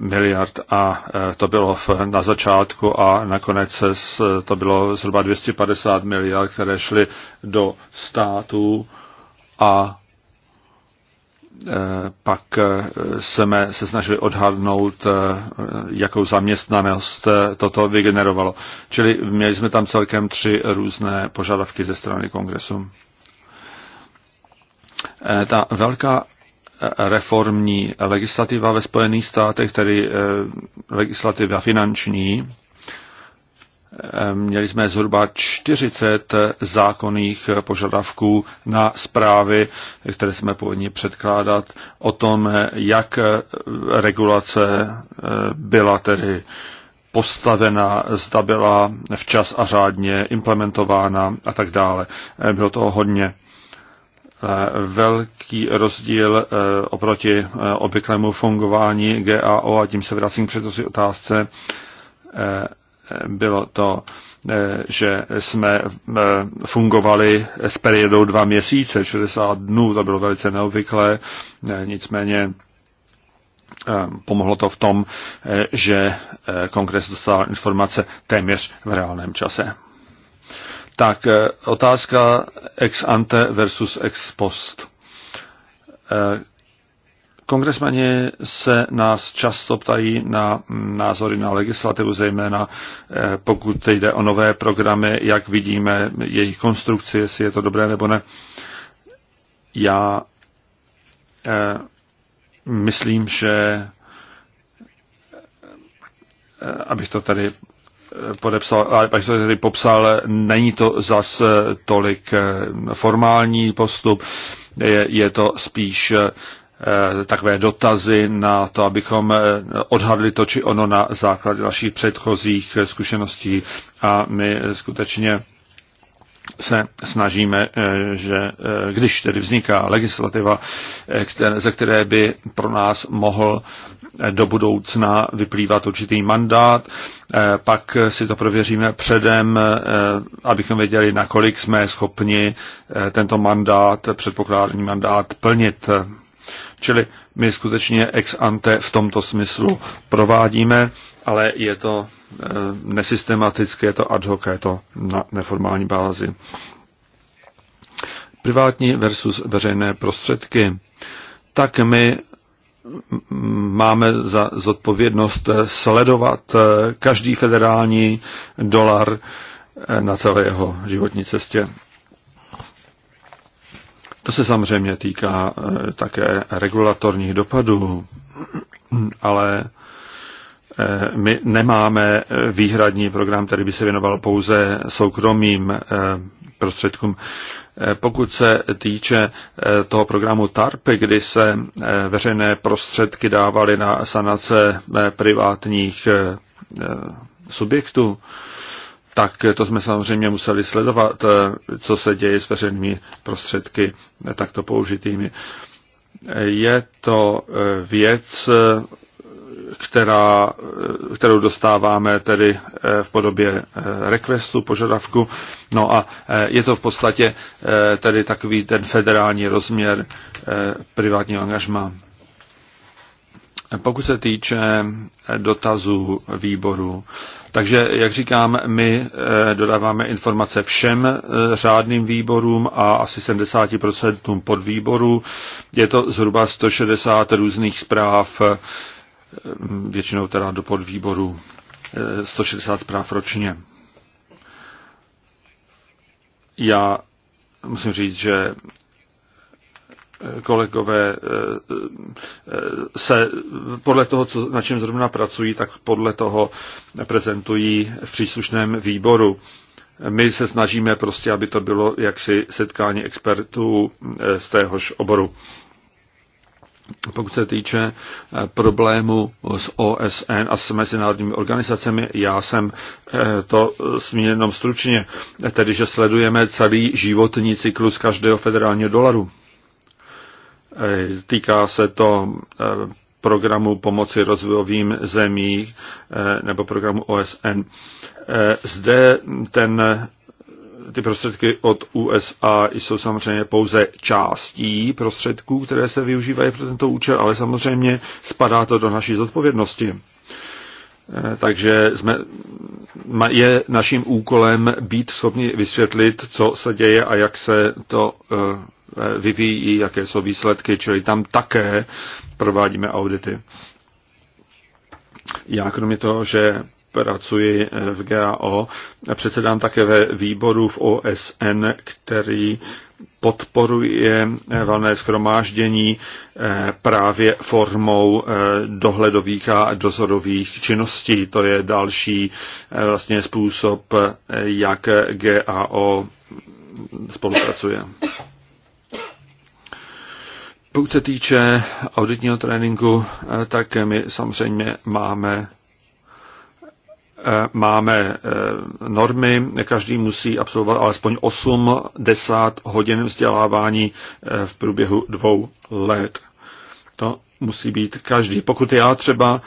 C: miliard a to bylo na začátku a nakonec to bylo zhruba 250 miliard, které šly do států a Eh, pak eh, jsme se snažili odhadnout, eh, jakou zaměstnanost toto vygenerovalo. Čili měli jsme tam celkem tři různé požadavky ze strany kongresu. Ta velká reformní legislativa ve Spojených státech, tedy legislativa finanční, Ehm, měli jsme zhruba 40 zákonných požadavků na zprávy, které jsme povinni předkládat o tom, jak regulace ehm, byla tedy postavena, zda byla včas a řádně implementována a tak dále. Ehm, bylo toho hodně velký rozdíl oproti obvyklému fungování GAO a tím se vracím k předchozí otázce bylo to, eh, že jsme eh, fungovali s periodou dva měsíce, 60 dnů, to bylo velice neobvyklé, eh, nicméně pomohlo to v tom, že kongres dostal informace téměř v reálném čase. Tak otázka ex ante versus ex post. Kongresmani se nás často ptají na názory na legislativu, zejména eh, pokud jde o nové programy, jak vidíme jejich konstrukci, jestli je to dobré nebo ne. Já eh, myslím, že eh, abych to tady podepsal, abych to tady popsal, není to zas tolik formální postup, je, je to spíš Eh, takové dotazy na to, abychom eh, odhadli to či ono na základě našich předchozích eh, zkušeností. A my skutečně se snažíme, že když tedy vzniká legislativa, ze které by pro nás mohl do budoucna vyplývat určitý mandát, pak si to prověříme předem, abychom věděli, nakolik jsme schopni tento mandát, předpokládaný mandát plnit. Čili my skutečně ex ante v tomto smyslu provádíme, ale je to eh, nesystematické, je to ad hoc, je to na neformální bázi. Privátní versus veřejné prostředky. Tak my máme za zodpovědnost sledovat eh, každý federální dolar eh, na celé jeho životní cestě. To se samozřejmě týká eh, také regulatorních dopadů, ale eh, my nemáme výhradní program, který by se věnoval pouze soukromým eh, prostředkům. Pokud se týče toho programu TARP, kdy se veřejné prostředky dávaly na sanace privátních subjektů, tak to jsme samozřejmě museli sledovat, eh, co se děje s veřejnými prostředky eh, takto použitými. Je to eh, věc, která, kterou dostáváme tedy v podobě requestu, požadavku. No a je to v podstatě tedy takový ten federální rozměr privátního angažmá. Pokud se týče eh, dotazů výboru, takže, jak říkám, my eh, dodáváme informace všem eh, řádným výborům a asi 70% výboru Je to zhruba 160 různých zpráv, většinou teda do podvýboru, 160 zpráv ročně. Já musím říct, že kolegové eh, eh, se podle toho, co, na čem zrovna pracují, tak podle toho prezentují v příslušném výboru. My se snažíme prostě, aby to bylo jaksi setkání expertů eh, z téhož oboru. Pokud se týče problému s OSN a s mezinárodními organizacemi, já jsem to smíněl jenom stručně, tedy že sledujeme celý životní cyklus každého federálního dolaru. Týká se to eh, programu pomoci rozvojovým zemí eh, nebo programu OSN. Eh, zde ten, ty prostředky od USA jsou samozřejmě pouze částí prostředků, které se využívají pro tento účel, ale samozřejmě spadá to do naší zodpovědnosti. Takže jsme, je naším úkolem být schopni vysvětlit, co se děje a jak se to vyvíjí, jaké jsou výsledky, čili tam také provádíme audity. Já kromě toho, že pracuji v GAO, předsedám také ve výboru v OSN, který podporuje valné schromáždění eh, právě formou eh, dohledových a dozorových činností. To je další eh, vlastně způsob, jak GAO spolupracuje. Pokud se týče auditního tréninku, eh, tak my samozřejmě máme eh, máme eh, normy, každý musí absolvovat alespoň 8 10 hodin vzdělávání v průběhu dvou let. To musí být každý. Pokud já třeba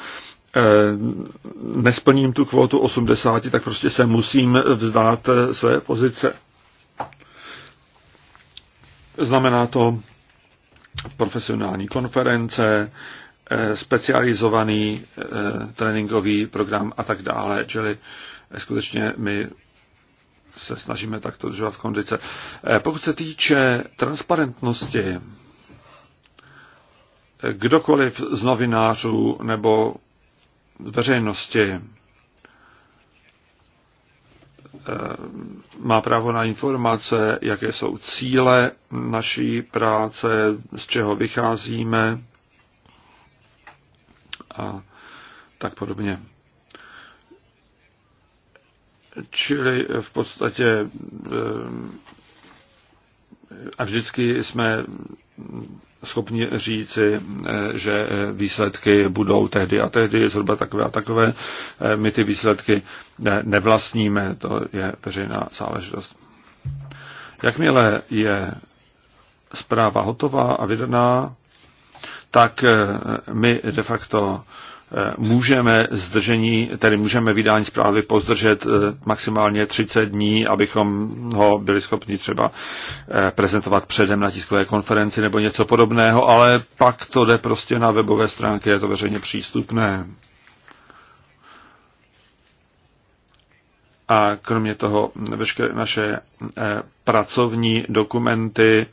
C: nesplním tu kvotu 80, tak prostě se musím vzdát své pozice. Znamená to profesionální konference, eh, specializovaný eh, tréninkový program a tak dále. Čili eh, skutečně my se snažíme takto držovat kondice. Pokud se týče transparentnosti, kdokoliv z novinářů nebo z veřejnosti Eh, má právo na informace, jaké jsou cíle naší práce, z čeho vycházíme a tak podobně. Čili v podstatě eh, a vždycky jsme schopni říci, eh, že eh, výsledky budou tehdy a tehdy, zhruba takové a takové. Eh, my ty výsledky nevlastníme, to je veřejná záležitost. Jakmile je zpráva hotová a vydaná, tak my de facto Eh, můžeme zdržení, tedy můžeme vydání zprávy pozdržet eh, maximálně 30 dní, abychom ho byli schopni třeba eh, prezentovat předem na tiskové konferenci nebo něco podobného, ale pak to jde prostě na webové stránky, je to veřejně přístupné. A kromě toho veškeré naše pracovní dokumenty,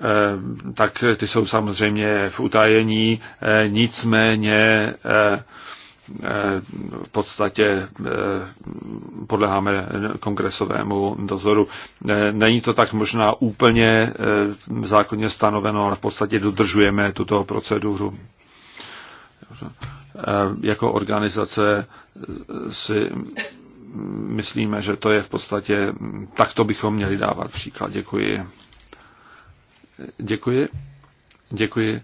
C: Eh, tak ty jsou samozřejmě v utajení, eh, nicméně eh, v podstatě podleháme kongresovému dozoru. Není to tak možná úplně zákonně stanoveno, ale v podstatě dodržujeme tuto proceduru. Jako organizace si myslíme, že to je v podstatě, tak to bychom měli dávat příklad. Děkuji. Děkuji. Děkuji.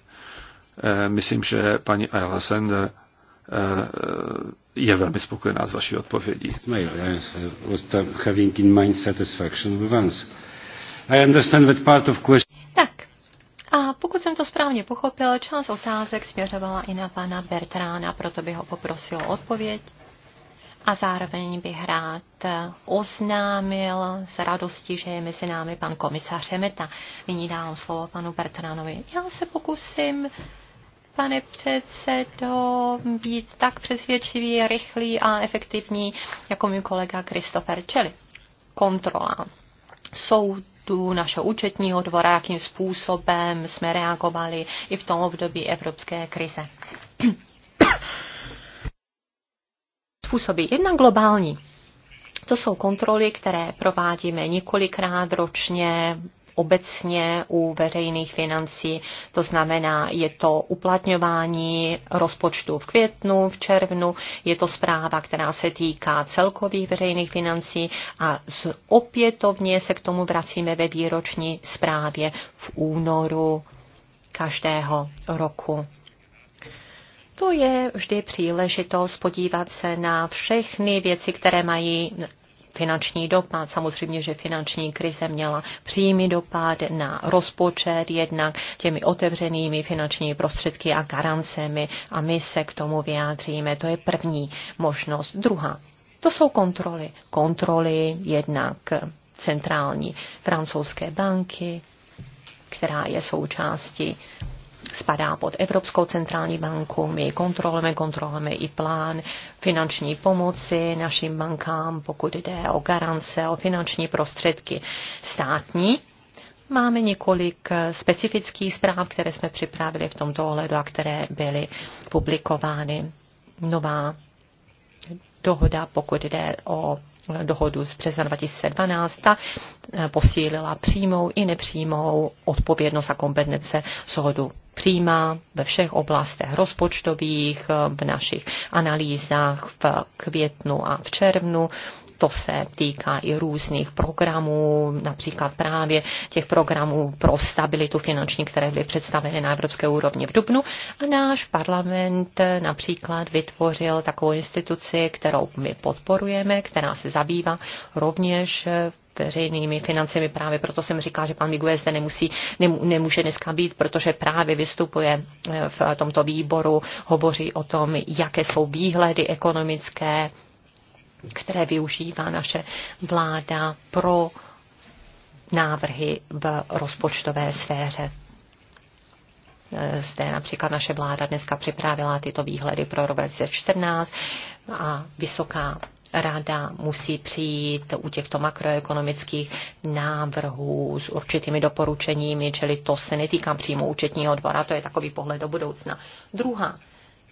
C: Eh, myslím, že paní Ayala Sender eh, je velmi spokojená s vaší odpovědí. Eh, tak,
B: a pokud jsem to správně pochopil, část otázek směřovala i na pana Bertrána, proto bych ho poprosil o odpověď a zároveň bych rád oznámil s radostí, že je mezi námi pan komisař Remeta. Nyní dám slovo panu Bertranovi. Já se pokusím, pane předsedo, být tak přesvědčivý, rychlý a efektivní, jako můj kolega Christopher Čeli. Kontrola soudu, našeho účetního dvora, jakým způsobem jsme reagovali i v tom období evropské krize způsoby. Jedna globální. To jsou kontroly, které provádíme několikrát ročně, obecně u veřejných financí. To znamená, je to uplatňování rozpočtu v květnu, v červnu, je to zpráva, která se týká celkových veřejných financí a opětovně se k tomu vracíme ve výroční zprávě v únoru každého roku. To je vždy příležitost podívat se na všechny věci, které mají finanční dopad. Samozřejmě, že finanční krize měla přímý dopad na rozpočet, jednak těmi otevřenými finančními prostředky a garancemi a my se k tomu vyjádříme. To je první možnost. Druhá, to jsou kontroly. Kontroly jednak centrální francouzské banky, která je součástí spadá pod Evropskou centrální banku. My kontrolujeme, kontrolujeme i plán finanční pomoci našim bankám, pokud jde o garance, o finanční prostředky státní. Máme několik specifických zpráv, které jsme připravili v tomto ohledu a které byly publikovány. Nová dohoda, pokud jde o dohodu z března 2012, ta e, posílila přímou i nepřímou odpovědnost a kompetence soudu přímá ve všech oblastech rozpočtových, e, v našich analýzách v květnu a v červnu to se týká i různých programů, například právě těch programů pro stabilitu finanční, které byly představeny na evropské úrovni v Dubnu. A náš parlament například vytvořil takovou instituci, kterou my podporujeme, která se zabývá rovněž veřejnými financemi. Právě proto jsem říkala, že pan Miguel zde nemusí, nemůže dneska být, protože právě vystupuje eh, v tomto výboru, hovoří o tom, jaké jsou výhledy ekonomické které využívá naše vláda pro návrhy v rozpočtové sféře. Zde například naše vláda dneska připravila tyto výhledy pro rok 2014 a Vysoká rada musí přijít u těchto makroekonomických návrhů s určitými doporučeními, čili to se netýká přímo účetního dvora, to je takový pohled do budoucna. Druhá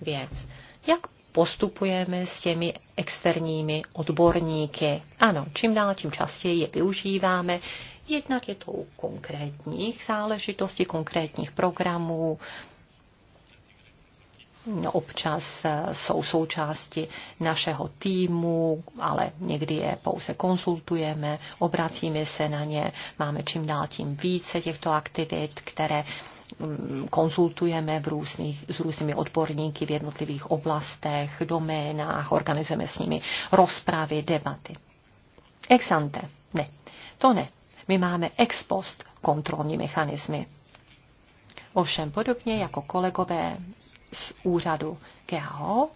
B: věc. Jak postupujeme s těmi externími odborníky. Ano, čím dál tím častěji je využíváme. Jednak je to u konkrétních záležitostí, konkrétních programů, no, občas eh, jsou součásti našeho týmu, ale někdy je pouze konsultujeme, obracíme se na ně, máme čím dál tím více těchto aktivit, které Mm, konzultujeme v různých, s různými odborníky v jednotlivých oblastech, doménách, organizujeme s nimi rozpravy, debaty. Ex ante. Ne, to ne. My máme ex post kontrolní mechanismy. Ovšem podobně jako kolegové z úřadu GAO,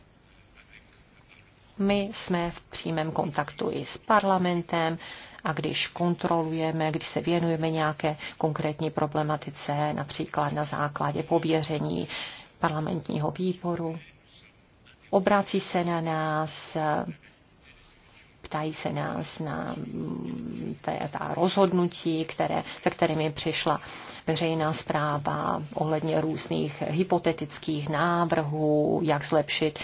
B: my jsme v přímém kontaktu i s parlamentem, a když kontrolujeme, když se věnujeme nějaké konkrétní problematice, například na základě pověření parlamentního výboru, obrací se na nás ptají se nás na mm, ta rozhodnutí, které, se kterými přišla veřejná zpráva ohledně různých hypotetických návrhů, jak zlepšit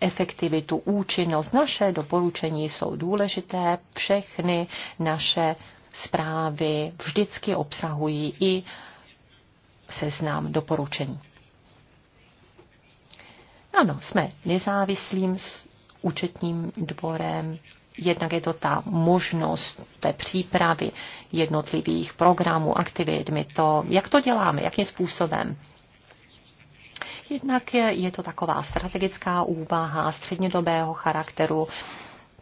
B: efektivitu, účinnost. Naše doporučení jsou důležité, všechny naše zprávy vždycky obsahují i seznam doporučení. Ano, jsme nezávislým s účetním dvorem. Jednak je to ta možnost té přípravy jednotlivých programů, aktivit. My to, jak to děláme, jakým způsobem. Jednak je, je to taková strategická úvaha střednědobého charakteru.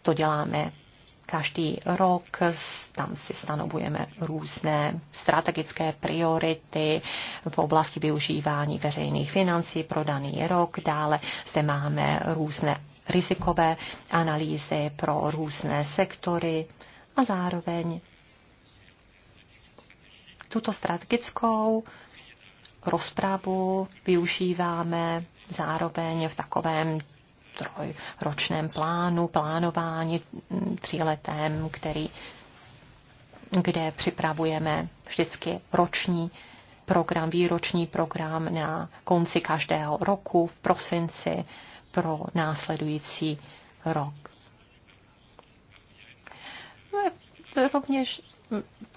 B: To děláme každý rok, tam si stanovujeme různé strategické priority v oblasti využívání veřejných financí pro daný rok. Dále zde máme různé rizikové analýzy pro různé sektory a zároveň tuto strategickou rozpravu využíváme zároveň v takovém trojročném plánu, plánování tříletém, který, kde připravujeme vždycky roční program, výroční program na konci každého roku v prosinci pro následující rok. No, rovněž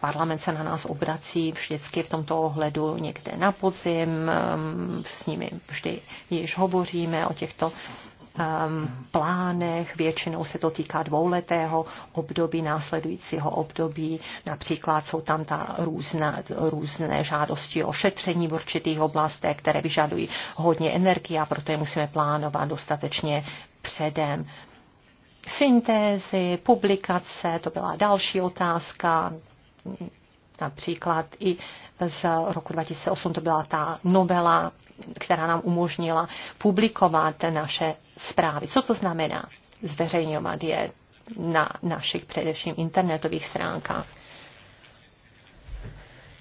B: Parlament se na nás obrací vždycky v tomto ohledu někde na podzim, um, s nimi vždy již hovoříme o těchto um, plánech, většinou se to týká dvouletého období, následujícího období, například jsou tam ta různá, různé žádosti o šetření v určitých oblastech, které vyžadují hodně energie a proto je musíme plánovat dostatečně předem syntézy, publikace, to byla další otázka, Například i z roku 2008 to byla ta novela, která nám umožnila publikovat naše zprávy. Co to znamená? Zveřejňovat je na našich především internetových stránkách.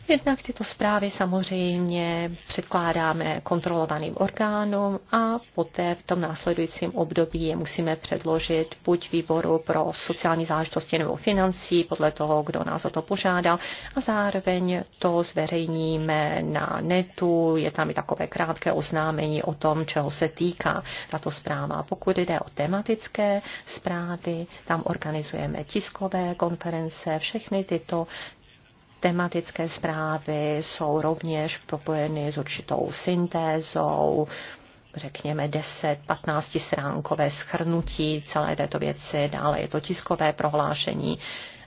B: Jednak tyto zprávy samozřejmě předkládáme kontrolovaným orgánům a poté v tom následujícím období je musíme předložit buď výboru pro sociální záležitosti nebo financí, podle toho, kdo nás o to požádal, a zároveň to zveřejníme na netu. Je tam i takové krátké oznámení o tom, čeho se týká tato zpráva. Pokud jde o tematické zprávy, tam organizujeme tiskové konference, všechny tyto tematické zprávy jsou rovněž propojeny s určitou syntézou, řekněme 10-15 stránkové schrnutí celé této věci, dále je to tiskové prohlášení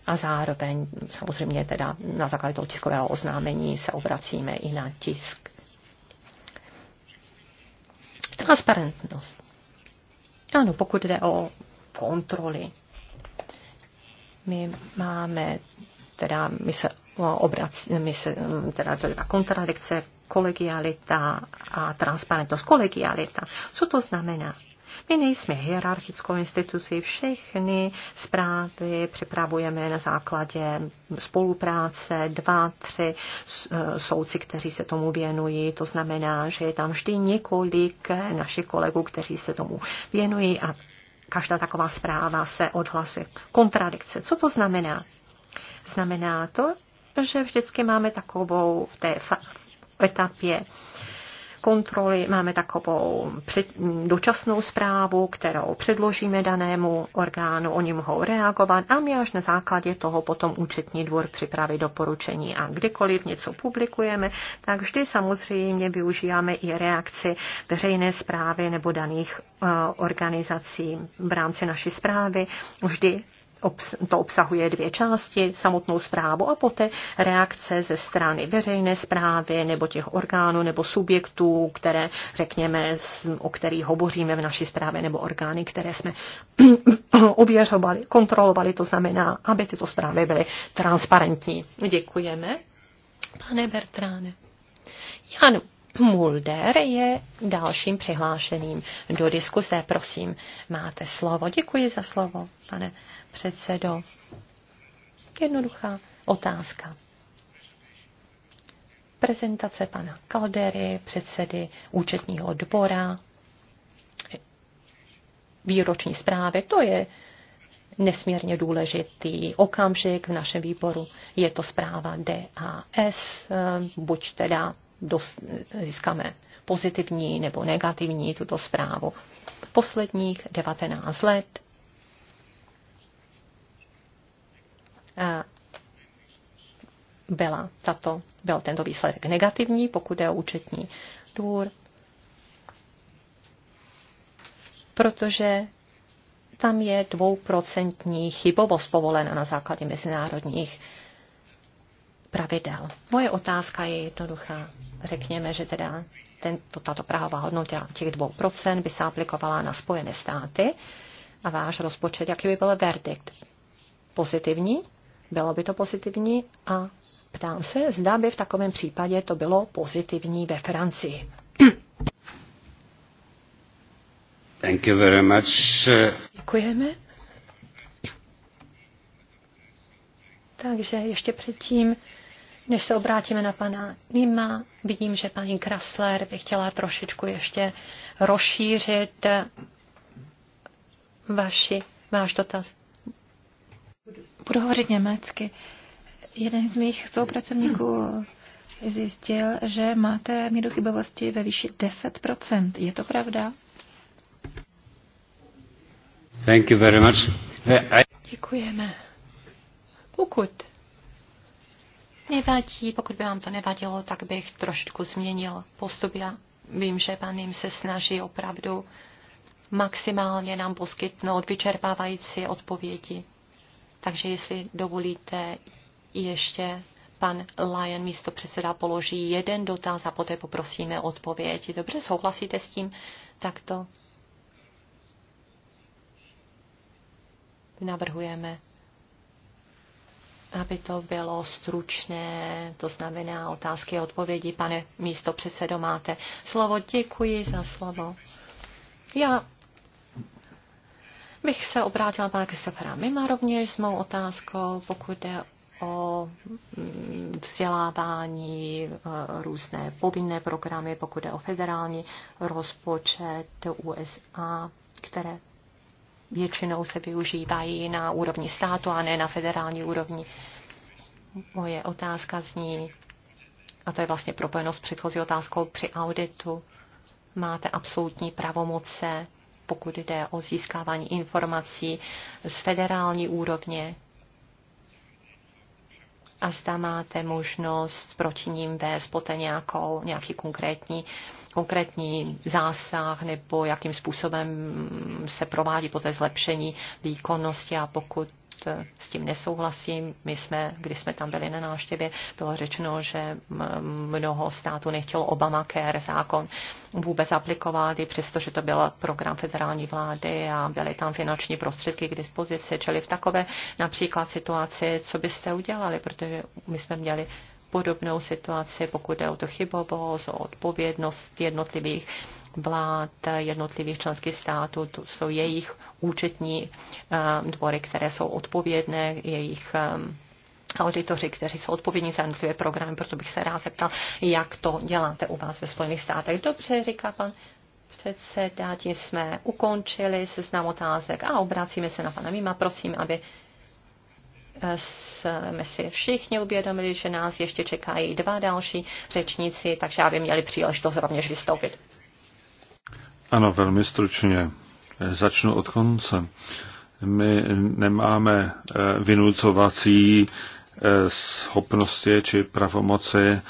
B: a zároveň samozřejmě teda na základě toho tiskového oznámení se obracíme i na tisk. Transparentnost. Ano, pokud jde o kontroly. My máme, teda my se obracíme se, mm, teda to je ta kontradikce, kolegialita a transparentnost. Kolegialita. Co to znamená? My nejsme hierarchickou institucí, všechny zprávy připravujeme na základě spolupráce, dva, tři e, soudci, kteří se tomu věnují. To znamená, že je tam vždy několik našich kolegů, kteří se tomu věnují a každá taková zpráva se odhlasuje. Kontradikce. Co to znamená? Znamená to, že vždycky máme takovou v té etapě kontroly, máme takovou před, dočasnou zprávu, kterou předložíme danému orgánu, oni mohou reagovat a my až na základě toho potom účetní dvor připraví doporučení a kdykoliv něco publikujeme, tak vždy samozřejmě využíváme i reakci veřejné zprávy nebo daných eh, organizací v rámci naší zprávy. Vždy to obsahuje dvě části, samotnou zprávu a poté reakce ze strany veřejné zprávy nebo těch orgánů nebo subjektů, které, řekněme, o kterých hovoříme v naší zprávě nebo orgány, které jsme ověřovali, kontrolovali, to znamená, aby tyto zprávy byly transparentní. Děkujeme, pane Bertráne. Janu, Mulder je dalším přihlášeným do diskuse. Prosím, máte slovo. Děkuji za slovo, pane předsedo. Jednoduchá otázka. Prezentace pana Kaldery, předsedy účetního odbora, výroční zprávy, to je nesmírně důležitý okamžik v našem výboru. Je to zpráva DAS, buď teda dost, získáme pozitivní nebo negativní tuto zprávu. Posledních 19 let eh, byla tato, byl tento výsledek negativní, pokud je o účetní důr, protože tam je dvouprocentní chybovost povolena na základě mezinárodních pravidel. Moje otázka je jednoduchá. Řekněme, že teda tento, tato prahová hodnota těch 2% by se aplikovala na Spojené státy a váš rozpočet, jaký by byl verdikt? Pozitivní? Bylo by to pozitivní? A ptám se, zda by v takovém případě to bylo pozitivní ve Francii.
C: Thank you very much.
B: Děkujeme. Takže ještě předtím, než se obrátíme na pana Nima, vidím, že paní Krasler by chtěla trošičku ještě rozšířit vaši, váš dotaz.
A: Budu hovořit německy. Jeden z mých spolupracovníků zjistil, že máte míru chybovosti ve výši 10%. Je to pravda? Thank you very much. I... Děkujeme. Pokud
B: nevadí, pokud by vám to nevadilo, tak bych trošku změnil postup. Já vím, že pan jim se snaží opravdu maximálně nám poskytnout vyčerpávající odpovědi. Takže jestli dovolíte, ještě pan Lyon místo předseda položí jeden dotaz a poté poprosíme odpověď. Dobře, souhlasíte s tím takto? Navrhujeme aby to bylo stručné, to znamená otázky a odpovědi. Pane místo předsedo, máte slovo. Děkuji za slovo. Já bych se obrátila pana Kristofera Mima rovněž s mou otázkou, pokud jde o mm, vzdělávání, eh, různé povinné programy, pokud jde o federální rozpočet USA, které většinou se využívají na úrovni státu a ne na federální úrovni. Moje otázka zní, a to je vlastně propojeno s předchozí otázkou při auditu, máte absolutní pravomoce, pokud jde o získávání informací z federální úrovně a zda máte možnost proti ním vést poté nějakou, nějaký konkrétní uh, konkrétní zásah nebo jakým způsobem se provádí poté zlepšení výkonnosti a pokud eh, s tím nesouhlasím. My jsme, když jsme tam byli na návštěvě, bylo řečeno, že mm, mnoho států nechtělo Obamacare zákon vůbec aplikovat, i přesto, že to byl program federální vlády a byly tam finanční prostředky k dispozici. Čili v takové například situaci, co byste udělali, protože my jsme měli podobnou situaci, pokud jde o to chybovost, o odpovědnost jednotlivých vlád jednotlivých členských států, to jsou jejich účetní eh, dvory, které jsou odpovědné, jejich eh, auditoři, kteří jsou odpovědní za jednotlivé programy, proto bych se rád zeptal, jak to děláte u vás ve Spojených státech. Dobře, říká pan předseda, tím jsme ukončili seznam otázek a obracíme se na pana Mima, prosím, aby Eh, jsme si všichni uvědomili, že nás ještě čekají dva další řečníci, takže aby měli příležitost rovněž vystoupit.
C: Ano, velmi stručně. Eh, začnu od konce. My nemáme eh, vynucovací schopnosti či pravomoci.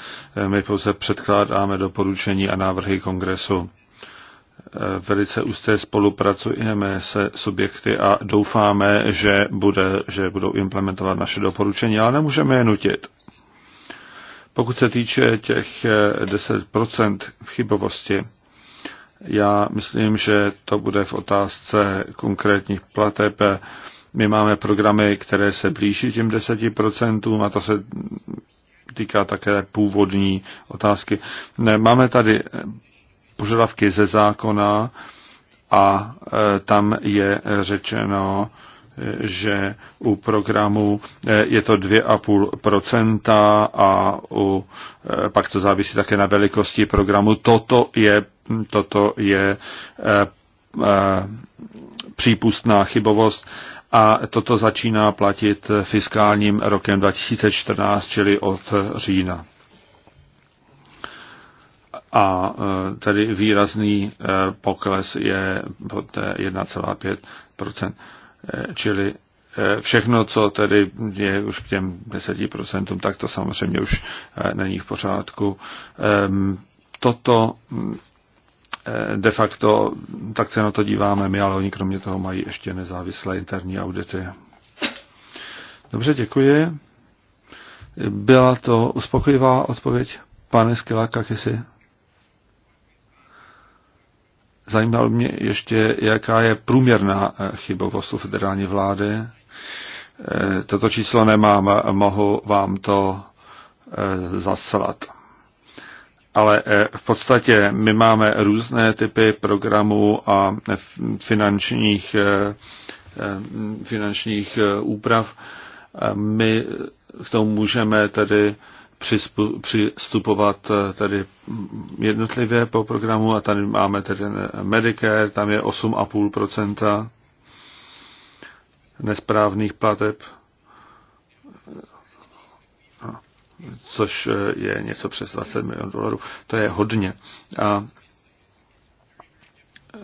C: My pouze předkládáme doporučení a návrhy kongresu. Eh, velice úzce spolupracujeme se subjekty a doufáme, že, bude, že budou implementovat naše doporučení, ale nemůžeme je nutit. Pokud se týče těch 10% eh, chybovosti, já myslím, že to bude v otázce konkrétních plateb. My máme programy, které se blíží těm 10% a to se týká také původní otázky. Máme tady požadavky ze zákona a e, tam je řečeno, že u programu e, je to 2,5% a u, e, pak to závisí také na velikosti programu. Toto je, toto je přípustná chybovost a toto začíná platit fiskálním rokem 2014, čili od října a e, tedy výrazný e, pokles je pod 1,5%. E, čili všechno, co tedy je už k těm 10%, tak to samozřejmě už není v pořádku. Ehm, toto de facto, tak se na to díváme my, ale oni kromě toho mají ještě nezávislé interní audity. Dobře, děkuji. Byla to uspokojivá odpověď, pane Skilaka, jestli Zajímalo mě ještě, jaká je průměrná eh, chybovost u federální vlády. Eh, toto číslo nemám, mohu vám to eh, zaslat. Ale v podstatě my máme různé typy programů a finančních, finančních úprav. My k tomu můžeme tedy přistupovat eh, tedy jednotlivě po programu a tady máme tedy Medicare, tam je 8,5% nesprávných plateb, což eh, je něco přes 20 milionů dolarů. To je hodně. A eh,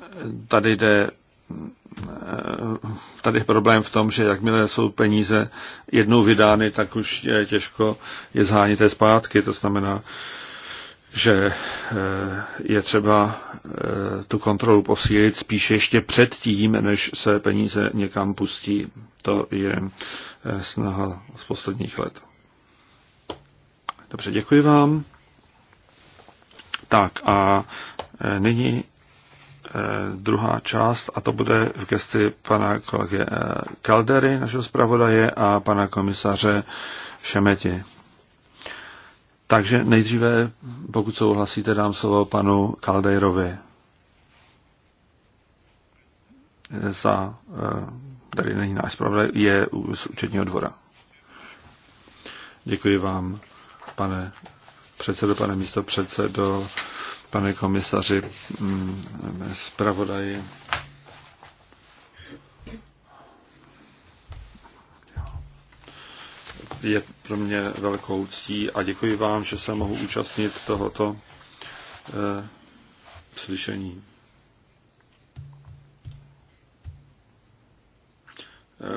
C: tady jde tady je problém v tom, že jakmile jsou peníze jednou vydány, tak už je těžko je zhánit zpátky. To znamená, že eh, je třeba eh, tu kontrolu posílit spíše ještě před tím, než se peníze někam pustí. To je eh, snaha z posledních let. Dobře, děkuji vám. Tak a nyní Eh, druhá část a to bude v gesti pana kolegy eh, Kaldery, našeho zpravodaje, a pana komisaře Šemeti. Takže nejdříve, pokud souhlasíte, dám slovo panu Kaldejrovi eh, za, tady není náš zpravodaj, je z účetního dvora. Děkuji vám, pane předsedo, pane místo předsedo, pane komisaři, mm, zpravodaji. Je pro mě velkou ctí a děkuji vám, že se mohu účastnit tohoto eh, slyšení.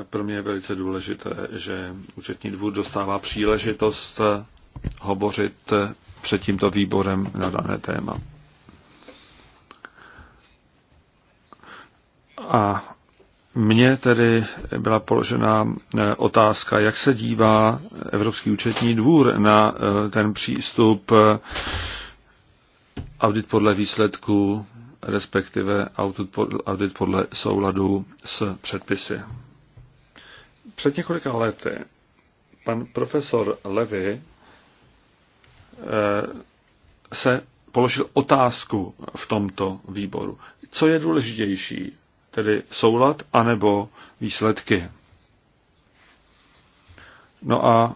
C: Eh, pro mě je velice důležité, že účetní dvůr dostává příležitost eh, hovořit eh, před tímto výborem na dané téma. A mně tedy byla položena e, otázka, jak se dívá Evropský účetní dvůr na e, ten přístup e, audit podle výsledků, respektive audit podle souladu s předpisy. Před několika lety pan profesor Levy Eh, se položil otázku v tomto výboru. Co je důležitější, tedy soulad anebo výsledky? No a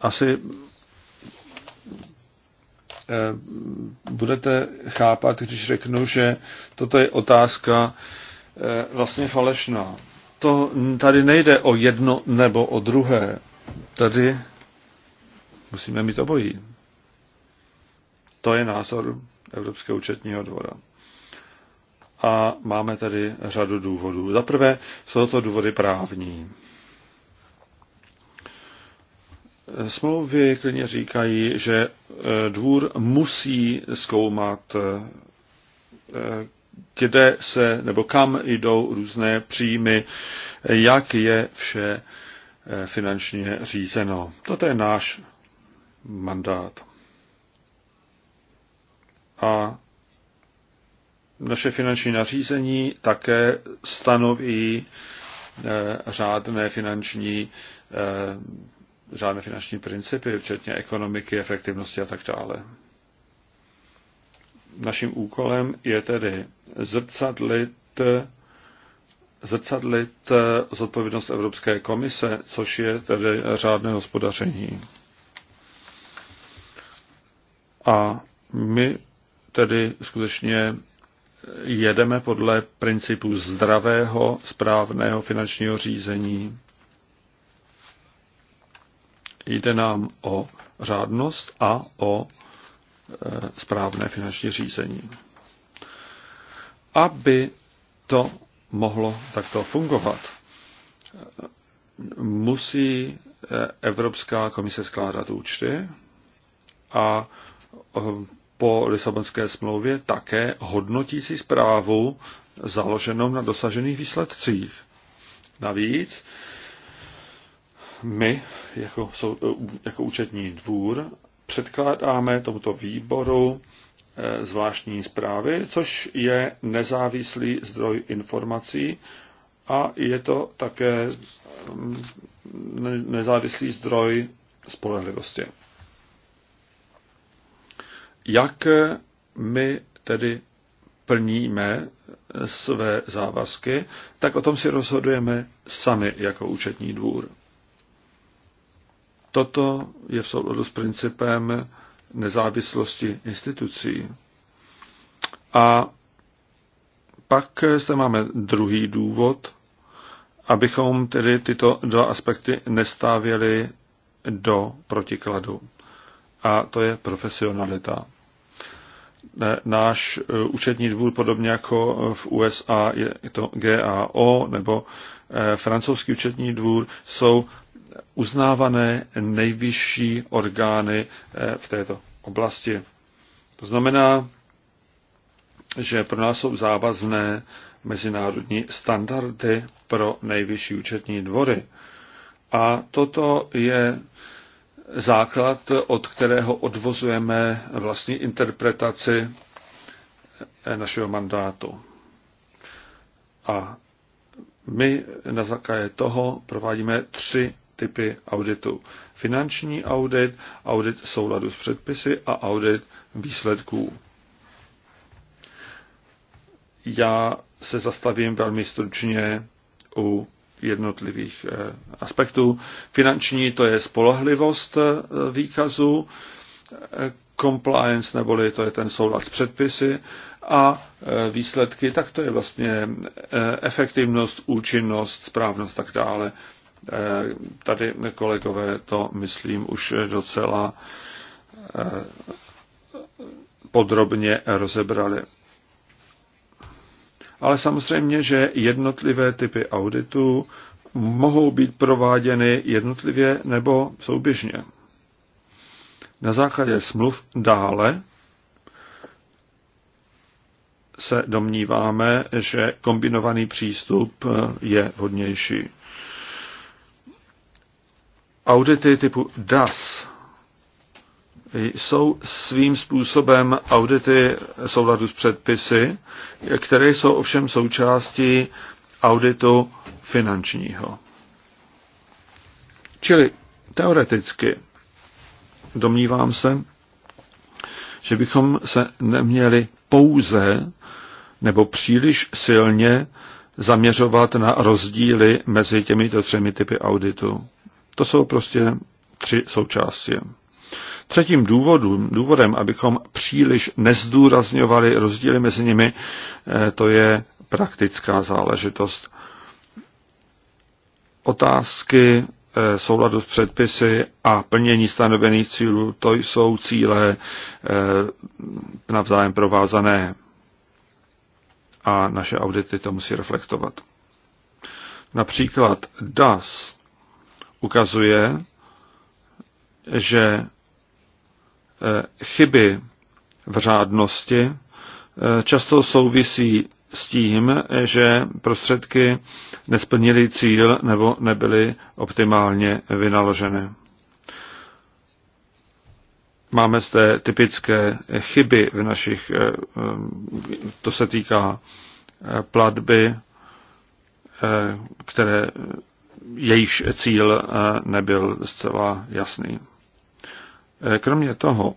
C: asi eh, budete chápat, když řeknu, že toto je otázka eh, vlastně falešná. To tady nejde o jedno nebo o druhé. Tady Musíme mít obojí. To je názor Evropského účetního dvora. A máme tady řadu důvodů. Za prvé jsou to důvody právní. Smlouvy klidně říkají, že e, dvůr musí zkoumat, e, kde se nebo kam jdou různé příjmy, jak je vše e, finančně řízeno. Toto je náš mandát. A naše finanční nařízení také stanoví eh, řádné finanční, eh, řádné finanční principy, včetně ekonomiky, efektivnosti a tak dále. Naším úkolem je tedy zrcadlit, zrcadlit eh, zodpovědnost Evropské komise, což je tedy řádné hospodaření. A my tedy skutečně jedeme podle principu zdravého, správného finančního řízení. Jde nám o řádnost a o e, správné finanční řízení. Aby to mohlo takto fungovat, musí e, Evropská komise skládat účty a Eh, po Lisabonské smlouvě také hodnotící zprávu založenou na dosažených výsledcích. Navíc my jako, eh, jako účetní dvůr předkládáme tomuto výboru eh, zvláštní zprávy, což je nezávislý zdroj informací a je to také mm, nezávislý zdroj spolehlivosti. Jak my tedy plníme své závazky, tak o tom si rozhodujeme sami jako účetní dvůr. Toto je v souladu s principem nezávislosti institucí. A pak zde máme druhý důvod, abychom tedy tyto dva aspekty nestávěli do protikladu a to je profesionalita. Náš eh, účetní dvůr, podobně jako eh, v USA je to GAO nebo eh, francouzský účetní dvůr, jsou uznávané nejvyšší orgány v této oblasti. To znamená, že pro nás jsou závazné mezinárodní standardy pro nejvyšší účetní dvory. A toto je základ, od kterého odvozujeme vlastní interpretaci našeho mandátu. A my na základě toho provádíme tři typy auditu. Finanční audit, audit souladu s předpisy a audit výsledků. Já se zastavím velmi stručně u jednotlivých eh, aspektů. Finanční to je spolehlivost eh, výkazu, eh, compliance, neboli to je ten soulad s předpisy a výsledky, tak to je vlastně efektivnost, účinnost, správnost tak dále. Tady kolegové to, myslím, už docela podrobně rozebrali ale samozřejmě, že jednotlivé typy auditů mohou být prováděny jednotlivě nebo souběžně. Na základě smluv dále se domníváme, že kombinovaný přístup je hodnější. Audity typu DAS jsou svým způsobem audity souladu s předpisy, které jsou ovšem součástí auditu finančního. Čili teoreticky domnívám se, že bychom se neměli pouze nebo příliš silně zaměřovat na rozdíly mezi těmito třemi typy auditu. To jsou prostě tři součástí. Třetím důvodem, důvodem, abychom příliš nezdůrazňovali rozdíly mezi nimi, eh, to je praktická záležitost. Otázky eh, souladu s předpisy a plnění stanovených cílů, to jsou cíle eh, navzájem provázané a naše audity to musí reflektovat. Například DAS ukazuje, že Eh, chyby v řádnosti eh, často souvisí s tím, že prostředky nesplnily cíl nebo nebyly optimálně vynaloženy. Máme zde typické chyby v našich, eh, to se týká platby, které jejíž cíl nebyl zcela jasný. Eh, kromě toho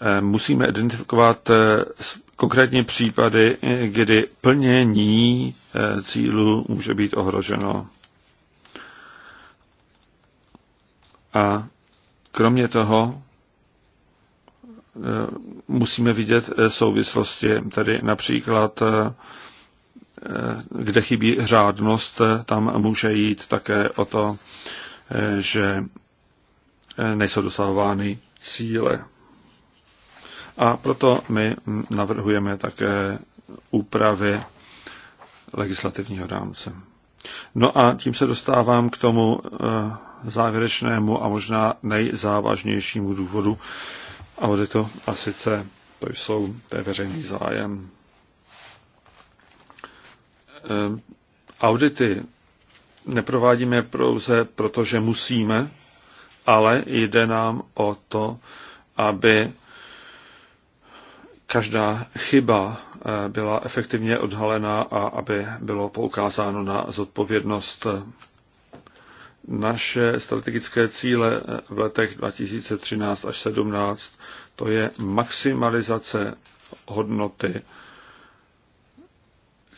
C: eh, musíme identifikovat eh, konkrétní případy, kdy plnění cílu může být ohroženo. A kromě toho musíme vidět souvislosti, tady například kde chybí řádnost, tam může jít také o to, že Eh, nejsou dosahovány cíle. A proto my navrhujeme také úpravy legislativního rámce. No a tím se dostávám k tomu eh, závěrečnému a možná nejzávažnějšímu důvodu, a je to a sice to jsou to je veřejný zájem. Eh, audity neprovádíme pouze proto, že musíme, ale jde nám o to, aby každá chyba eh, byla efektivně odhalena a aby bylo poukázáno na zodpovědnost. Naše strategické cíle eh, v letech 2013 až 2017. to je maximalizace hodnoty,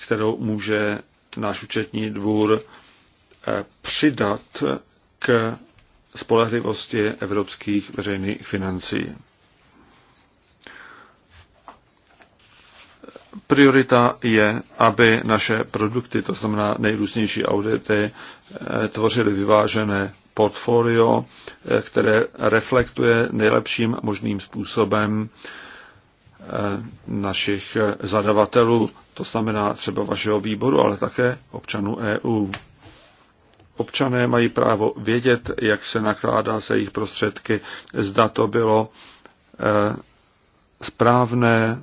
C: kterou může náš účetní dvůr eh, přidat k spolehlivosti evropských veřejných financí. Priorita je, aby naše produkty, to znamená nejrůznější audity, eh, tvořily vyvážené portfolio, eh, které reflektuje nejlepším možným způsobem eh, našich zadavatelů, to znamená třeba vašeho výboru, ale také občanů EU občané mají právo vědět, jak se nakládá se jejich prostředky, zda to bylo eh, správné,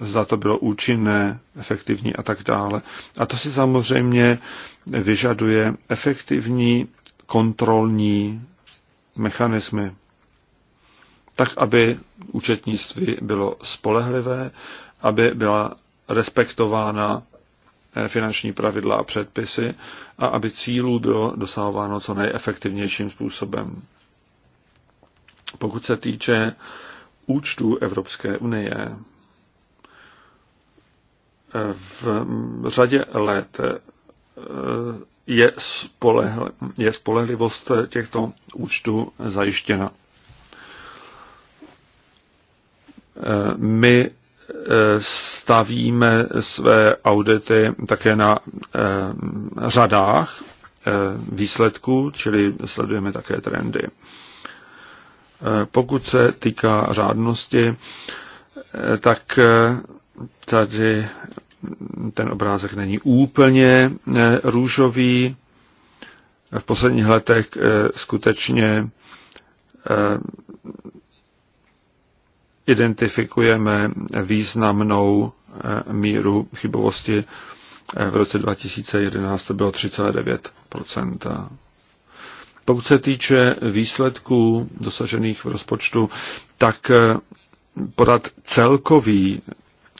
C: zda to bylo účinné, efektivní a tak dále. A to si samozřejmě vyžaduje efektivní kontrolní mechanismy, tak aby účetnictví bylo spolehlivé, aby byla respektována finanční pravidla a předpisy a aby cílů bylo dosahováno co nejefektivnějším způsobem. Pokud se týče účtů Evropské unie, v řadě let eh, je, spolehl, je spolehlivost těchto účtů zajištěna. Eh, my stavíme své audity také na eh, řadách eh, výsledků, čili sledujeme také trendy. Eh, pokud se týká řádnosti, tak tady ten obrázek není úplně růžový. V posledních letech skutečně identifikujeme významnou eh, míru chybovosti. Eh, v roce 2011 to bylo 3,9 Pokud se týče výsledků dosažených v rozpočtu, tak eh, podat celkový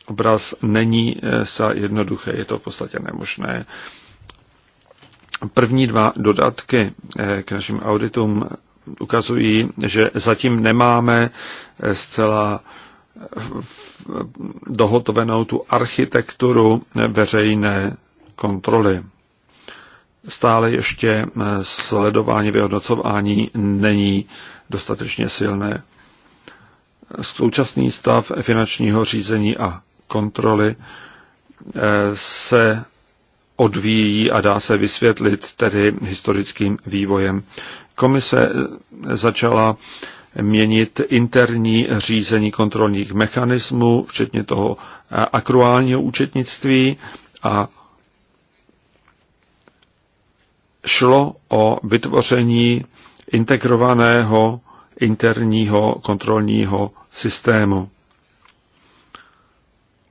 C: obraz není sa jednoduché, je to v podstatě nemožné. První dva dodatky k našim auditům ukazují, že zatím nemáme eh, zcela eh, dohotovenou tu architekturu veřejné kontroly. Stále ještě eh, sledování, vyhodnocování není dostatečně silné. Současný stav finančního řízení a kontroly se odvíjí a dá se vysvětlit tedy historickým vývojem. Komise začala měnit interní řízení kontrolních mechanismů, včetně toho akruálního účetnictví a šlo o vytvoření integrovaného interního kontrolního systému.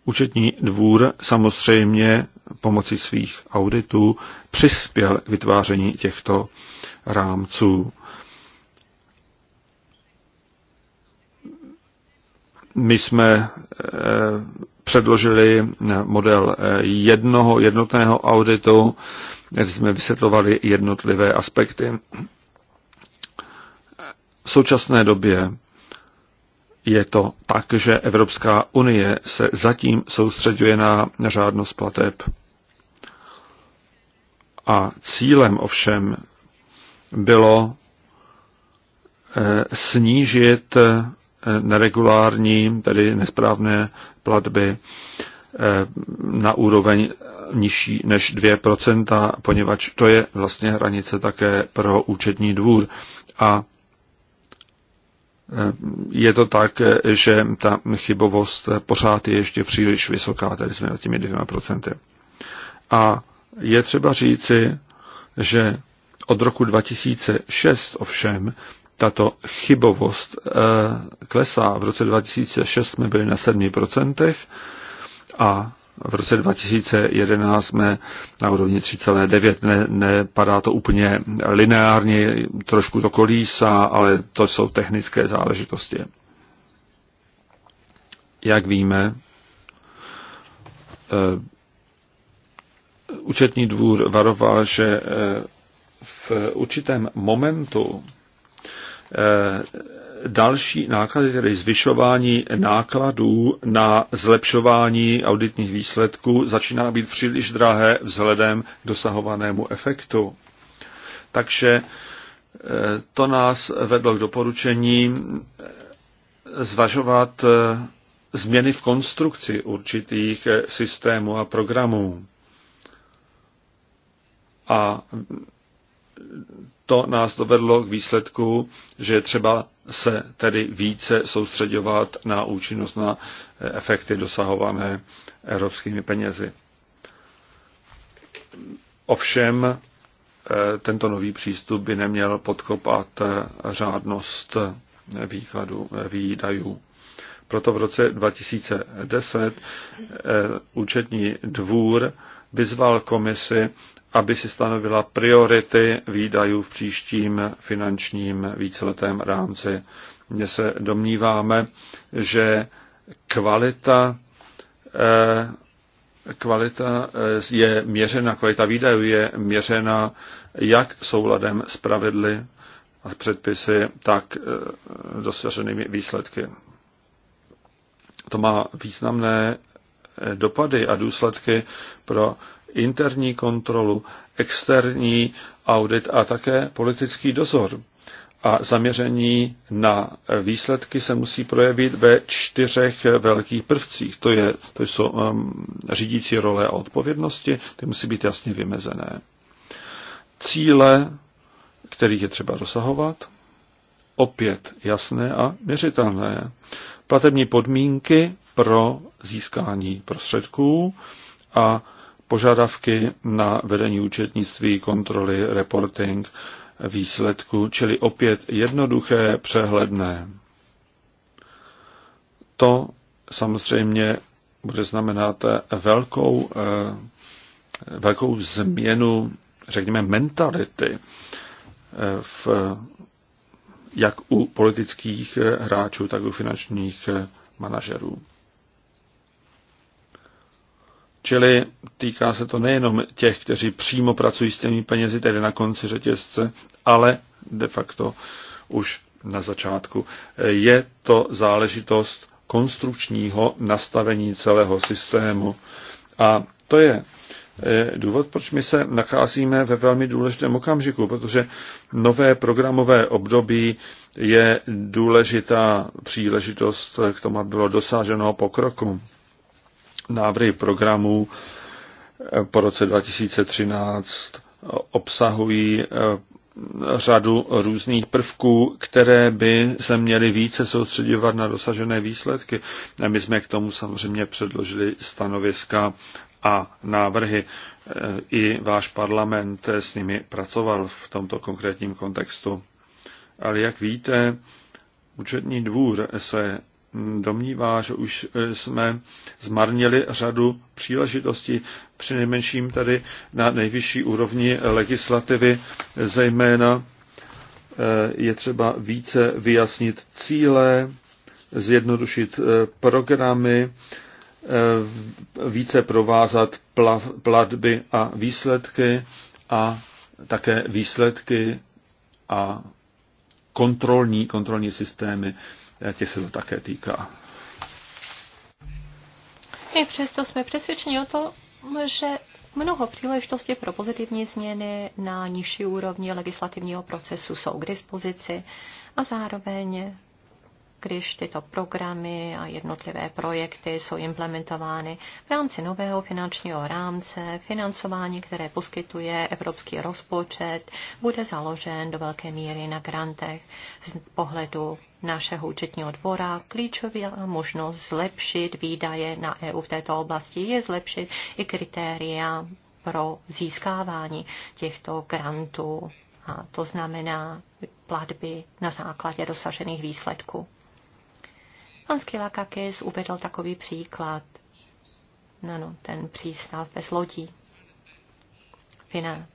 C: Účetní dvůr samozřejmě pomocí svých auditů přispěl k vytváření těchto rámců. My jsme eh, předložili eh, model eh, jednoho jednotného auditu, kde jsme vysvětlovali jednotlivé aspekty. V současné době je to tak, že Evropská unie se zatím soustředuje na řádnost plateb. A cílem ovšem bylo eh, snížit eh, neregulární, tedy nesprávné platby eh, na úroveň nižší než 2%, poněvadž to je vlastně hranice také pro účetní dvůr. A je to tak, že ta chybovost pořád je ještě příliš vysoká, tedy jsme nad těmi dvěma procenty. A je třeba říci, že od roku 2006 ovšem tato chybovost eh, klesá. V roce 2006 jsme byli na 7% a v roce 2011 jsme na úrovni 3,9. Ne, nepadá to úplně lineárně, trošku to kolísá, ale to jsou technické záležitosti. Jak víme, eh, účetní dvůr varoval, že eh, v určitém momentu eh, další náklady, tedy zvyšování nákladů na zlepšování auditních výsledků, začíná být příliš drahé vzhledem k dosahovanému efektu. Takže eh, to nás vedlo k doporučení zvažovat změny v konstrukci určitých systémů a programů. A to nás dovedlo k výsledku, že třeba se tedy více soustředovat na účinnost, na eh, efekty dosahované evropskými penězi. Ovšem, eh, tento nový přístup by neměl podkopat eh, řádnost výkladu výdajů. Proto v roce 2010 účetní dvůr vyzval komisi, aby si stanovila priority výdajů v příštím finančním víceletém rámci. Mně se domníváme, že kvalita, eh, kvalita eh, je měřena, kvalita výdajů je měřena jak souladem s pravidly a předpisy, tak eh, dosaženými výsledky. To má významné dopady a důsledky pro interní kontrolu, externí audit a také politický dozor. A zaměření na výsledky se musí projevit ve čtyřech velkých prvcích. To, je, to jsou um, řídící role a odpovědnosti, ty musí být jasně vymezené. Cíle, kterých je třeba dosahovat, opět jasné a měřitelné. Platební podmínky pro získání prostředků a požadavky na vedení účetnictví, kontroly, reporting výsledku, čili opět jednoduché, přehledné. To samozřejmě bude znamenat velkou, eh, velkou změnu, řekněme, mentality eh, v, jak u politických hráčů, tak u finančních eh, manažerů. Čili týká se to nejenom těch, kteří přímo pracují s těmi penězi, tedy na konci řetězce, ale de facto už na začátku. Je to záležitost konstrukčního nastavení celého systému. A to je eh, důvod, proč my se nacházíme ve velmi důležitém okamžiku, protože nové programové období je důležitá příležitost k tomu, aby bylo dosaženo pokroku návrhy programů eh, po roce 2013 obsahují eh, řadu různých prvků, které by se měly více soustředovat na dosažené výsledky. My jsme k tomu samozřejmě předložili stanoviska a návrhy. Eh, I váš parlament s nimi pracoval v tomto konkrétním kontextu. Ale jak víte, účetní dvůr se domnívá, že už eh, jsme zmarnili řadu příležitostí, přinejmenším tady na nejvyšší úrovni legislativy, zejména eh, je třeba více vyjasnit cíle, zjednodušit eh, programy, více provázat platby a výsledky a také výsledky a kontrolní, kontrolní systémy těch se to také týká.
B: I přesto jsme přesvědčeni o tom, že mnoho příležitostí pro pozitivní změny na nižší úrovni legislativního procesu jsou k dispozici a zároveň když tyto programy a jednotlivé projekty jsou implementovány v rámci nového finančního rámce, financování, které poskytuje evropský rozpočet, bude založen do velké míry na grantech z pohledu našeho účetního dvora klíčová možnost zlepšit výdaje na EU v této oblasti je zlepšit i kritéria pro získávání těchto grantů. A to znamená platby na základě dosažených výsledků. Pan Skilakakis uvedl takový příklad. no, ten přístav bez lodí. Fina,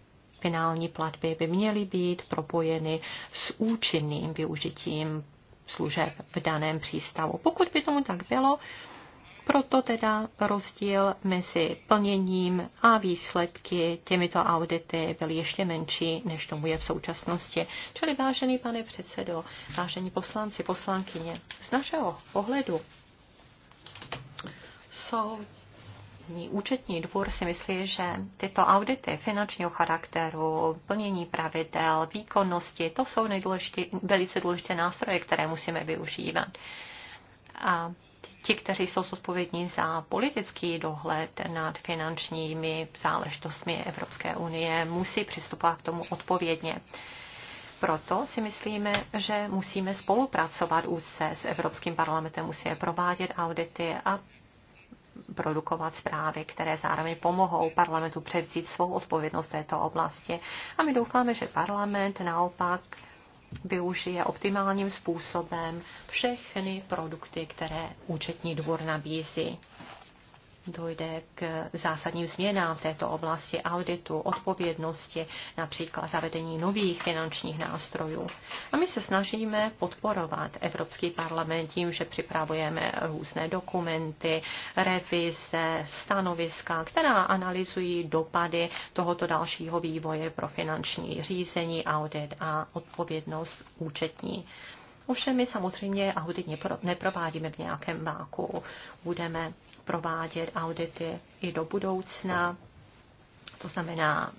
B: finální platby by měly být propojeny s účinným využitím služeb v daném přístavu. Pokud by tomu tak bylo, proto teda rozdíl mezi plněním a výsledky těmito audity byl ještě menší, než tomu je v současnosti. Čili vážený pane předsedo, vážení poslanci, poslankyně, z našeho pohledu jsou účetní dvůr si myslí, že tyto audity finančního charakteru, plnění pravidel, výkonnosti, to jsou velice důležité nástroje, které musíme využívat. A ti, kteří jsou zodpovědní za politický dohled nad finančními záležitostmi Evropské unie, musí přistupovat k tomu odpovědně. Proto si myslíme, že musíme spolupracovat úzce s Evropským parlamentem, musíme provádět audity a produkovat zprávy, které zároveň pomohou parlamentu převzít svou odpovědnost v této oblasti. A my doufáme, že parlament naopak využije optimálním způsobem všechny produkty, které účetní dvůr nabízí dojde k zásadním změnám v této oblasti auditu, odpovědnosti, například zavedení nových finančních nástrojů. A my se snažíme podporovat Evropský parlament tím, že připravujeme různé dokumenty, revize, stanoviska, která analyzují dopady tohoto dalšího vývoje pro finanční řízení, audit a odpovědnost účetní. Ovšem my samozřejmě audit neprovádíme v nějakém váku. Budeme provádět audity i do budoucna. To znamená,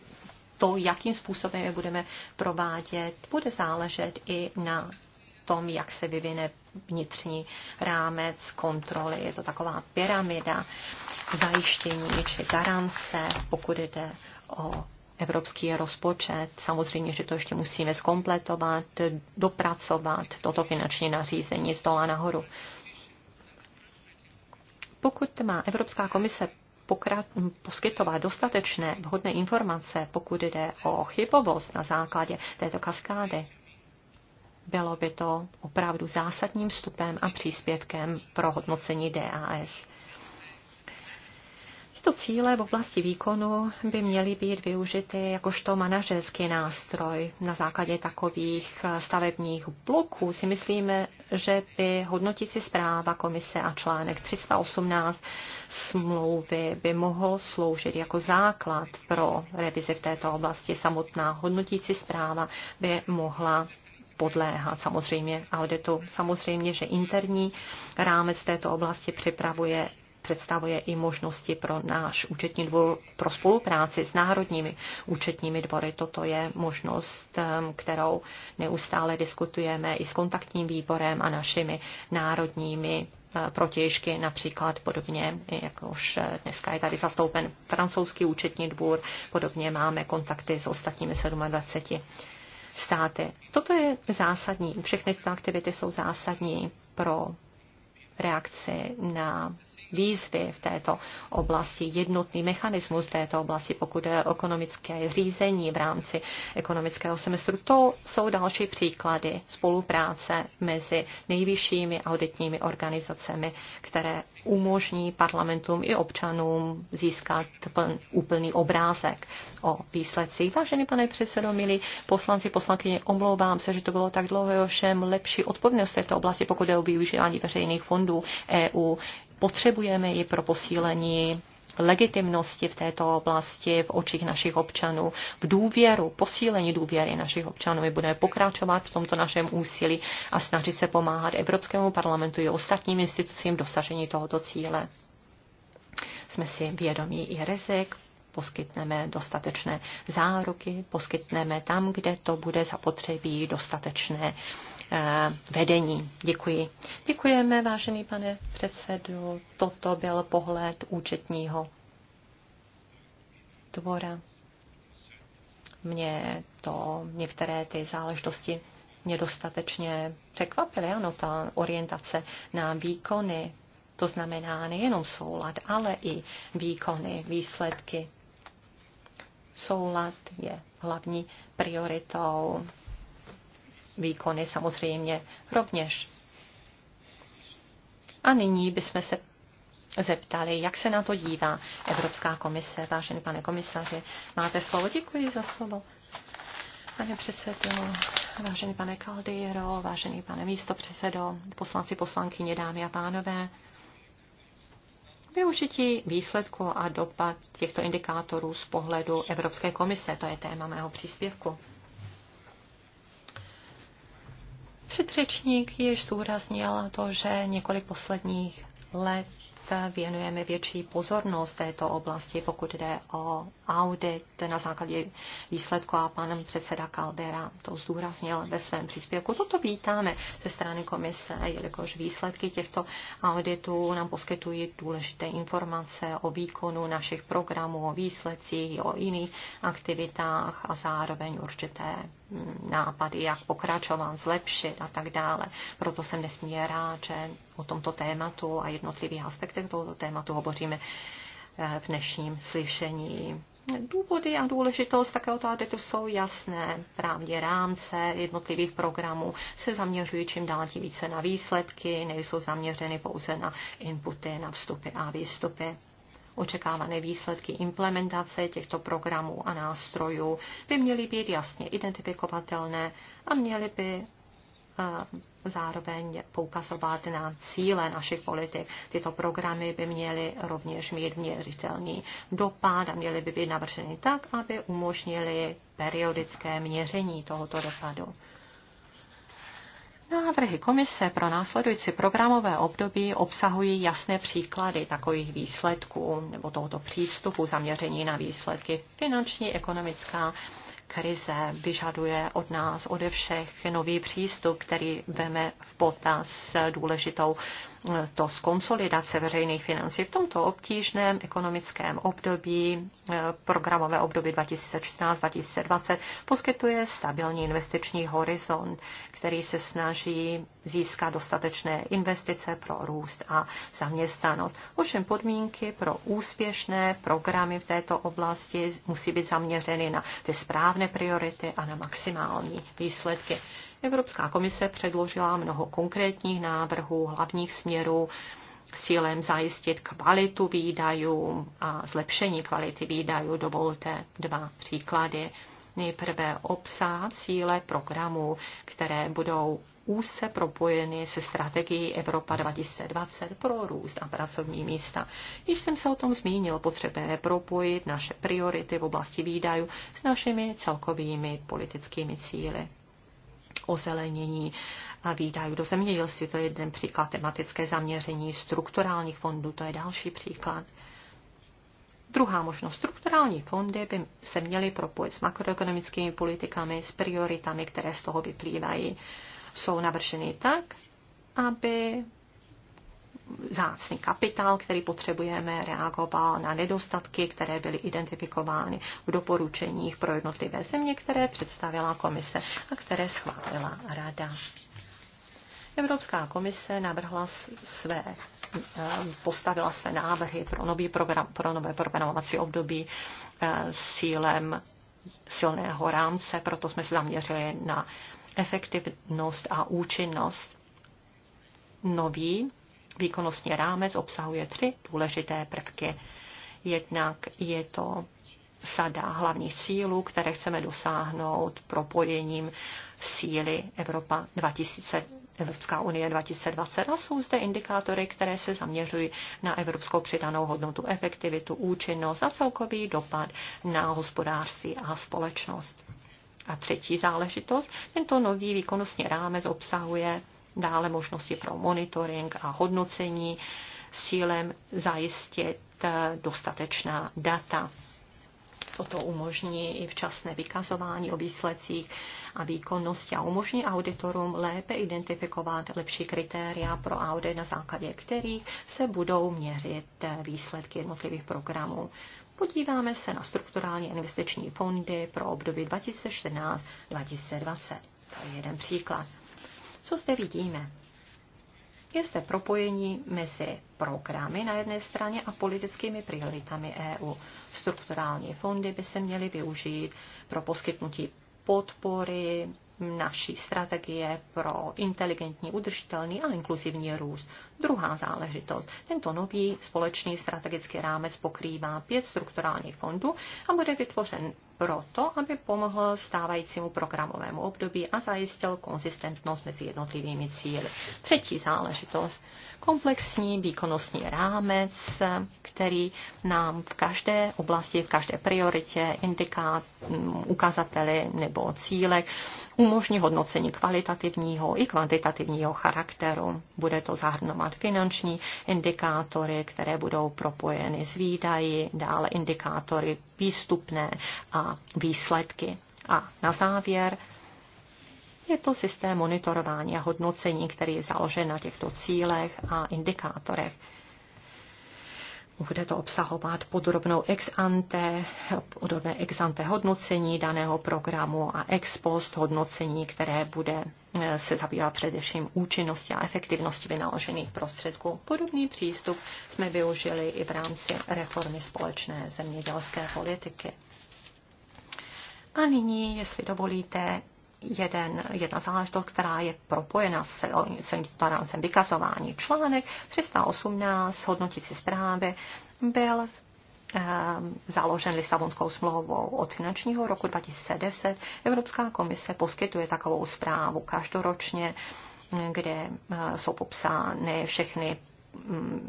B: to, jakým způsobem je budeme provádět, bude záležet i na tom, jak se vyvine vnitřní rámec kontroly. Je to taková pyramida zajištění či garance, pokud jde o evropský rozpočet. Samozřejmě, že to ještě musíme zkompletovat, dopracovat toto finanční nařízení z dola nahoru. Pokud má Evropská komise pokrat, poskytovat dostatečné vhodné informace, pokud jde o chybovost na základě této kaskády, bylo by to opravdu zásadním vstupem a příspěvkem pro hodnocení DAS. Tyto cíle v oblasti výkonu by měly být využity jakožto manažerský nástroj. Na základě takových eh, stavebních bloků si myslíme, že by hodnotící zpráva komise a článek 318 smlouvy by mohl sloužit jako základ pro revizi v této oblasti. Samotná hodnotící zpráva by mohla podléhat samozřejmě auditu. Samozřejmě, že interní rámec této oblasti připravuje představuje i možnosti pro náš účetní dvůr pro spolupráci s národními účetními dvory. Toto je možnost, kterou neustále diskutujeme i s kontaktním výborem a našimi národními eh, protěžky, například podobně, jak už eh, dneska je tady zastoupen francouzský účetní dvůr, podobně máme kontakty s ostatními 27 státy. Toto je zásadní. Všechny tyto aktivity jsou zásadní pro reakci na výzvy v této oblasti, jednotný mechanismus v této oblasti, pokud je ekonomické řízení v rámci ekonomického semestru. To jsou další příklady spolupráce mezi nejvyššími auditními organizacemi, které umožní parlamentům i občanům získat pln, úplný obrázek o výsledcích. Vážený pane předsedo, milí poslanci, poslankyně, omlouvám se, že to bylo tak dlouho, ovšem lepší odpovědnost v této oblasti, pokud je o využívání veřejných fondů EU, potřebujeme ji pro posílení legitimnosti v této oblasti, v očích našich občanů, v důvěru, posílení důvěry našich občanů. My budeme pokračovat v tomto našem úsilí a snažit se pomáhat Evropskému parlamentu i ostatním institucím dosažení tohoto cíle. Jsme si vědomí i rizik, poskytneme dostatečné záruky, poskytneme tam, kde to bude zapotřebí dostatečné Eh, vedení. Děkuji. Děkujeme, vážený pane předsedu. Toto byl pohled účetního dvora. Mě to některé ty záležitosti mě dostatečně překvapily. Ano, ta orientace na výkony, to znamená nejenom soulad, ale i výkony, výsledky. Soulad je hlavní prioritou výkony samozřejmě rovněž. A nyní bychom se zeptali, jak se na to dívá Evropská komise. Vážený pane komisaři, máte slovo. Děkuji za slovo. Pane předsedo, vážený pane Kaldiero, vážený pane místopředsedo, poslanci, poslankyně, dámy a pánové, Využití výsledku a dopad těchto indikátorů z pohledu Evropské komise, to je téma mého příspěvku. Předřečník již zdůraznil to, že několik posledních let věnujeme větší pozornost této oblasti, pokud jde o audit na základě výsledku a pan předseda Caldera to zdůraznil ve svém příspěvku. Toto vítáme ze strany komise, jelikož výsledky těchto auditů nám poskytují důležité informace o výkonu našich programů, o výsledcích, o jiných aktivitách a zároveň určité nápady, jak pokračovat, zlepšit a tak dále. Proto jsem nesmírně rád, že o tomto tématu a jednotlivých aspektech tohoto tématu hovoříme eh, v dnešním slyšení. Důvody a důležitost takého adetu jsou jasné. Právě rámce jednotlivých programů se zaměřují čím dál tím více na výsledky, nejsou zaměřeny pouze na inputy, na vstupy a výstupy očekávané výsledky implementace těchto programů a nástrojů by měly být jasně identifikovatelné a měly by eh, zároveň poukazovat na cíle našich politik. Tyto programy by měly rovněž mít měřitelný dopad a měly by být navrženy tak, aby umožnili periodické měření tohoto dopadu. Návrhy komise pro následující programové období obsahují jasné příklady takových výsledků nebo tohoto přístupu zaměření na výsledky finanční, ekonomická, krize vyžaduje od nás, ode všech nový přístup, který veme v potaz důležitou to z konsolidace veřejných financí v tomto obtížném ekonomickém období, eh, programové období 2014-2020, poskytuje stabilní investiční horizont, který se snaží získat dostatečné investice pro růst a zaměstnanost. Ovšem podmínky pro úspěšné programy v této oblasti musí být zaměřeny na ty správné priority a na maximální výsledky. Evropská komise předložila mnoho konkrétních návrhů, hlavních směrů směru s cílem zajistit kvalitu výdajů a zlepšení kvality výdajů. Dovolte dva příklady. Nejprve obsah síle programů, které budou úzce propojeny se strategií Evropa 2020 pro růst a pracovní místa. Již jsem se o tom zmínil, potřebujeme propojit naše priority v oblasti výdajů s našimi celkovými politickými cíly ozelenění výdajů do zemědělství, to je jeden příklad, tematické zaměření strukturálních fondů, to je další příklad. Druhá možnost, strukturální fondy by se měly propojit s makroekonomickými politikami, s prioritami, které z toho vyplývají. Jsou navrženy tak, aby zácný kapitál, který potřebujeme, reagoval na nedostatky, které byly identifikovány v doporučeních pro jednotlivé země, které představila komise a které schválila rada. Evropská komise navrhla své eh, postavila své návrhy pro, nový program, pro nové programovací období eh, s cílem silného rámce, proto jsme se zaměřili na efektivnost a účinnost. Nový výkonnostní rámec obsahuje tři důležité prvky. Jednak je to sada hlavních cílů, které chceme dosáhnout propojením síly Evropa 2020 Evropská unie 2020 a jsou zde indikátory, které se zaměřují na evropskou přidanou hodnotu, efektivitu, účinnost a celkový dopad na hospodářství a společnost. A třetí záležitost, tento nový výkonnostní rámec obsahuje dále možnosti pro monitoring a hodnocení s cílem zajistit dostatečná data Toto umožní i včasné vykazování o výsledcích a výkonnosti a umožní auditorům lépe identifikovat lepší kritéria pro audit, na základě kterých se budou měřit výsledky jednotlivých programů. Podíváme se na strukturální investiční fondy pro období 2014-2020. To je jeden příklad. Co zde vidíme? Je zde propojení mezi programy na jedné straně a politickými prioritami EU. Strukturální fondy by se měly využít pro poskytnutí podpory naší strategie pro inteligentní, udržitelný a inkluzivní růst. Druhá záležitost. Tento nový společný strategický rámec pokrývá pět strukturálních fondů a bude vytvořen proto, aby pomohl stávajícímu programovému období a zajistil konzistentnost mezi jednotlivými cíly. Třetí záležitost. Komplexní výkonnostní rámec, který nám v každé oblasti, v každé prioritě, indiká mm, ukazateli nebo cílek, umožní hodnocení kvalitativního i kvantitativního charakteru. Bude to zahrnovat finanční indikátory, které budou propojeny s výdaji, dále indikátory výstupné a výsledky. A na závěr je to systém monitorování a hodnocení, který je založen na těchto cílech a indikátorech. Bude to obsahovat podrobnou ex ante, podrobné ex ante hodnocení daného programu a ex post hodnocení, které bude eh, se zabývat především účinností a efektivností vynaložených prostředků. Podobný přístup jsme využili i v rámci reformy společné zemědělské politiky. A nyní, jestli dovolíte, jeden, jedna záležitost, která je propojena s celým rámcem vykazování. Článek 318 hodnotící zprávy byl ehm, založen Lisabonskou smlouvou. Od finančního roku 2010 Evropská komise poskytuje takovou zprávu každoročně, kde eh, jsou popsány všechny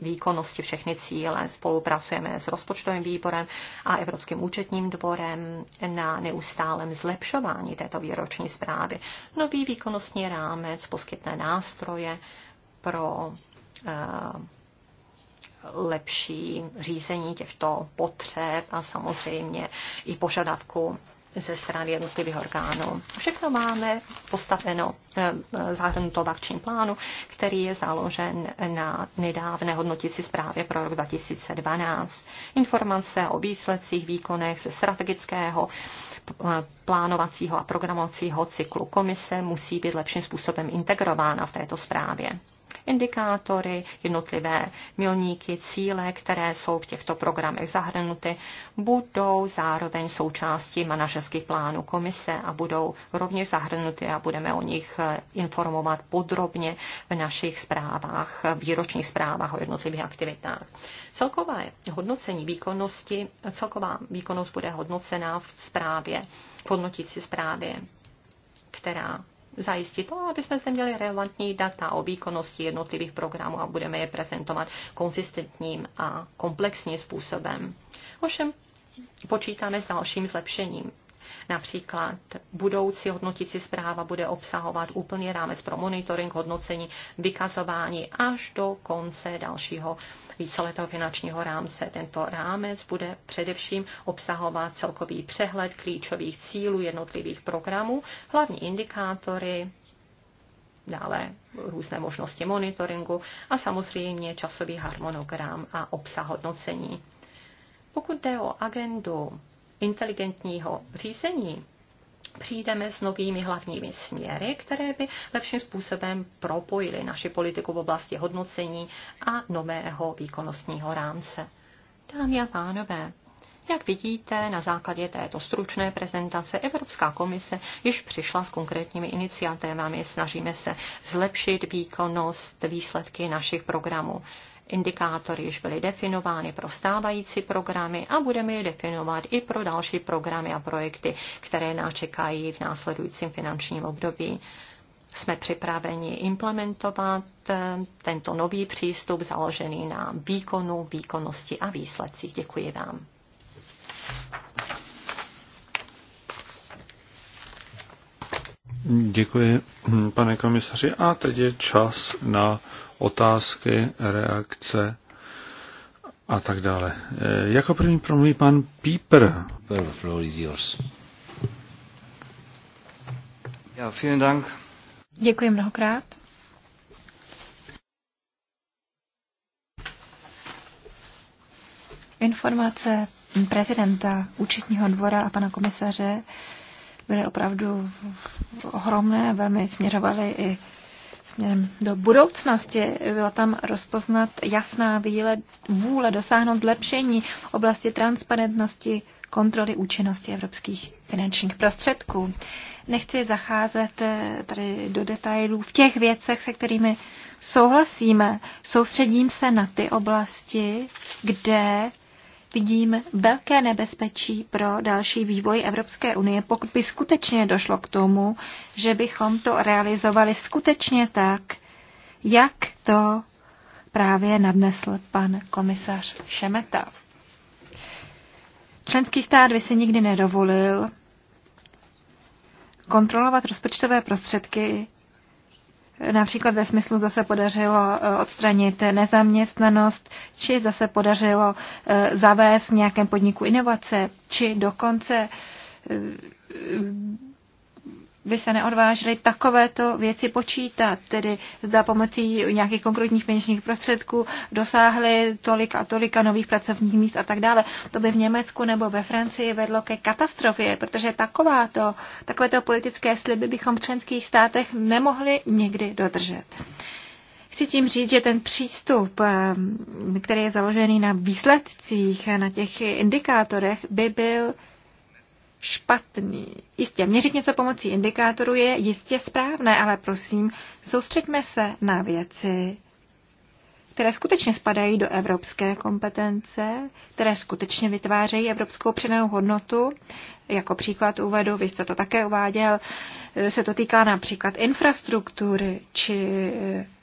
B: výkonnosti všechny cíle. Spolupracujeme s rozpočtovým výborem a Evropským účetním dvorem na neustálém zlepšování této výroční zprávy. Nový výkonnostní rámec poskytne nástroje pro eh, lepší řízení těchto potřeb a samozřejmě i požadavku ze strany jednotlivých orgánů. Všechno máme postaveno eh, eh, zahrnuto v akčním plánu, který je založen na nedávné hodnotící zprávě pro rok 2012. Informace o výsledcích, výkonech ze strategického eh, plánovacího a programovacího cyklu komise musí být lepším způsobem integrována v této zprávě indikátory, jednotlivé milníky, cíle, které jsou v těchto programech zahrnuty, budou zároveň součástí manažerských plánů komise a budou rovněž zahrnuty a budeme o nich eh, informovat podrobně v našich zprávách, výročních zprávách o jednotlivých aktivitách. Celková hodnocení výkonnosti, celková výkonnost bude hodnocena v zprávě, v hodnotící zprávě, která zajistit to, aby jsme zde měli relevantní data o výkonnosti jednotlivých programů a budeme je prezentovat konzistentním a komplexním způsobem. Ovšem počítáme s dalším zlepšením Například budoucí hodnotící zpráva bude obsahovat úplně rámec pro monitoring, hodnocení, vykazování až do konce dalšího víceletého finančního rámce. Tento rámec bude především obsahovat celkový přehled klíčových cílů jednotlivých programů, hlavní indikátory, dále různé možnosti monitoringu a samozřejmě časový harmonogram a obsah hodnocení. Pokud jde o agendu inteligentního řízení přijdeme s novými hlavními směry, které by lepším způsobem propojily naši politiku v oblasti hodnocení a nového výkonnostního rámce. Dámy a pánové, jak vidíte, na základě této stručné prezentace Evropská komise již přišla s konkrétními iniciativami. Snažíme se zlepšit výkonnost výsledky našich programů indikátory již byly definovány pro stávající programy a budeme je definovat i pro další programy a projekty, které nás čekají v následujícím finančním období. Jsme připraveni implementovat eh, tento nový přístup založený na výkonu, výkonnosti a výsledcích. Děkuji vám.
C: Děkuji, pane komisaři. A teď je čas na otázky, reakce a tak dále. Jako první promluví pan Píper. The floor is yours. Ja, vielen Dank.
A: Děkuji mnohokrát. Informace prezidenta účetního dvora a pana komisaře byly opravdu ohromné, velmi směřovaly i směrem do budoucnosti. Bylo tam rozpoznat jasná výle, vůle dosáhnout zlepšení v oblasti transparentnosti, kontroly účinnosti evropských finančních prostředků. Nechci zacházet eh, tady do detailů v těch věcech, se kterými souhlasíme. Soustředím se na ty oblasti, kde vidím velké nebezpečí pro další vývoj Evropské unie, pokud by skutečně došlo k tomu, že bychom to realizovali skutečně tak, jak to právě nadnesl pan komisař Šemeta. Členský stát by si nikdy nedovolil kontrolovat rozpočtové prostředky Například ve smyslu zase podařilo e, odstranit nezaměstnanost, či zase podařilo e, zavést v nějakém podniku inovace, či dokonce e, by se neodvážili takovéto věci počítat, tedy zda pomocí nějakých konkrétních peněžních prostředků dosáhli tolik a tolika nových pracovních míst a tak dále. To by v Německu nebo ve Francii vedlo ke katastrofě, protože takováto, takovéto politické sliby bychom v členských státech nemohli nikdy dodržet. Chci tím říct, že ten přístup, ehm, který je založený na výsledcích, na těch indikátorech, by byl špatný. Jistě, měřit něco pomocí indikátoru je jistě správné, ale prosím, soustřeďme se na věci, které skutečně spadají do evropské kompetence, které skutečně vytvářejí evropskou přidanou hodnotu. Jako příklad uvedu, vy jste to také uváděl, eh, se to týká například infrastruktury, či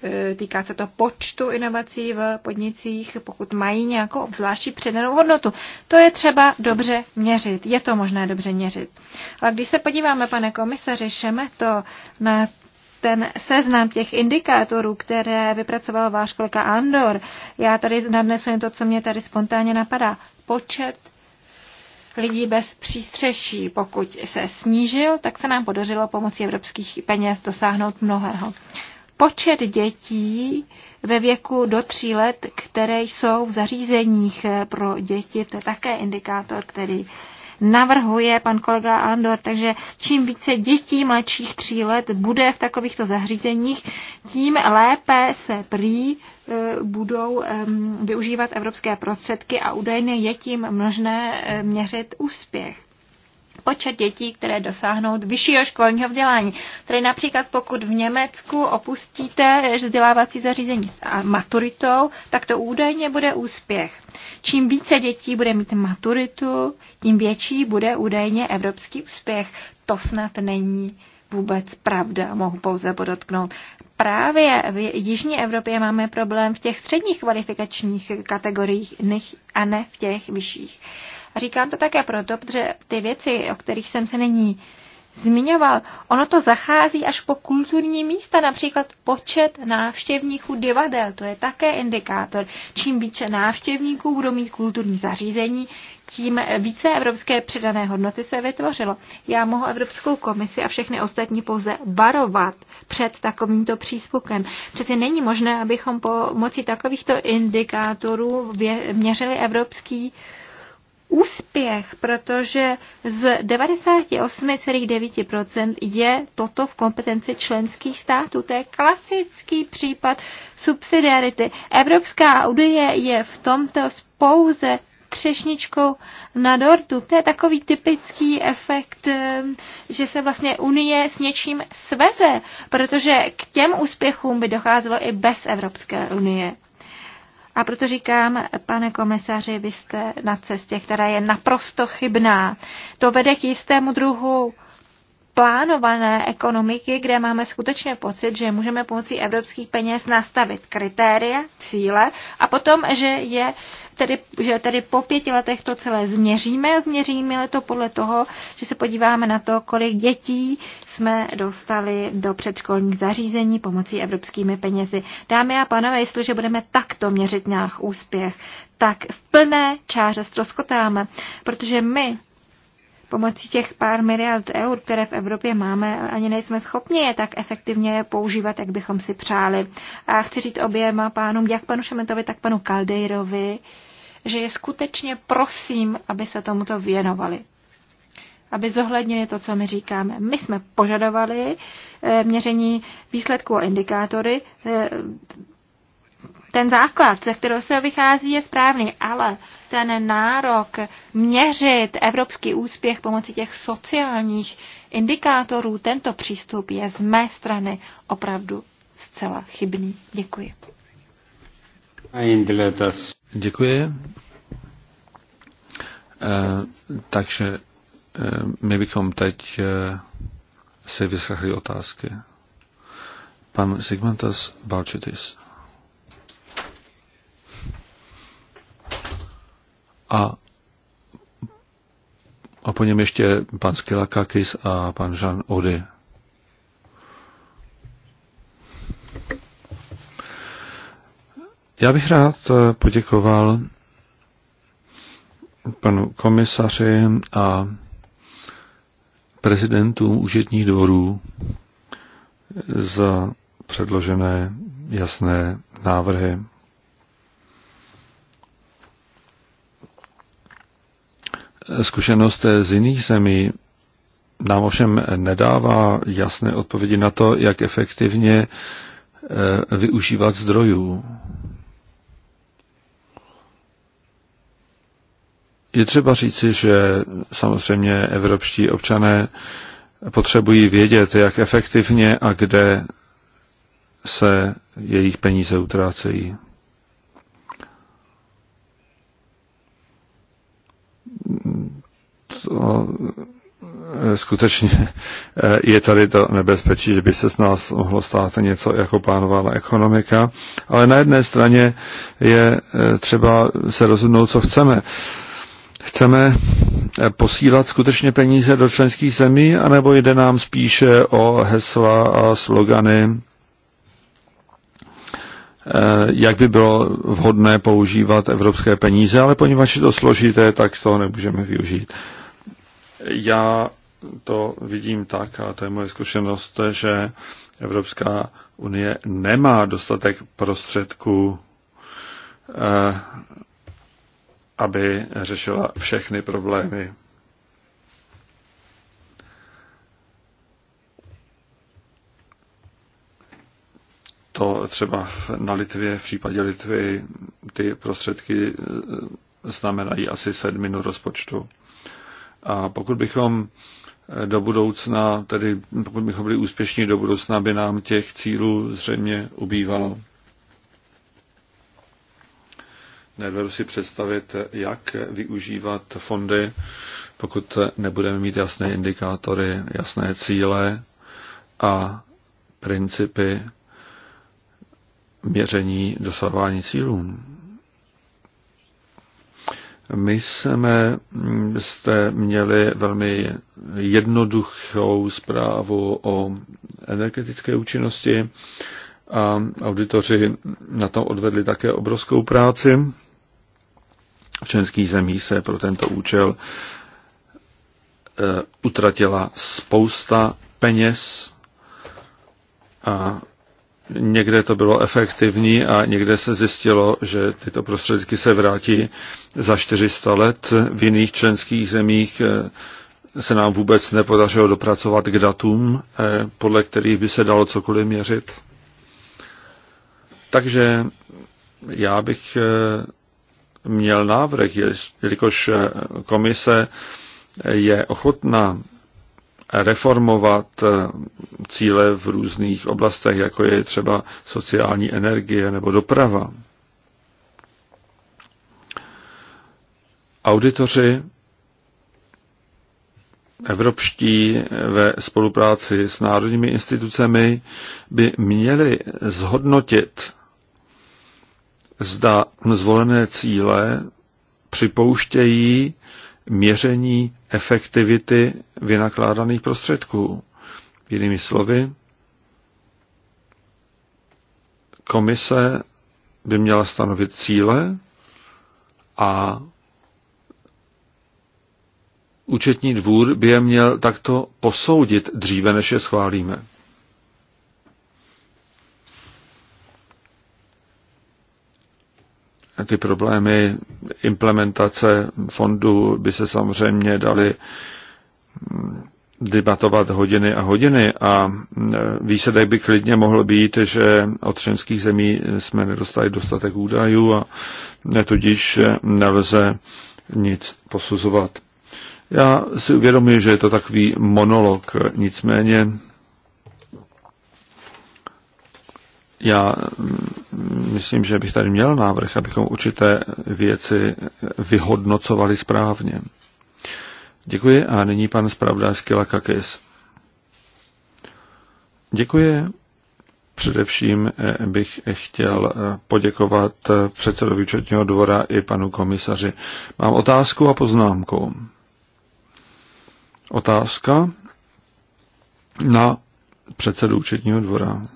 A: eh, eh, týká se to počtu inovací v podnicích, pokud mají nějakou obzvláštní přidanou hodnotu. To je třeba dobře měřit, je to možné dobře měřit. Ale když se podíváme, pane komisaři, šeme to na ten seznam těch indikátorů, které vypracoval váš kolega Andor, já tady nadnesu jen to, co mě tady spontánně napadá. Počet lidí bez přístřeší, pokud se snížil, tak se nám podařilo pomocí evropských peněz dosáhnout mnohého. Počet dětí ve věku do tří let, které jsou v zařízeních pro děti, to je také indikátor, který navrhuje pan kolega Andor. Takže čím více dětí mladších tří let bude v takovýchto zařízeních, tím lépe se prý e, budou e, využívat evropské prostředky a údajně je tím možné e, měřit úspěch počet dětí, které dosáhnou vyššího školního vzdělání. Tedy například pokud v Německu opustíte vzdělávací zařízení s maturitou, tak to údajně bude úspěch. Čím více dětí bude mít maturitu, tím větší bude údajně evropský úspěch. To snad není vůbec pravda, mohu pouze podotknout. Právě v Jižní Evropě máme problém v těch středních kvalifikačních kategoriích a ne v těch vyšších. A říkám to také proto, protože ty věci, o kterých jsem se není zmiňoval, ono to zachází až po kulturní místa, například počet návštěvníků divadel, to je také indikátor. Čím více návštěvníků budou mít kulturní zařízení, tím více evropské přidané hodnoty se vytvořilo. Já mohu Evropskou komisi a všechny ostatní pouze varovat před takovýmto příspěvkem. Přece není možné, abychom pomocí takovýchto indikátorů měřili evropský úspěch, protože z 98,9% je toto v kompetenci členských států. To je klasický případ subsidiarity. Evropská unie je v tomto pouze třešničkou na dortu. To je takový typický efekt, eh, že se vlastně Unie s něčím sveze, protože k těm úspěchům by docházelo i bez Evropské unie. A proto říkám, pane komisaři, vy jste na cestě, která je naprosto chybná. To vede k jistému druhu plánované ekonomiky, kde máme skutečně pocit, že můžeme pomocí evropských peněz nastavit kritéria, cíle a potom, že je tedy, že tedy po pěti letech to celé změříme a změříme to podle toho, že se podíváme na to, kolik dětí jsme dostali do předškolních zařízení pomocí evropskými penězi. Dámy a pánové, jestliže budeme takto měřit nějak úspěch, tak v plné čáře stroskotáme, protože my pomocí těch pár miliard eur, které v Evropě máme, ani nejsme schopni je tak efektivně používat, jak bychom si přáli. A chci říct oběma pánům, jak panu Šemetovi, tak panu Kaldejrovi, že je skutečně prosím, aby se tomuto věnovali aby zohlednili to, co my říkáme. My jsme požadovali eh, měření výsledků a indikátory. Eh, ten základ, ze kterého se vychází, je správný, ale ten nárok měřit evropský úspěch pomocí těch sociálních indikátorů, tento přístup je z mé strany opravdu zcela chybný. Děkuji.
C: Děkuji. E, takže e, my bychom teď e, si vyslechli otázky. Pan Sigmantas Balčitis. A, a po něm ještě pan Skilakakis a pan Jean Ody. Já bych rád eh, poděkoval panu komisaři a prezidentům účetních dvorů za předložené jasné návrhy. Zkušenost z jiných zemí nám ovšem nedává jasné odpovědi na to, jak efektivně eh, využívat zdrojů. Je třeba říci, že samozřejmě evropští občané potřebují vědět, jak efektivně a kde se jejich peníze utrácejí. E, skutečně e, je tady to nebezpečí, že by se z nás mohlo stát něco jako plánovala ekonomika, ale na jedné straně je e, třeba se rozhodnout, co chceme. Chceme posílat skutečně peníze do členských zemí, anebo jde nám spíše o hesla a slogany, jak by bylo vhodné používat evropské peníze, ale poněvadž je to složité, tak to nemůžeme využít. Já to vidím tak, a to je moje zkušenost, že Evropská unie nemá dostatek prostředků, eh, aby řešila všechny problémy. To třeba na Litvě, v případě Litvy, ty prostředky eh, znamenají asi sedminu rozpočtu. A pokud bychom eh, do budoucna, tedy pokud bychom byli úspěšní do budoucna, by nám těch cílů zřejmě ubývalo. Nedvedu si představit, jak využívat fondy, pokud nebudeme mít jasné indikátory, jasné cíle a principy měření dosahování cílům. My jsme mm, jste měli velmi jednoduchou zprávu o energetické účinnosti a auditoři na to odvedli také obrovskou práci. V členských zemích se pro tento účel eh, utratila spousta peněz a Někde to bylo efektivní a někde se zjistilo, že tyto prostředky se vrátí za 400 let. V jiných členských zemích eh, se nám vůbec nepodařilo dopracovat k datům, eh, podle kterých by se dalo cokoliv měřit. Takže já bych eh, měl návrh, jelikož komise je ochotná reformovat eh, cíle v různých oblastech, jako je třeba sociální energie nebo doprava. Auditoři evropští ve spolupráci s národními institucemi by měli zhodnotit, zda zvolené cíle připouštějí měření efektivity vynakládaných prostředků. Jinými slovy, komise by měla stanovit cíle a účetní dvůr by je měl takto posoudit dříve, než je schválíme. ty problémy implementace fondu by se samozřejmě daly mm, debatovat hodiny a hodiny a mm, výsledek by klidně mohl být, že od členských zemí jsme nedostali dostatek údajů a mm, tudíž e, nelze nic posuzovat. Já si uvědomuji, že je to takový monolog, e, nicméně Já mm, myslím, že bych tady měl návrh, abychom určité věci vyhodnocovali správně. Děkuji a nyní pan zpravodajský Lakakis. Děkuji. Především eh, bych chtěl eh, poděkovat eh, předsedovi účetního dvora i panu komisaři. Mám otázku a poznámku. Otázka na předsedu účetního dvora.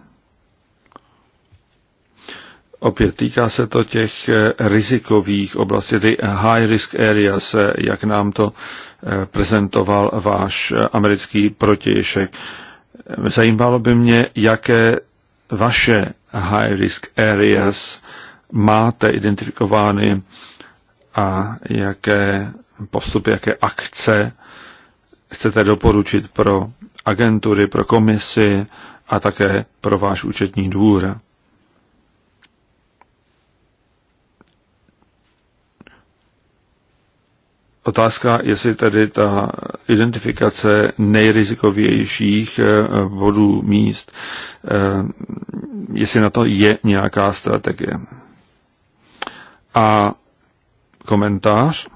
C: Opět týká se to těch eh, rizikových oblastí, ty high risk areas, eh, jak nám to eh, prezentoval váš americký protějšek. Zajímalo by mě, jaké vaše high risk areas máte identifikovány a jaké postupy, jaké akce chcete doporučit pro agentury, pro komisi a také pro váš účetní dvůr. Otázka, jestli tedy ta identifikace nejrizikovějších eh, bodů míst, eh, jestli na to je nějaká strategie. A komentář.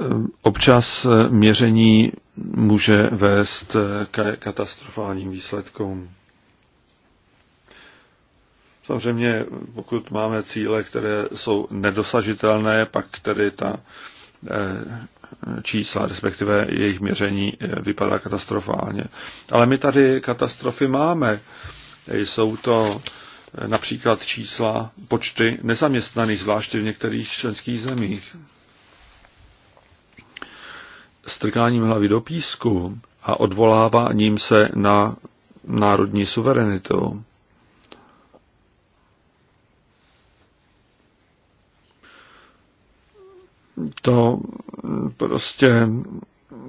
C: Eh, občas měření může vést k katastrofálním výsledkům. Samozřejmě, pokud máme cíle, které jsou nedosažitelné, pak tedy ta eh, čísla, respektive jejich měření eh, vypadá katastrofálně. Ale my tady katastrofy máme. Jsou to eh, například čísla počty nezaměstnaných, zvláště v některých členských zemích. Strkáním hlavy do písku a odvoláváním se na národní suverenitu to eh, prostě,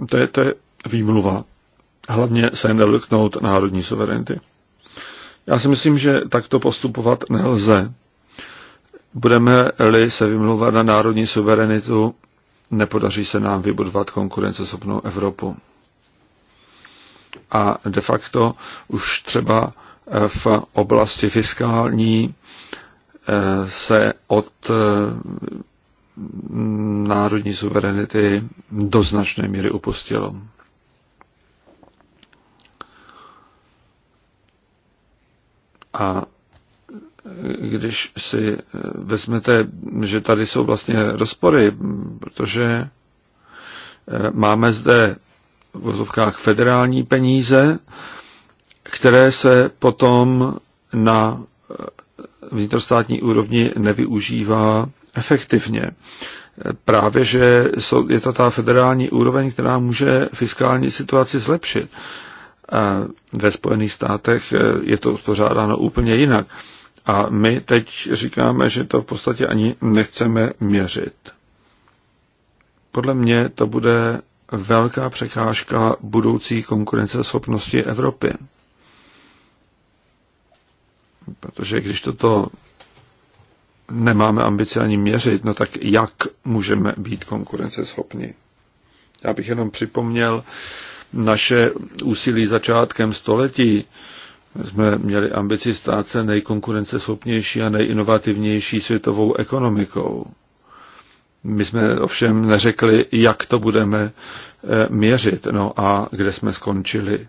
C: to je, to je výmluva. Hlavně se nedotknout národní suverenity. Já si myslím, že takto postupovat nelze. Budeme-li se vymluvat na národní suverenitu, nepodaří se nám vybudovat konkurenceschopnou Evropu. A de facto už třeba eh, v oblasti fiskální eh, se od národní suverenity do značné míry upustilo. A když si vezmete, že tady jsou vlastně rozpory, protože eh, máme zde v vozovkách federální peníze, které se potom na vnitrostátní úrovni nevyužívá efektivně. Právě, že je to ta federální úroveň, která může fiskální situaci zlepšit. Ve Spojených státech e, je to uspořádáno úplně jinak. A my teď říkáme, že to v podstatě ani nechceme měřit. Podle mě to bude velká překážka budoucí konkurenceschopnosti Evropy. Protože když toto nemáme ambice ani měřit, no tak jak můžeme být konkurenceschopní? Já bych jenom připomněl naše úsilí začátkem století. Jsme měli ambici stát se nejkonkurenceschopnější a nejinovativnější světovou ekonomikou. My jsme ovšem neřekli, jak to budeme eh, měřit, no a kde jsme skončili.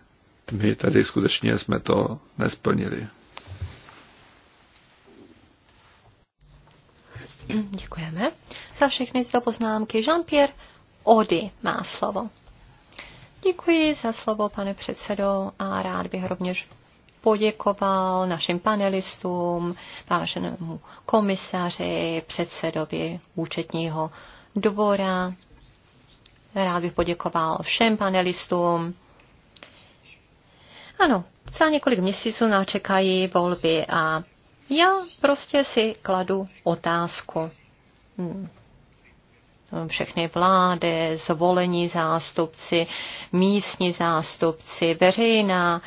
C: My tady skutečně jsme to nesplnili.
A: Děkujeme
B: za všechny tyto poznámky. Jean-Pierre Ody má slovo. Děkuji za slovo, pane předsedo, a rád bych rovněž poděkoval našim panelistům, váženému komisaři, předsedovi účetního dvora. Rád bych poděkoval všem panelistům. Ano, za několik měsíců nás čekají volby a já prostě si kladu otázku. Hmm všechny vlády, zvolení zástupci, místní zástupci, veřejná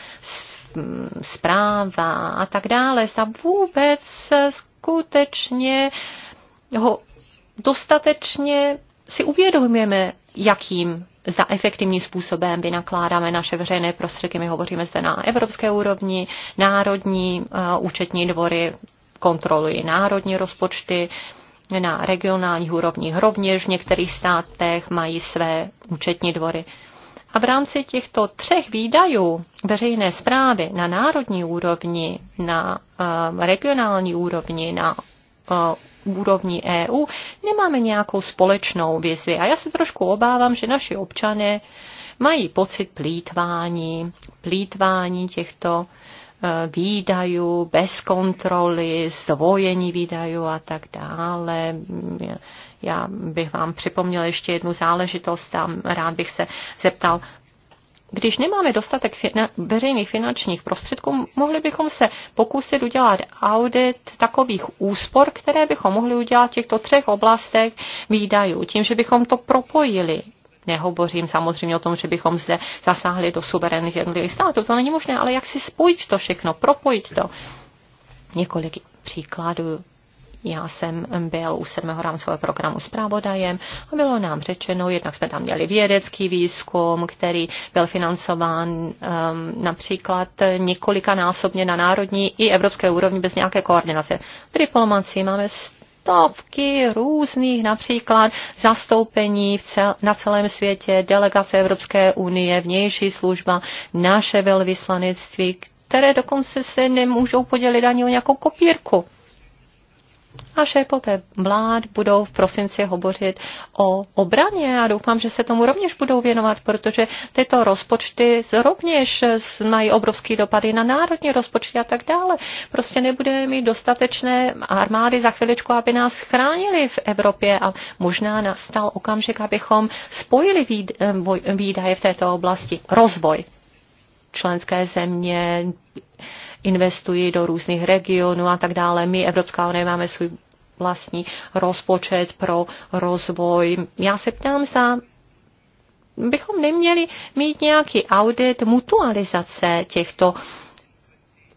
B: hmm, zpráva a tak dále, zda vůbec skutečně ho dostatečně si uvědomujeme, jakým za efektivním způsobem vynakládáme naše veřejné prostředky. My hovoříme zde na evropské úrovni, národní eh, účetní dvory kontrolují národní rozpočty, na regionálních úrovních rovněž v některých státech mají své účetní dvory. A v rámci těchto třech výdajů veřejné zprávy na národní úrovni, na eh, regionální úrovni, na eh, úrovni EU, nemáme nějakou společnou vizi. A já se trošku obávám, že naši občané mají pocit plítvání, plítvání těchto eh, výdajů bez kontroly, zdvojení výdajů a tak dále. Já bych vám připomněl ještě jednu záležitost a rád bych se zeptal když nemáme dostatek fina- veřejných finančních prostředků, mohli bychom se pokusit udělat audit takových úspor, které bychom mohli udělat v těchto třech oblastech výdajů, tím, že bychom to propojili. Nehovořím samozřejmě o tom, že bychom zde zasáhli do suverénních jednotlivých států, to není možné, ale jak si spojit to všechno, propojit to. Několik příkladů já jsem byl u 7. rámcového programu s právodajem a bylo nám řečeno, jednak jsme tam měli vědecký výzkum, který byl financován um, například násobně na národní i evropské úrovni bez nějaké koordinace. V diplomacii máme stovky různých například zastoupení v cel, na celém světě, delegace Evropské unie, vnější služba, naše velvyslanectví, které dokonce se nemůžou podělit ani o nějakou kopírku a šépové vlád budou v prosinci hovořit o obraně a doufám, že se tomu rovněž budou věnovat, protože tyto rozpočty rovněž mají obrovský dopady na národní rozpočty a tak dále. Prostě nebudeme mít dostatečné armády za chviličku, aby nás chránili v Evropě a možná nastal okamžik, abychom spojili eh, výdaje v této oblasti. Rozvoj členské země, investují do různých regionů a tak dále. My, Evropská unie, máme svůj vlastní rozpočet pro rozvoj. Já se ptám, za bychom neměli mít nějaký audit mutualizace těchto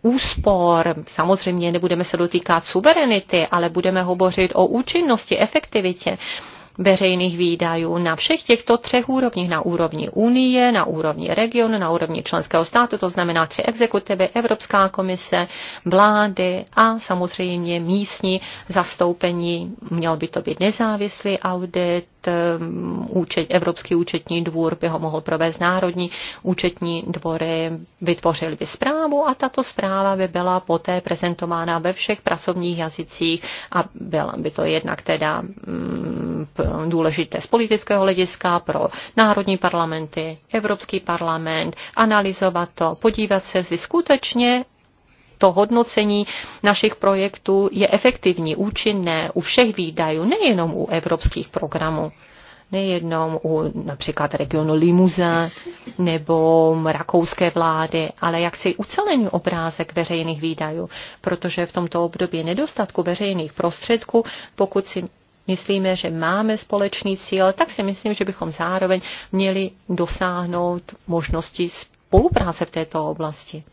B: úspor. Samozřejmě nebudeme se dotýkat suverenity, ale budeme hovořit o účinnosti, efektivitě veřejných výdajů na všech těchto třech úrovních, na úrovni Unie, na úrovni regionu, na úrovni členského státu, to znamená tři exekutivy, Evropská komise, vlády a samozřejmě místní zastoupení. Měl by to být nezávislý audit, Um, účet, Evropský účetní dvůr by ho mohl provést národní účetní dvory, vytvořili by zprávu a tato zpráva by byla poté prezentována ve všech pracovních jazycích a byla by to jednak teda mm, důležité z politického hlediska pro národní parlamenty, Evropský parlament, analyzovat to, podívat se, zda skutečně to hodnocení našich projektů je efektivní, účinné u všech výdajů, nejenom u evropských programů nejenom u například regionu Limuze nebo rakouské vlády, ale jak si ucelený obrázek veřejných výdajů, protože v tomto období nedostatku veřejných prostředků, pokud si myslíme, že máme společný cíl, tak si myslím, že bychom zároveň měli dosáhnout možnosti spolupráce v této oblasti.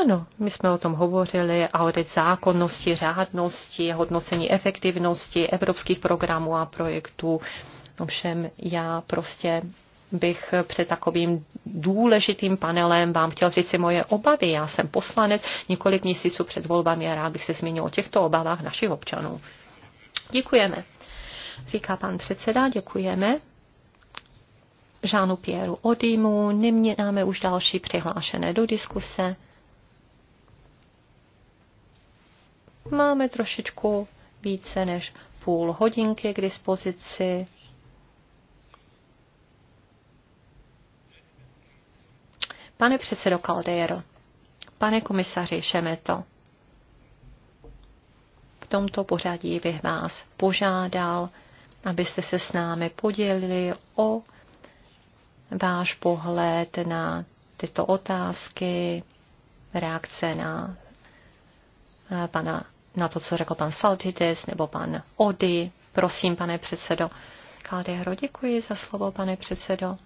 B: Ano, my jsme o tom hovořili, audit zákonnosti, řádnosti, hodnocení efektivnosti evropských programů a projektů. Ovšem já prostě bych před takovým důležitým panelem vám chtěl říct si moje obavy. Já jsem poslanec několik měsíců před volbami a rád bych se zmínil o těchto obavách našich občanů. Děkujeme. Říká pan předseda, děkujeme. Žánu Pěru Odýmu, neměnáme už další přihlášené do diskuse. Máme trošičku více než půl hodinky k dispozici. Pane předsedo Caldero, pane komisaři Šemeto, v tomto pořadí bych vás požádal, abyste se s námi podělili o váš pohled na tyto otázky, reakce na eh, pana na to, co řekl pan Saltides nebo pan Ody. Prosím, pane předsedo. Kaldehro, děkuji za slovo, pane předsedo.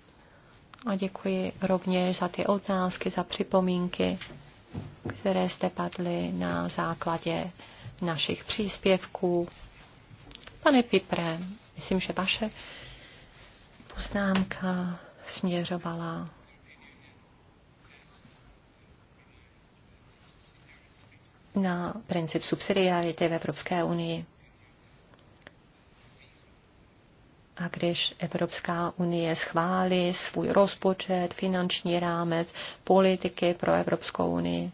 B: A děkuji rovněž za ty otázky, za připomínky, které jste padly na základě našich příspěvků. Pane Pipre, myslím, že vaše poznámka směřovala na princip subsidiarity v Evropské unii. A když Evropská unie schválí svůj rozpočet, finanční rámec, politiky pro Evropskou unii,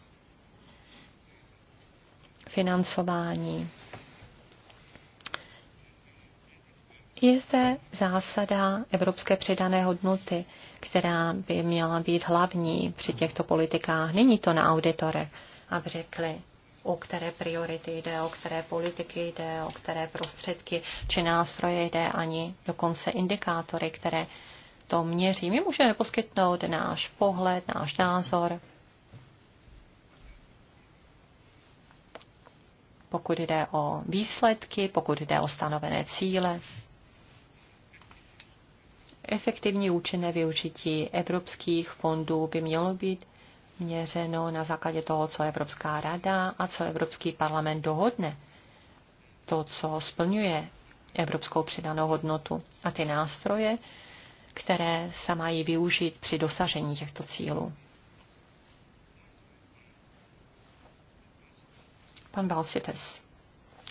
B: financování, je zde zásada evropské přidané hodnoty, která by měla být hlavní při těchto politikách. Není to na auditorech, aby řekli, o které priority jde, o které politiky jde, o které prostředky či nástroje jde, ani dokonce indikátory, které to měří. My můžeme poskytnout náš pohled, náš názor, pokud jde o výsledky, pokud jde o stanovené cíle. Efektivní účinné využití evropských fondů by mělo být měřeno na základě toho, co Evropská rada a co Evropský parlament dohodne. To, co splňuje evropskou přidanou hodnotu a ty nástroje, které se mají využít při dosažení těchto cílů. Pan Balsites,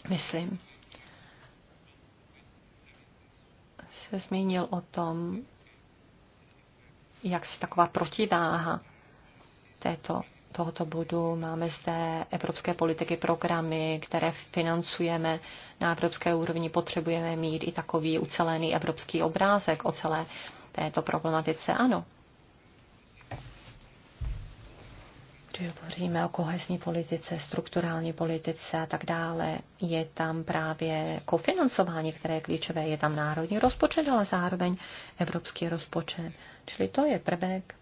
B: myslím, se zmínil o tom, jak se taková protiváha této tohoto bodu. Máme zde evropské politiky, programy, které financujeme na evropské úrovni. Potřebujeme mít i takový ucelený evropský obrázek o celé této problematice. Ano. Když hovoříme o kohezní politice, strukturální politice a tak dále, je tam právě kofinancování, které je klíčové. Je tam národní rozpočet, ale zároveň evropský rozpočet. Čili to je prvek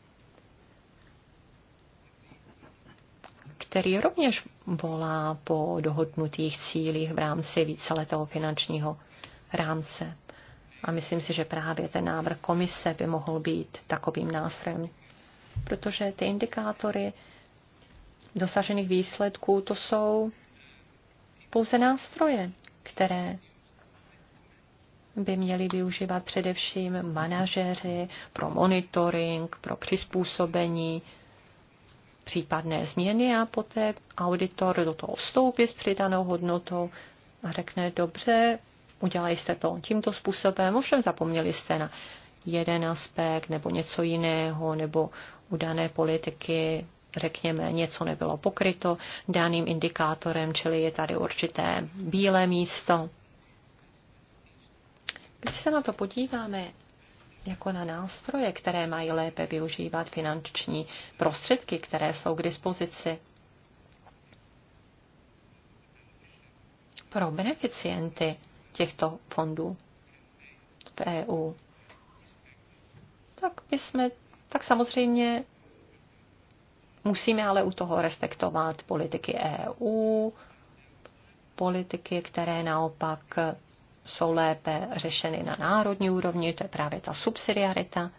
B: který rovněž volá po dohodnutých cílích v rámci víceletého finančního rámce. A myslím si, že právě ten návrh komise by mohl být takovým nástrojem, protože ty indikátory dosažených výsledků to jsou pouze nástroje, které by měli využívat především manažeři pro monitoring, pro přizpůsobení případné změny a poté auditor do toho vstoupí s přidanou hodnotou a řekne, dobře, udělali jste to tímto způsobem, ovšem zapomněli jste na jeden aspekt nebo něco jiného, nebo u dané politiky, řekněme, něco nebylo pokryto daným indikátorem, čili je tady určité bílé místo. Když se na to podíváme jako na nástroje, které mají lépe využívat finanční prostředky, které jsou k dispozici. Pro beneficienty těchto fondů v EU, tak bychom, tak samozřejmě musíme ale u toho respektovat politiky EU, politiky, které naopak jsou lépe řešeny na národní úrovni, to je právě ta subsidiarita.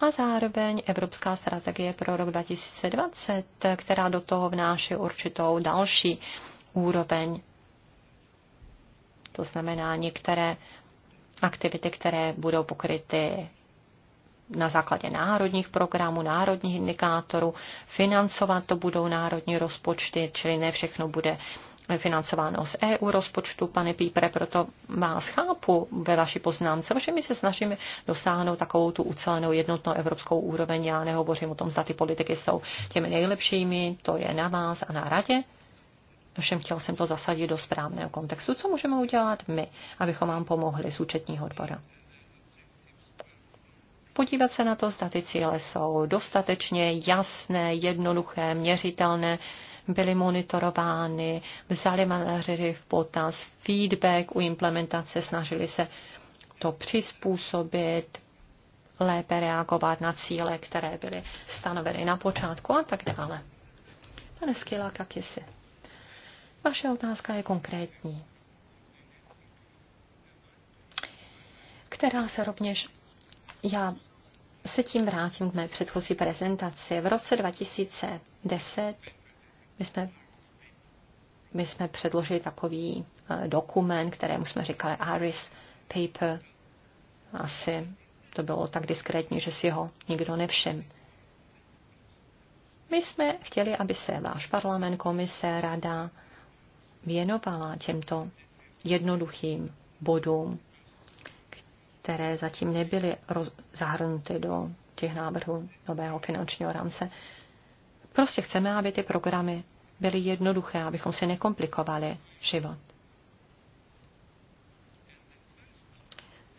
B: A zároveň Evropská strategie pro rok 2020, která do toho vnáší určitou další úroveň. To znamená některé aktivity, které budou pokryty na základě národních programů, národních indikátorů. Financovat to budou národní rozpočty, čili ne všechno bude financováno z EU rozpočtu, pane Pípre, proto vás chápu ve vaší poznámce, že my se snažíme dosáhnout takovou tu ucelenou jednotnou evropskou úroveň. Já nehovořím o tom, zda ty politiky jsou těmi nejlepšími, to je na vás a na radě. Všem chtěl jsem to zasadit do správného kontextu. Co můžeme udělat my, abychom vám pomohli z účetního odbora? podívat se na to, zda ty cíle jsou dostatečně jasné, jednoduché, měřitelné, byly monitorovány, vzali manažery v potaz feedback u implementace, snažili se to přizpůsobit, lépe reagovat na cíle, které byly stanoveny na počátku a tak dále. Pane Skila, jak jsi? Vaše otázka je konkrétní, která se rovněž já se tím vrátím k mé předchozí prezentaci. V roce 2010 my jsme, my jsme předložili takový eh, dokument, kterému jsme říkali Aris Paper. Asi to bylo tak diskrétní, že si ho nikdo nevšiml. My jsme chtěli, aby se váš parlament, komise, rada věnovala těmto jednoduchým bodům, které zatím nebyly zahrnuty do těch návrhů nového finančního rámce. Prostě chceme, aby ty programy byly jednoduché, abychom si nekomplikovali život.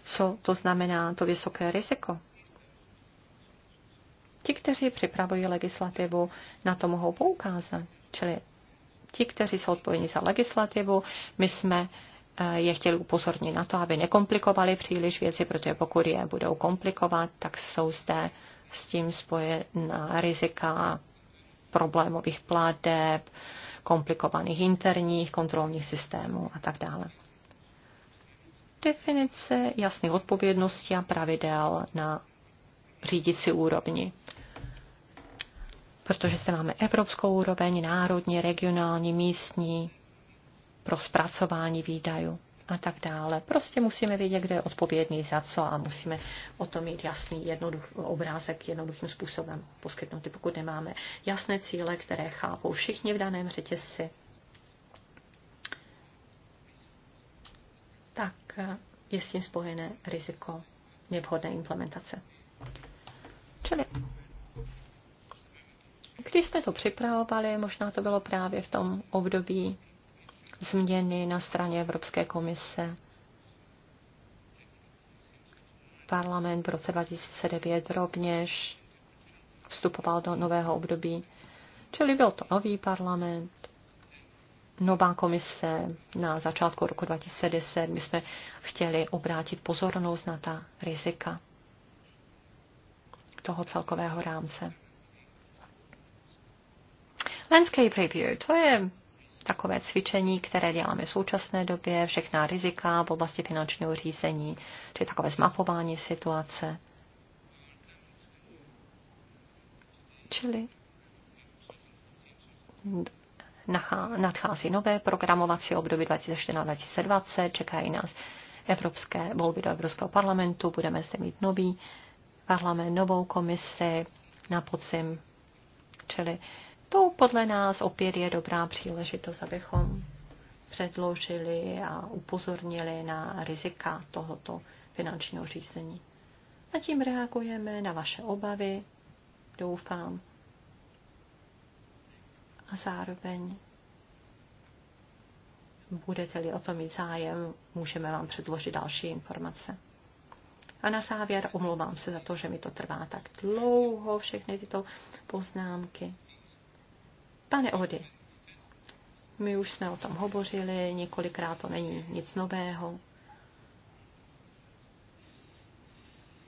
B: Co to znamená to vysoké riziko? Ti, kteří připravují legislativu, na to mohou poukázat. Čili ti, kteří jsou odpovědní za legislativu, my jsme eh, je chtěli upozornit na to, aby nekomplikovali příliš věci, protože pokud je budou komplikovat, tak jsou zde s tím spojená rizika problémových plateb, komplikovaných interních kontrolních systémů a tak dále. Definice jasných odpovědností a pravidel na řídící úrovni. Protože zde máme evropskou úroveň, národní, regionální, místní pro zpracování výdajů a tak dále. Prostě musíme vědět, kdo je odpovědný za co a musíme o tom mít jasný jednoduch, obrázek jednoduchým způsobem poskytnutý, pokud nemáme jasné cíle, které chápou všichni v daném řetězci. Tak je s tím spojené riziko nevhodné implementace. Čili když jsme to připravovali, možná to bylo právě v tom období změny na straně Evropské komise. Parlament v roce 2009 rovněž vstupoval do nového období. Čili byl to nový parlament, nová komise na začátku roku 2010. My jsme chtěli obrátit pozornost na ta rizika toho celkového rámce. Landscape Review, to je takové cvičení, které děláme v současné době, všechná rizika v oblasti finančního řízení, či takové zmapování situace. Čili nadchází nové programovací období 2014-2020, čekají nás evropské volby do Evropského parlamentu, budeme zde mít nový parlament, novou komisi na podzim, čili to podle nás opět je dobrá příležitost, abychom předložili a upozornili na rizika tohoto finančního řízení. A tím reagujeme na vaše obavy, doufám. A zároveň budete-li o tom mít zájem, můžeme vám předložit další informace. A na závěr omlouvám se za to, že mi to trvá tak dlouho, všechny tyto poznámky. Pane Ody, my už jsme o tom hovořili, několikrát to není nic nového.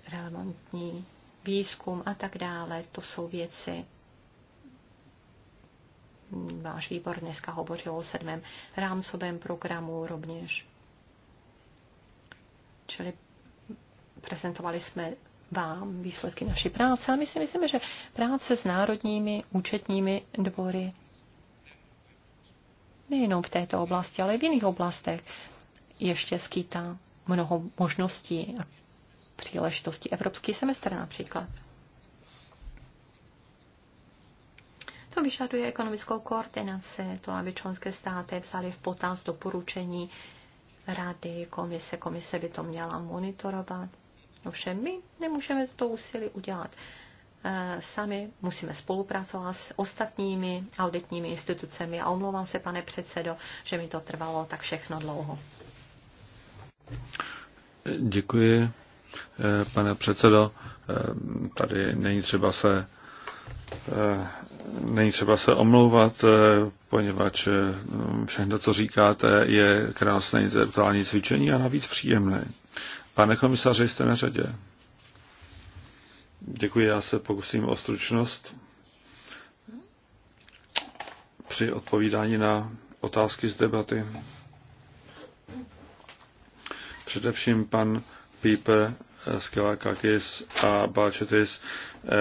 B: Relevantní výzkum a tak dále, to jsou věci. Váš výbor dneska hovořil o sedmém rámcovém programu rovněž. Čili prezentovali jsme vám výsledky naší práce. A my si myslíme, že práce s národními účetními dvory nejenom v této oblasti, ale i v jiných oblastech ještě skýtá mnoho možností a příležitostí. Evropský semestr například. To vyžaduje ekonomickou koordinaci, to, aby členské státy vzali v potaz doporučení rady, komise. Komise by to měla monitorovat. Ovšem my nemůžeme toto úsilí udělat eh, sami, musíme spolupracovat s ostatními auditními institucemi a omlouvám se, pane předsedo, že mi to trvalo tak všechno dlouho.
C: Děkuji, eh, pane předsedo. Eh, tady není třeba se není třeba se omlouvat, poněvadž všechno, co říkáte, je krásné intelektuální cvičení a navíc příjemné. Pane komisaři, jste na řadě. Děkuji, já se pokusím o stručnost při odpovídání na otázky z debaty. Především pan Pípe eh, Skelakakis a Balčetis eh,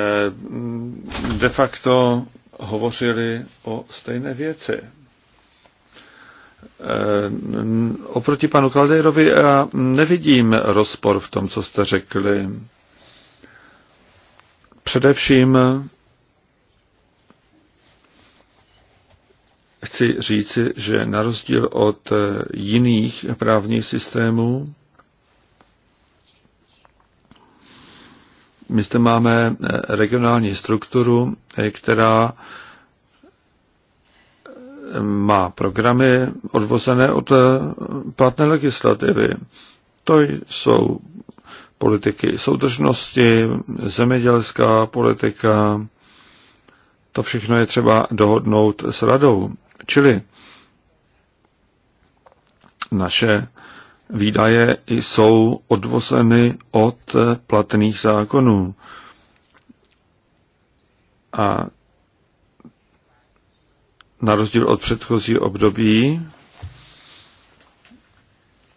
C: de facto hovořili o stejné věci. Eh, oproti panu Kaldejrovi já nevidím rozpor v tom, co jste řekli. Především chci říci, že na rozdíl od jiných právních systémů, my zde máme regionální strukturu, která má programy odvozené od eh, platné legislativy. To jsou politiky soudržnosti, zemědělská politika, to všechno je třeba dohodnout s radou. Čili naše výdaje jsou odvozeny od platných zákonů. A na rozdíl od předchozí období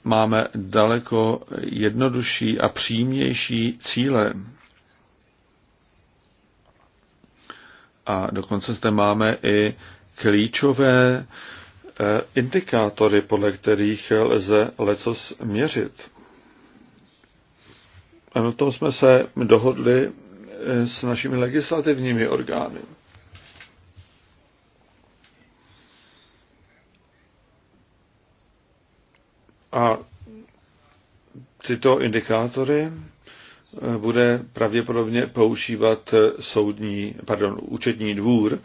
C: máme daleko jednodušší a přímější cíle. A dokonce zde máme i klíčové eh, indikátory, podle kterých lze lecos měřit. A na tom jsme se dohodli eh, s našimi legislativními orgány. A tyto indikátory eh, bude pravděpodobně používat eh, soudní, pardon, účetní dvůr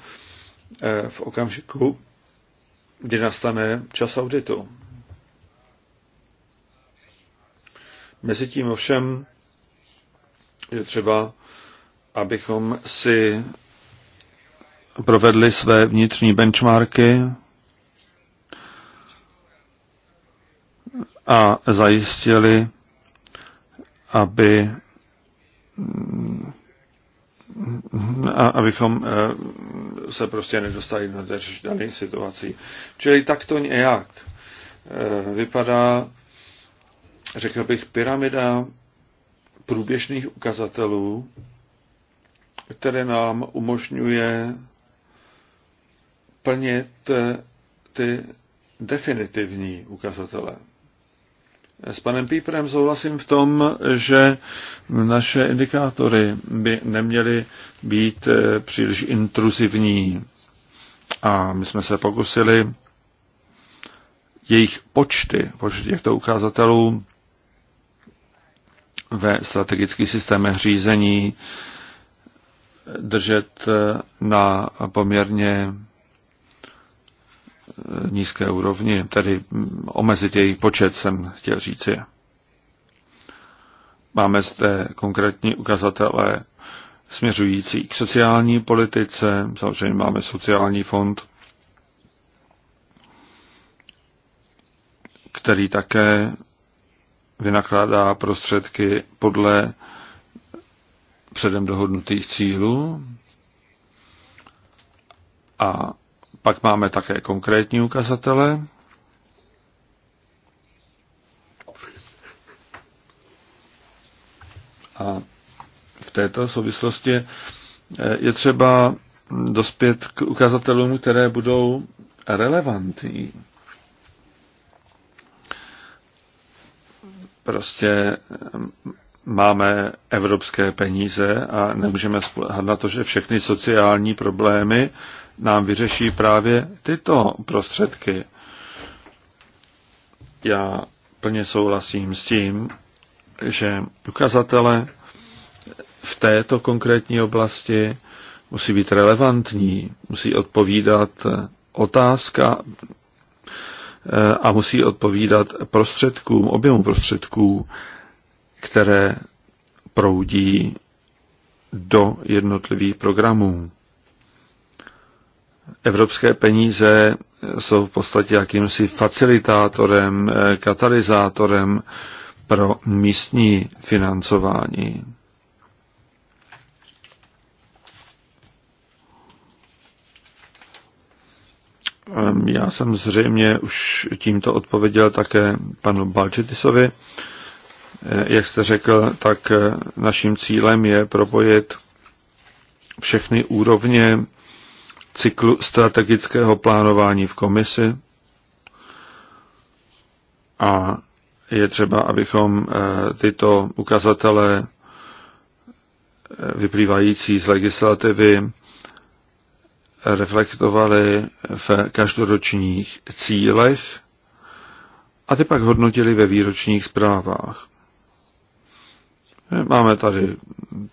C: eh, v okamžiku, kdy nastane čas auditu. Mezitím ovšem je třeba, abychom si provedli své vnitřní benchmarky, a zajistili, aby a abychom eh, se prostě nedostali do daných situací. Čili tak to nějak eh, vypadá, řekl bych, pyramida průběžných ukazatelů, které nám umožňuje plnit eh, ty definitivní ukazatele. S panem Píprem souhlasím v tom, že naše indikátory by neměly být eh, příliš intruzivní. A my jsme se pokusili jejich počty, počty těchto ukazatelů ve strategických systémech řízení držet eh, na poměrně nízké úrovni, tedy omezit její počet, jsem chtěl říci. Máme zde konkrétní ukazatele směřující k sociální politice, samozřejmě máme sociální fond, který také vynakládá prostředky podle předem dohodnutých cílů a pak máme také konkrétní ukazatele. A v této souvislosti eh, je třeba dospět k ukazatelům, které budou relevantní. Prostě eh, máme evropské peníze a nemůžeme spolehat na to, že všechny sociální problémy nám vyřeší právě tyto prostředky. Já plně souhlasím s tím, že ukazatele v této konkrétní oblasti musí být relevantní, musí odpovídat otázka eh, a musí odpovídat prostředkům, objemu prostředků, které proudí do jednotlivých programů. Evropské peníze jsou v podstatě jakýmsi facilitátorem, eh, katalyzátorem pro místní financování. Ehm, já jsem zřejmě už tímto odpověděl také panu Balčetisovi. Eh, jak jste řekl, tak eh, naším cílem je propojit všechny úrovně cyklu strategického plánování v komisi a je třeba, abychom eh, tyto ukazatele eh, vyplývající z legislativy reflektovali v každoročních cílech a ty pak hodnotili ve výročních zprávách. Máme tady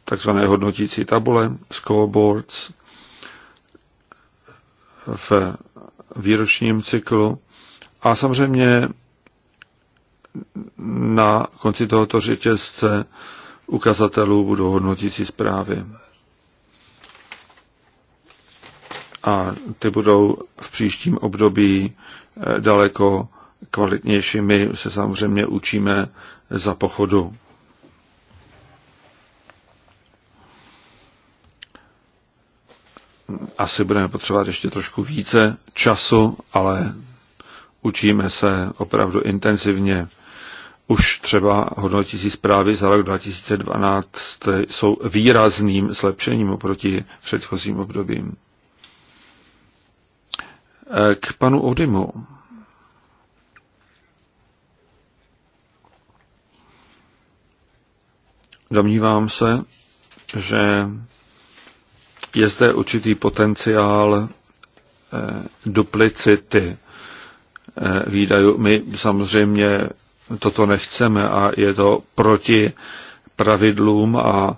C: takzvané hodnotící tabule, scoreboards, v výročním cyklu. A samozřejmě na konci tohoto řetězce ukazatelů budou hodnotící zprávy. A ty budou v příštím období eh, daleko kvalitnějšími se samozřejmě učíme za pochodu. asi budeme potřebovat ještě trošku více času, ale učíme se opravdu intenzivně. Už třeba hodnotící zprávy za rok 2012 jsou výrazným zlepšením oproti předchozím obdobím. K panu Odimu. Domnívám se, že je zde určitý potenciál eh, duplicity eh, výdajů. My samozřejmě toto nechceme a je to proti pravidlům a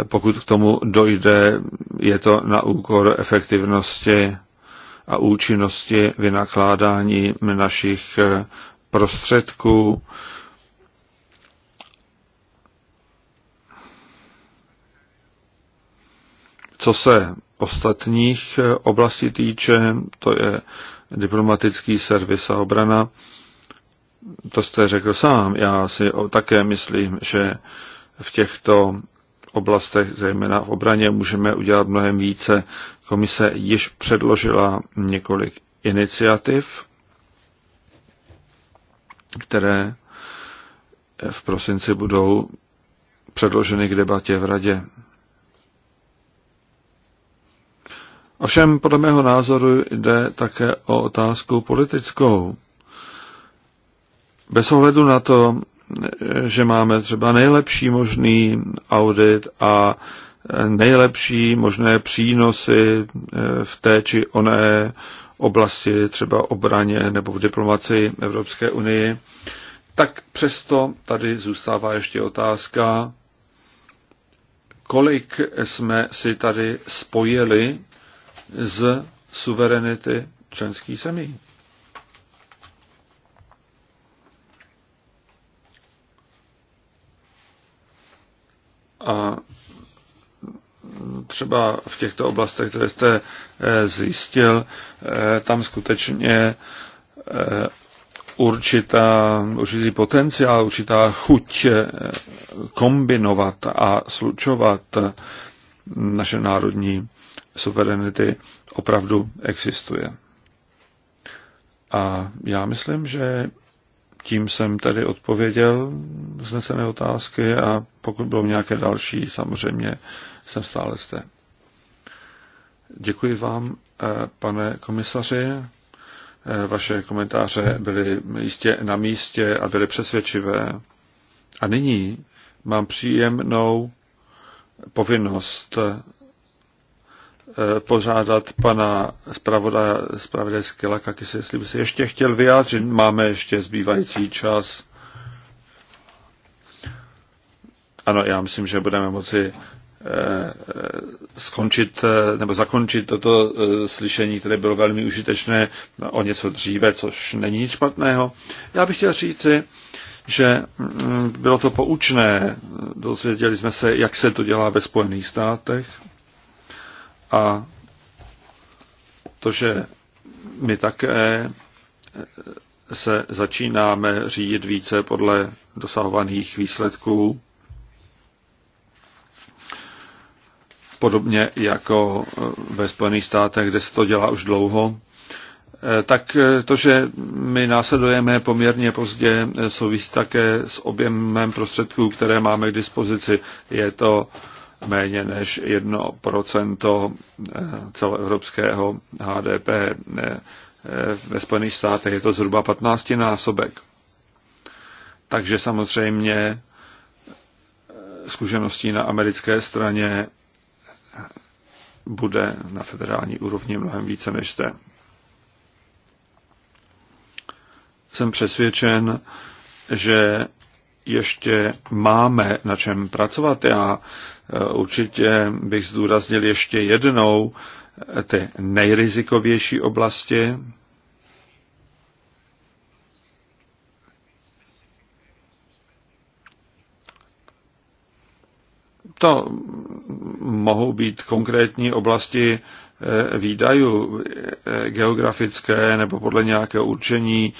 C: eh, pokud k tomu dojde, je to na úkor efektivnosti a účinnosti vynakládání našich prostředků, Co se ostatních eh, oblastí týče, to je diplomatický servis a obrana, to jste řekl sám. Já si také myslím, že v těchto oblastech, zejména v obraně, můžeme udělat mnohem více. Komise již předložila několik iniciativ, které v prosinci budou předloženy k debatě v radě. Ovšem, podle mého názoru, jde také o otázku politickou. Bez ohledu na to, že máme třeba nejlepší možný audit a nejlepší možné přínosy eh, v té či oné oblasti, třeba obraně nebo v diplomaci Evropské unie, tak přesto tady zůstává ještě otázka, kolik jsme si tady spojili z suverenity členských zemí. A třeba v těchto oblastech, které jste eh, zjistil, eh, tam skutečně eh, určitá, určitý potenciál, určitá chuť kombinovat a slučovat naše národní suverenity opravdu existuje. A já myslím, že tím jsem tady odpověděl vznesené otázky a pokud bylo nějaké další, samozřejmě jsem stále zde. Děkuji vám, eh, pane komisaři. Eh, vaše komentáře byly jistě na místě a byly přesvědčivé. A nyní mám příjemnou povinnost Eh, požádat pana zpravodaje Skela, Kakis, jestli by se ještě chtěl vyjádřit. Máme ještě zbývající čas. Ano, já myslím, že budeme moci eh, eh, skončit nebo zakončit toto slyšení, které bylo velmi užitečné no, o něco dříve, což není nic špatného. Já bych chtěl říci, že mm, bylo to poučné. Dozvěděli jsme se, jak se to dělá ve Spojených státech, a to, že my také eh, se začínáme řídit více podle dosahovaných výsledků, podobně jako eh, ve Spojených státech, kde se to dělá už dlouho, eh, tak to, že my následujeme poměrně pozdě, souvisí také s objemem prostředků, které máme k dispozici. Je to méně než 1% eh, celoevropského HDP. Eh, eh, ve Spojených státech je to zhruba 15 násobek. Takže samozřejmě zkušeností na americké straně bude na federální úrovni mnohem více než té. Jsem přesvědčen, že ještě máme na čem pracovat. Já e, určitě bych zdůraznil ještě jednou e, ty nejrizikovější oblasti. To mohou být konkrétní oblasti Eh, výdajů eh, geografické nebo podle nějakého určení,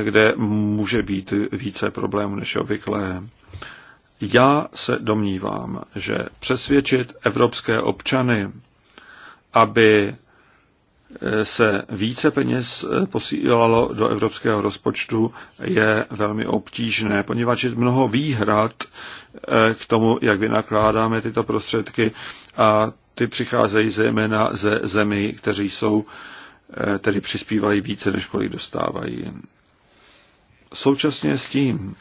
C: eh, kde může být více problémů než obvyklé. Já se domnívám, že přesvědčit evropské občany, aby se více peněz posílalo do evropského rozpočtu, je velmi obtížné, poněvadž je mnoho výhrad k tomu, jak vynakládáme tyto prostředky a ty přicházejí zejména ze zemi, kteří jsou, eh, tedy přispívají více, než kolik dostávají. Současně s tím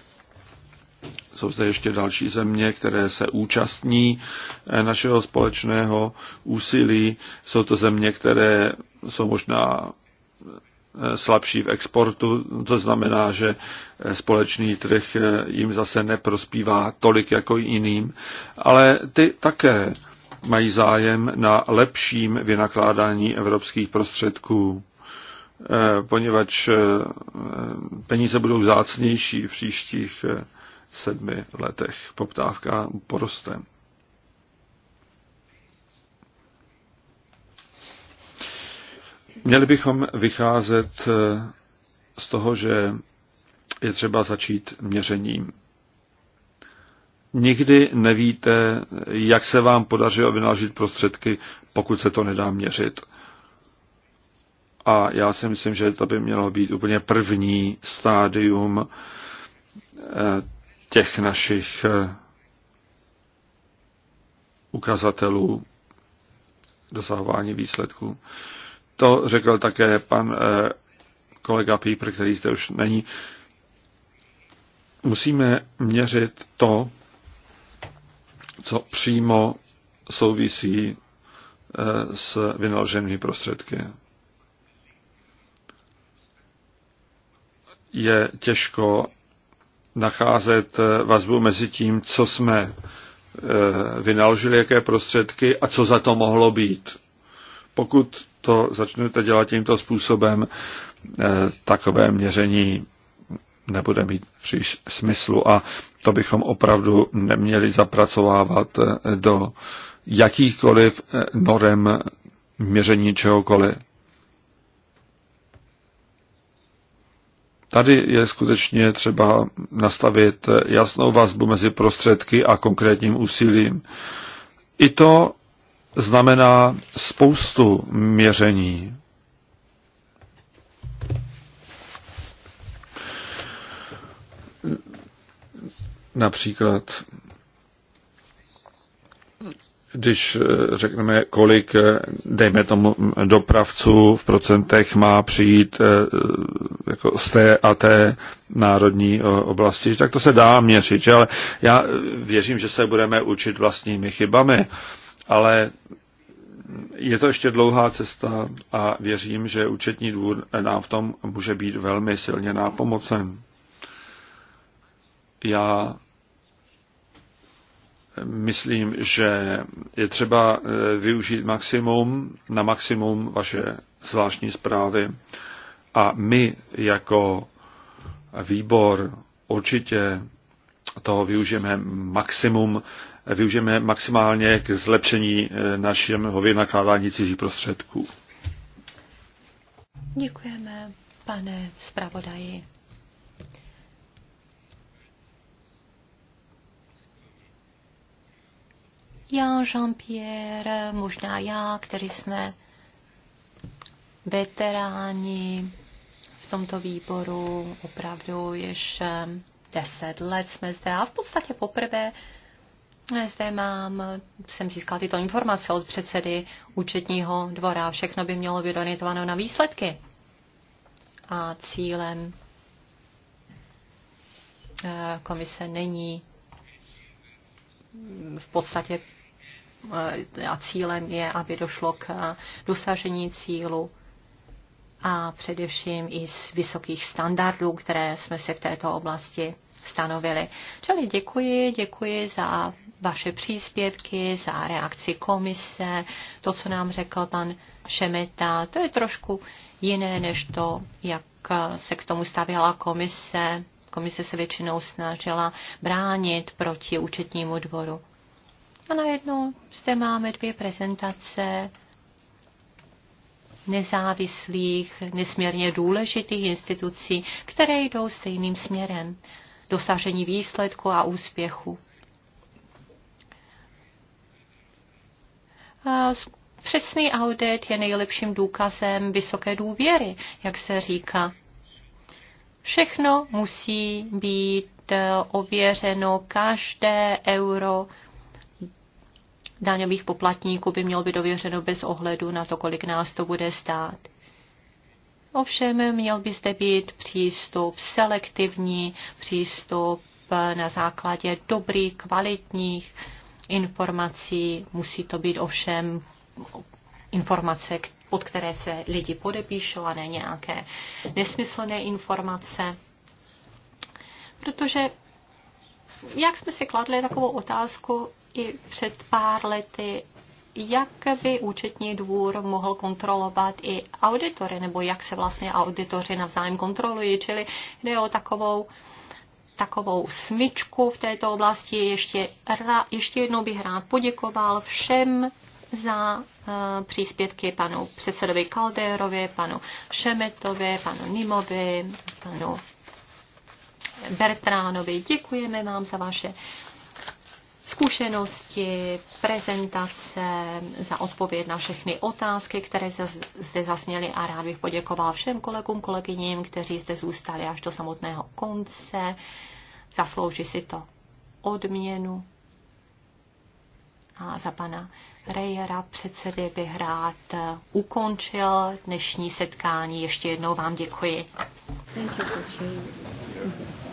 C: jsou zde ještě další země, které se účastní eh, našeho společného úsilí. Jsou to země, které jsou možná eh, slabší v exportu, to znamená, že společný trh jim zase neprospívá tolik jako jiným, ale ty také mají zájem na lepším vynakládání evropských prostředků, eh, poněvadž eh, peníze budou zácnější v příštích eh, sedmi letech. Poptávka poroste. Měli bychom vycházet z toho, že je třeba začít měřením nikdy nevíte, jak se vám podařilo vynaložit prostředky, pokud se to nedá měřit. A já si myslím, že to by mělo být úplně první stádium eh, těch našich eh, ukazatelů dosahování výsledků. To řekl také pan eh, kolega Pípr, který zde už není. Musíme měřit to, co přímo souvisí eh, s vynaloženými prostředky. Je těžko nacházet eh, vazbu mezi tím, co jsme eh, vynaložili, jaké prostředky a co za to mohlo být. Pokud to začnete dělat tímto způsobem, takové měření nebude mít příliš smyslu a to bychom opravdu neměli zapracovávat do jakýchkoliv norem měření čehokoliv. Tady je skutečně třeba nastavit jasnou vazbu mezi prostředky a konkrétním úsilím. I to znamená spoustu měření. Například, když eh, řekneme, kolik, eh, dejme tomu, dopravců v procentech má přijít eh, jako z té a té národní oblasti, tak to se dá měřit. Že? Ale já věřím, že se budeme učit vlastními chybami, ale je to ještě dlouhá cesta a věřím, že účetní dvůr nám v tom může být velmi silně nápomocen. Já myslím, že je třeba eh, využít maximum, na maximum vaše zvláštní zprávy. A my jako výbor určitě toho využijeme maximum, využijeme maximálně k zlepšení eh, našeho vynakládání cizích prostředků.
A: Děkujeme, pane
B: zpravodaji. Já, Jean-Pierre, možná já, který jsme veteráni v tomto výboru, opravdu již eh, deset let jsme zde a v podstatě poprvé eh, zde mám, jsem získala tyto informace od předsedy účetního dvora. Všechno by mělo být donitováno na výsledky. A cílem eh, komise není v podstatě Eh, a cílem je, aby došlo k eh, dosažení cílu a především i z vysokých standardů, které jsme si v této oblasti stanovili. Čili děkuji, děkuji za vaše příspěvky, za reakci komise, to, co nám řekl pan Šemeta, to je trošku jiné než to, jak eh, se k tomu stavěla komise. Komise se většinou snažila bránit proti účetnímu dvoru. A najednou zde máme dvě prezentace nezávislých, nesmírně důležitých institucí, které jdou stejným směrem. Dosažení výsledku a úspěchu. Přesný audit je nejlepším důkazem vysoké důvěry, jak se říká. Všechno musí být eh, ověřeno, každé euro daňových poplatníků by mělo být dověřeno bez ohledu na to, kolik nás to bude stát. Ovšem měl by zde být přístup selektivní, přístup na základě dobrých, kvalitních informací. Musí to být ovšem informace, pod které se lidi podepíšou a ne nějaké nesmyslné informace. Protože jak jsme si kladli takovou otázku i před pár lety, jak by účetní dvůr mohl kontrolovat i auditory, nebo jak se vlastně auditoři navzájem kontrolují, čili jde o takovou takovou smyčku v této oblasti. Ještě, ještě jednou bych rád poděkoval všem za uh, příspěvky panu předsedovi Kalderovi, panu Šemetovi, panu Nimovi, panu Bertránovi. Děkujeme vám za vaše zkušenosti, prezentace, za odpověď na všechny otázky, které zde zasněly a rád bych poděkoval všem kolegům, kolegyním, kteří zde zůstali až do samotného konce. Zaslouží si to odměnu. A za pana Rejera předsedy bych rád ukončil dnešní setkání. Ještě jednou vám děkuji.
A: Thank you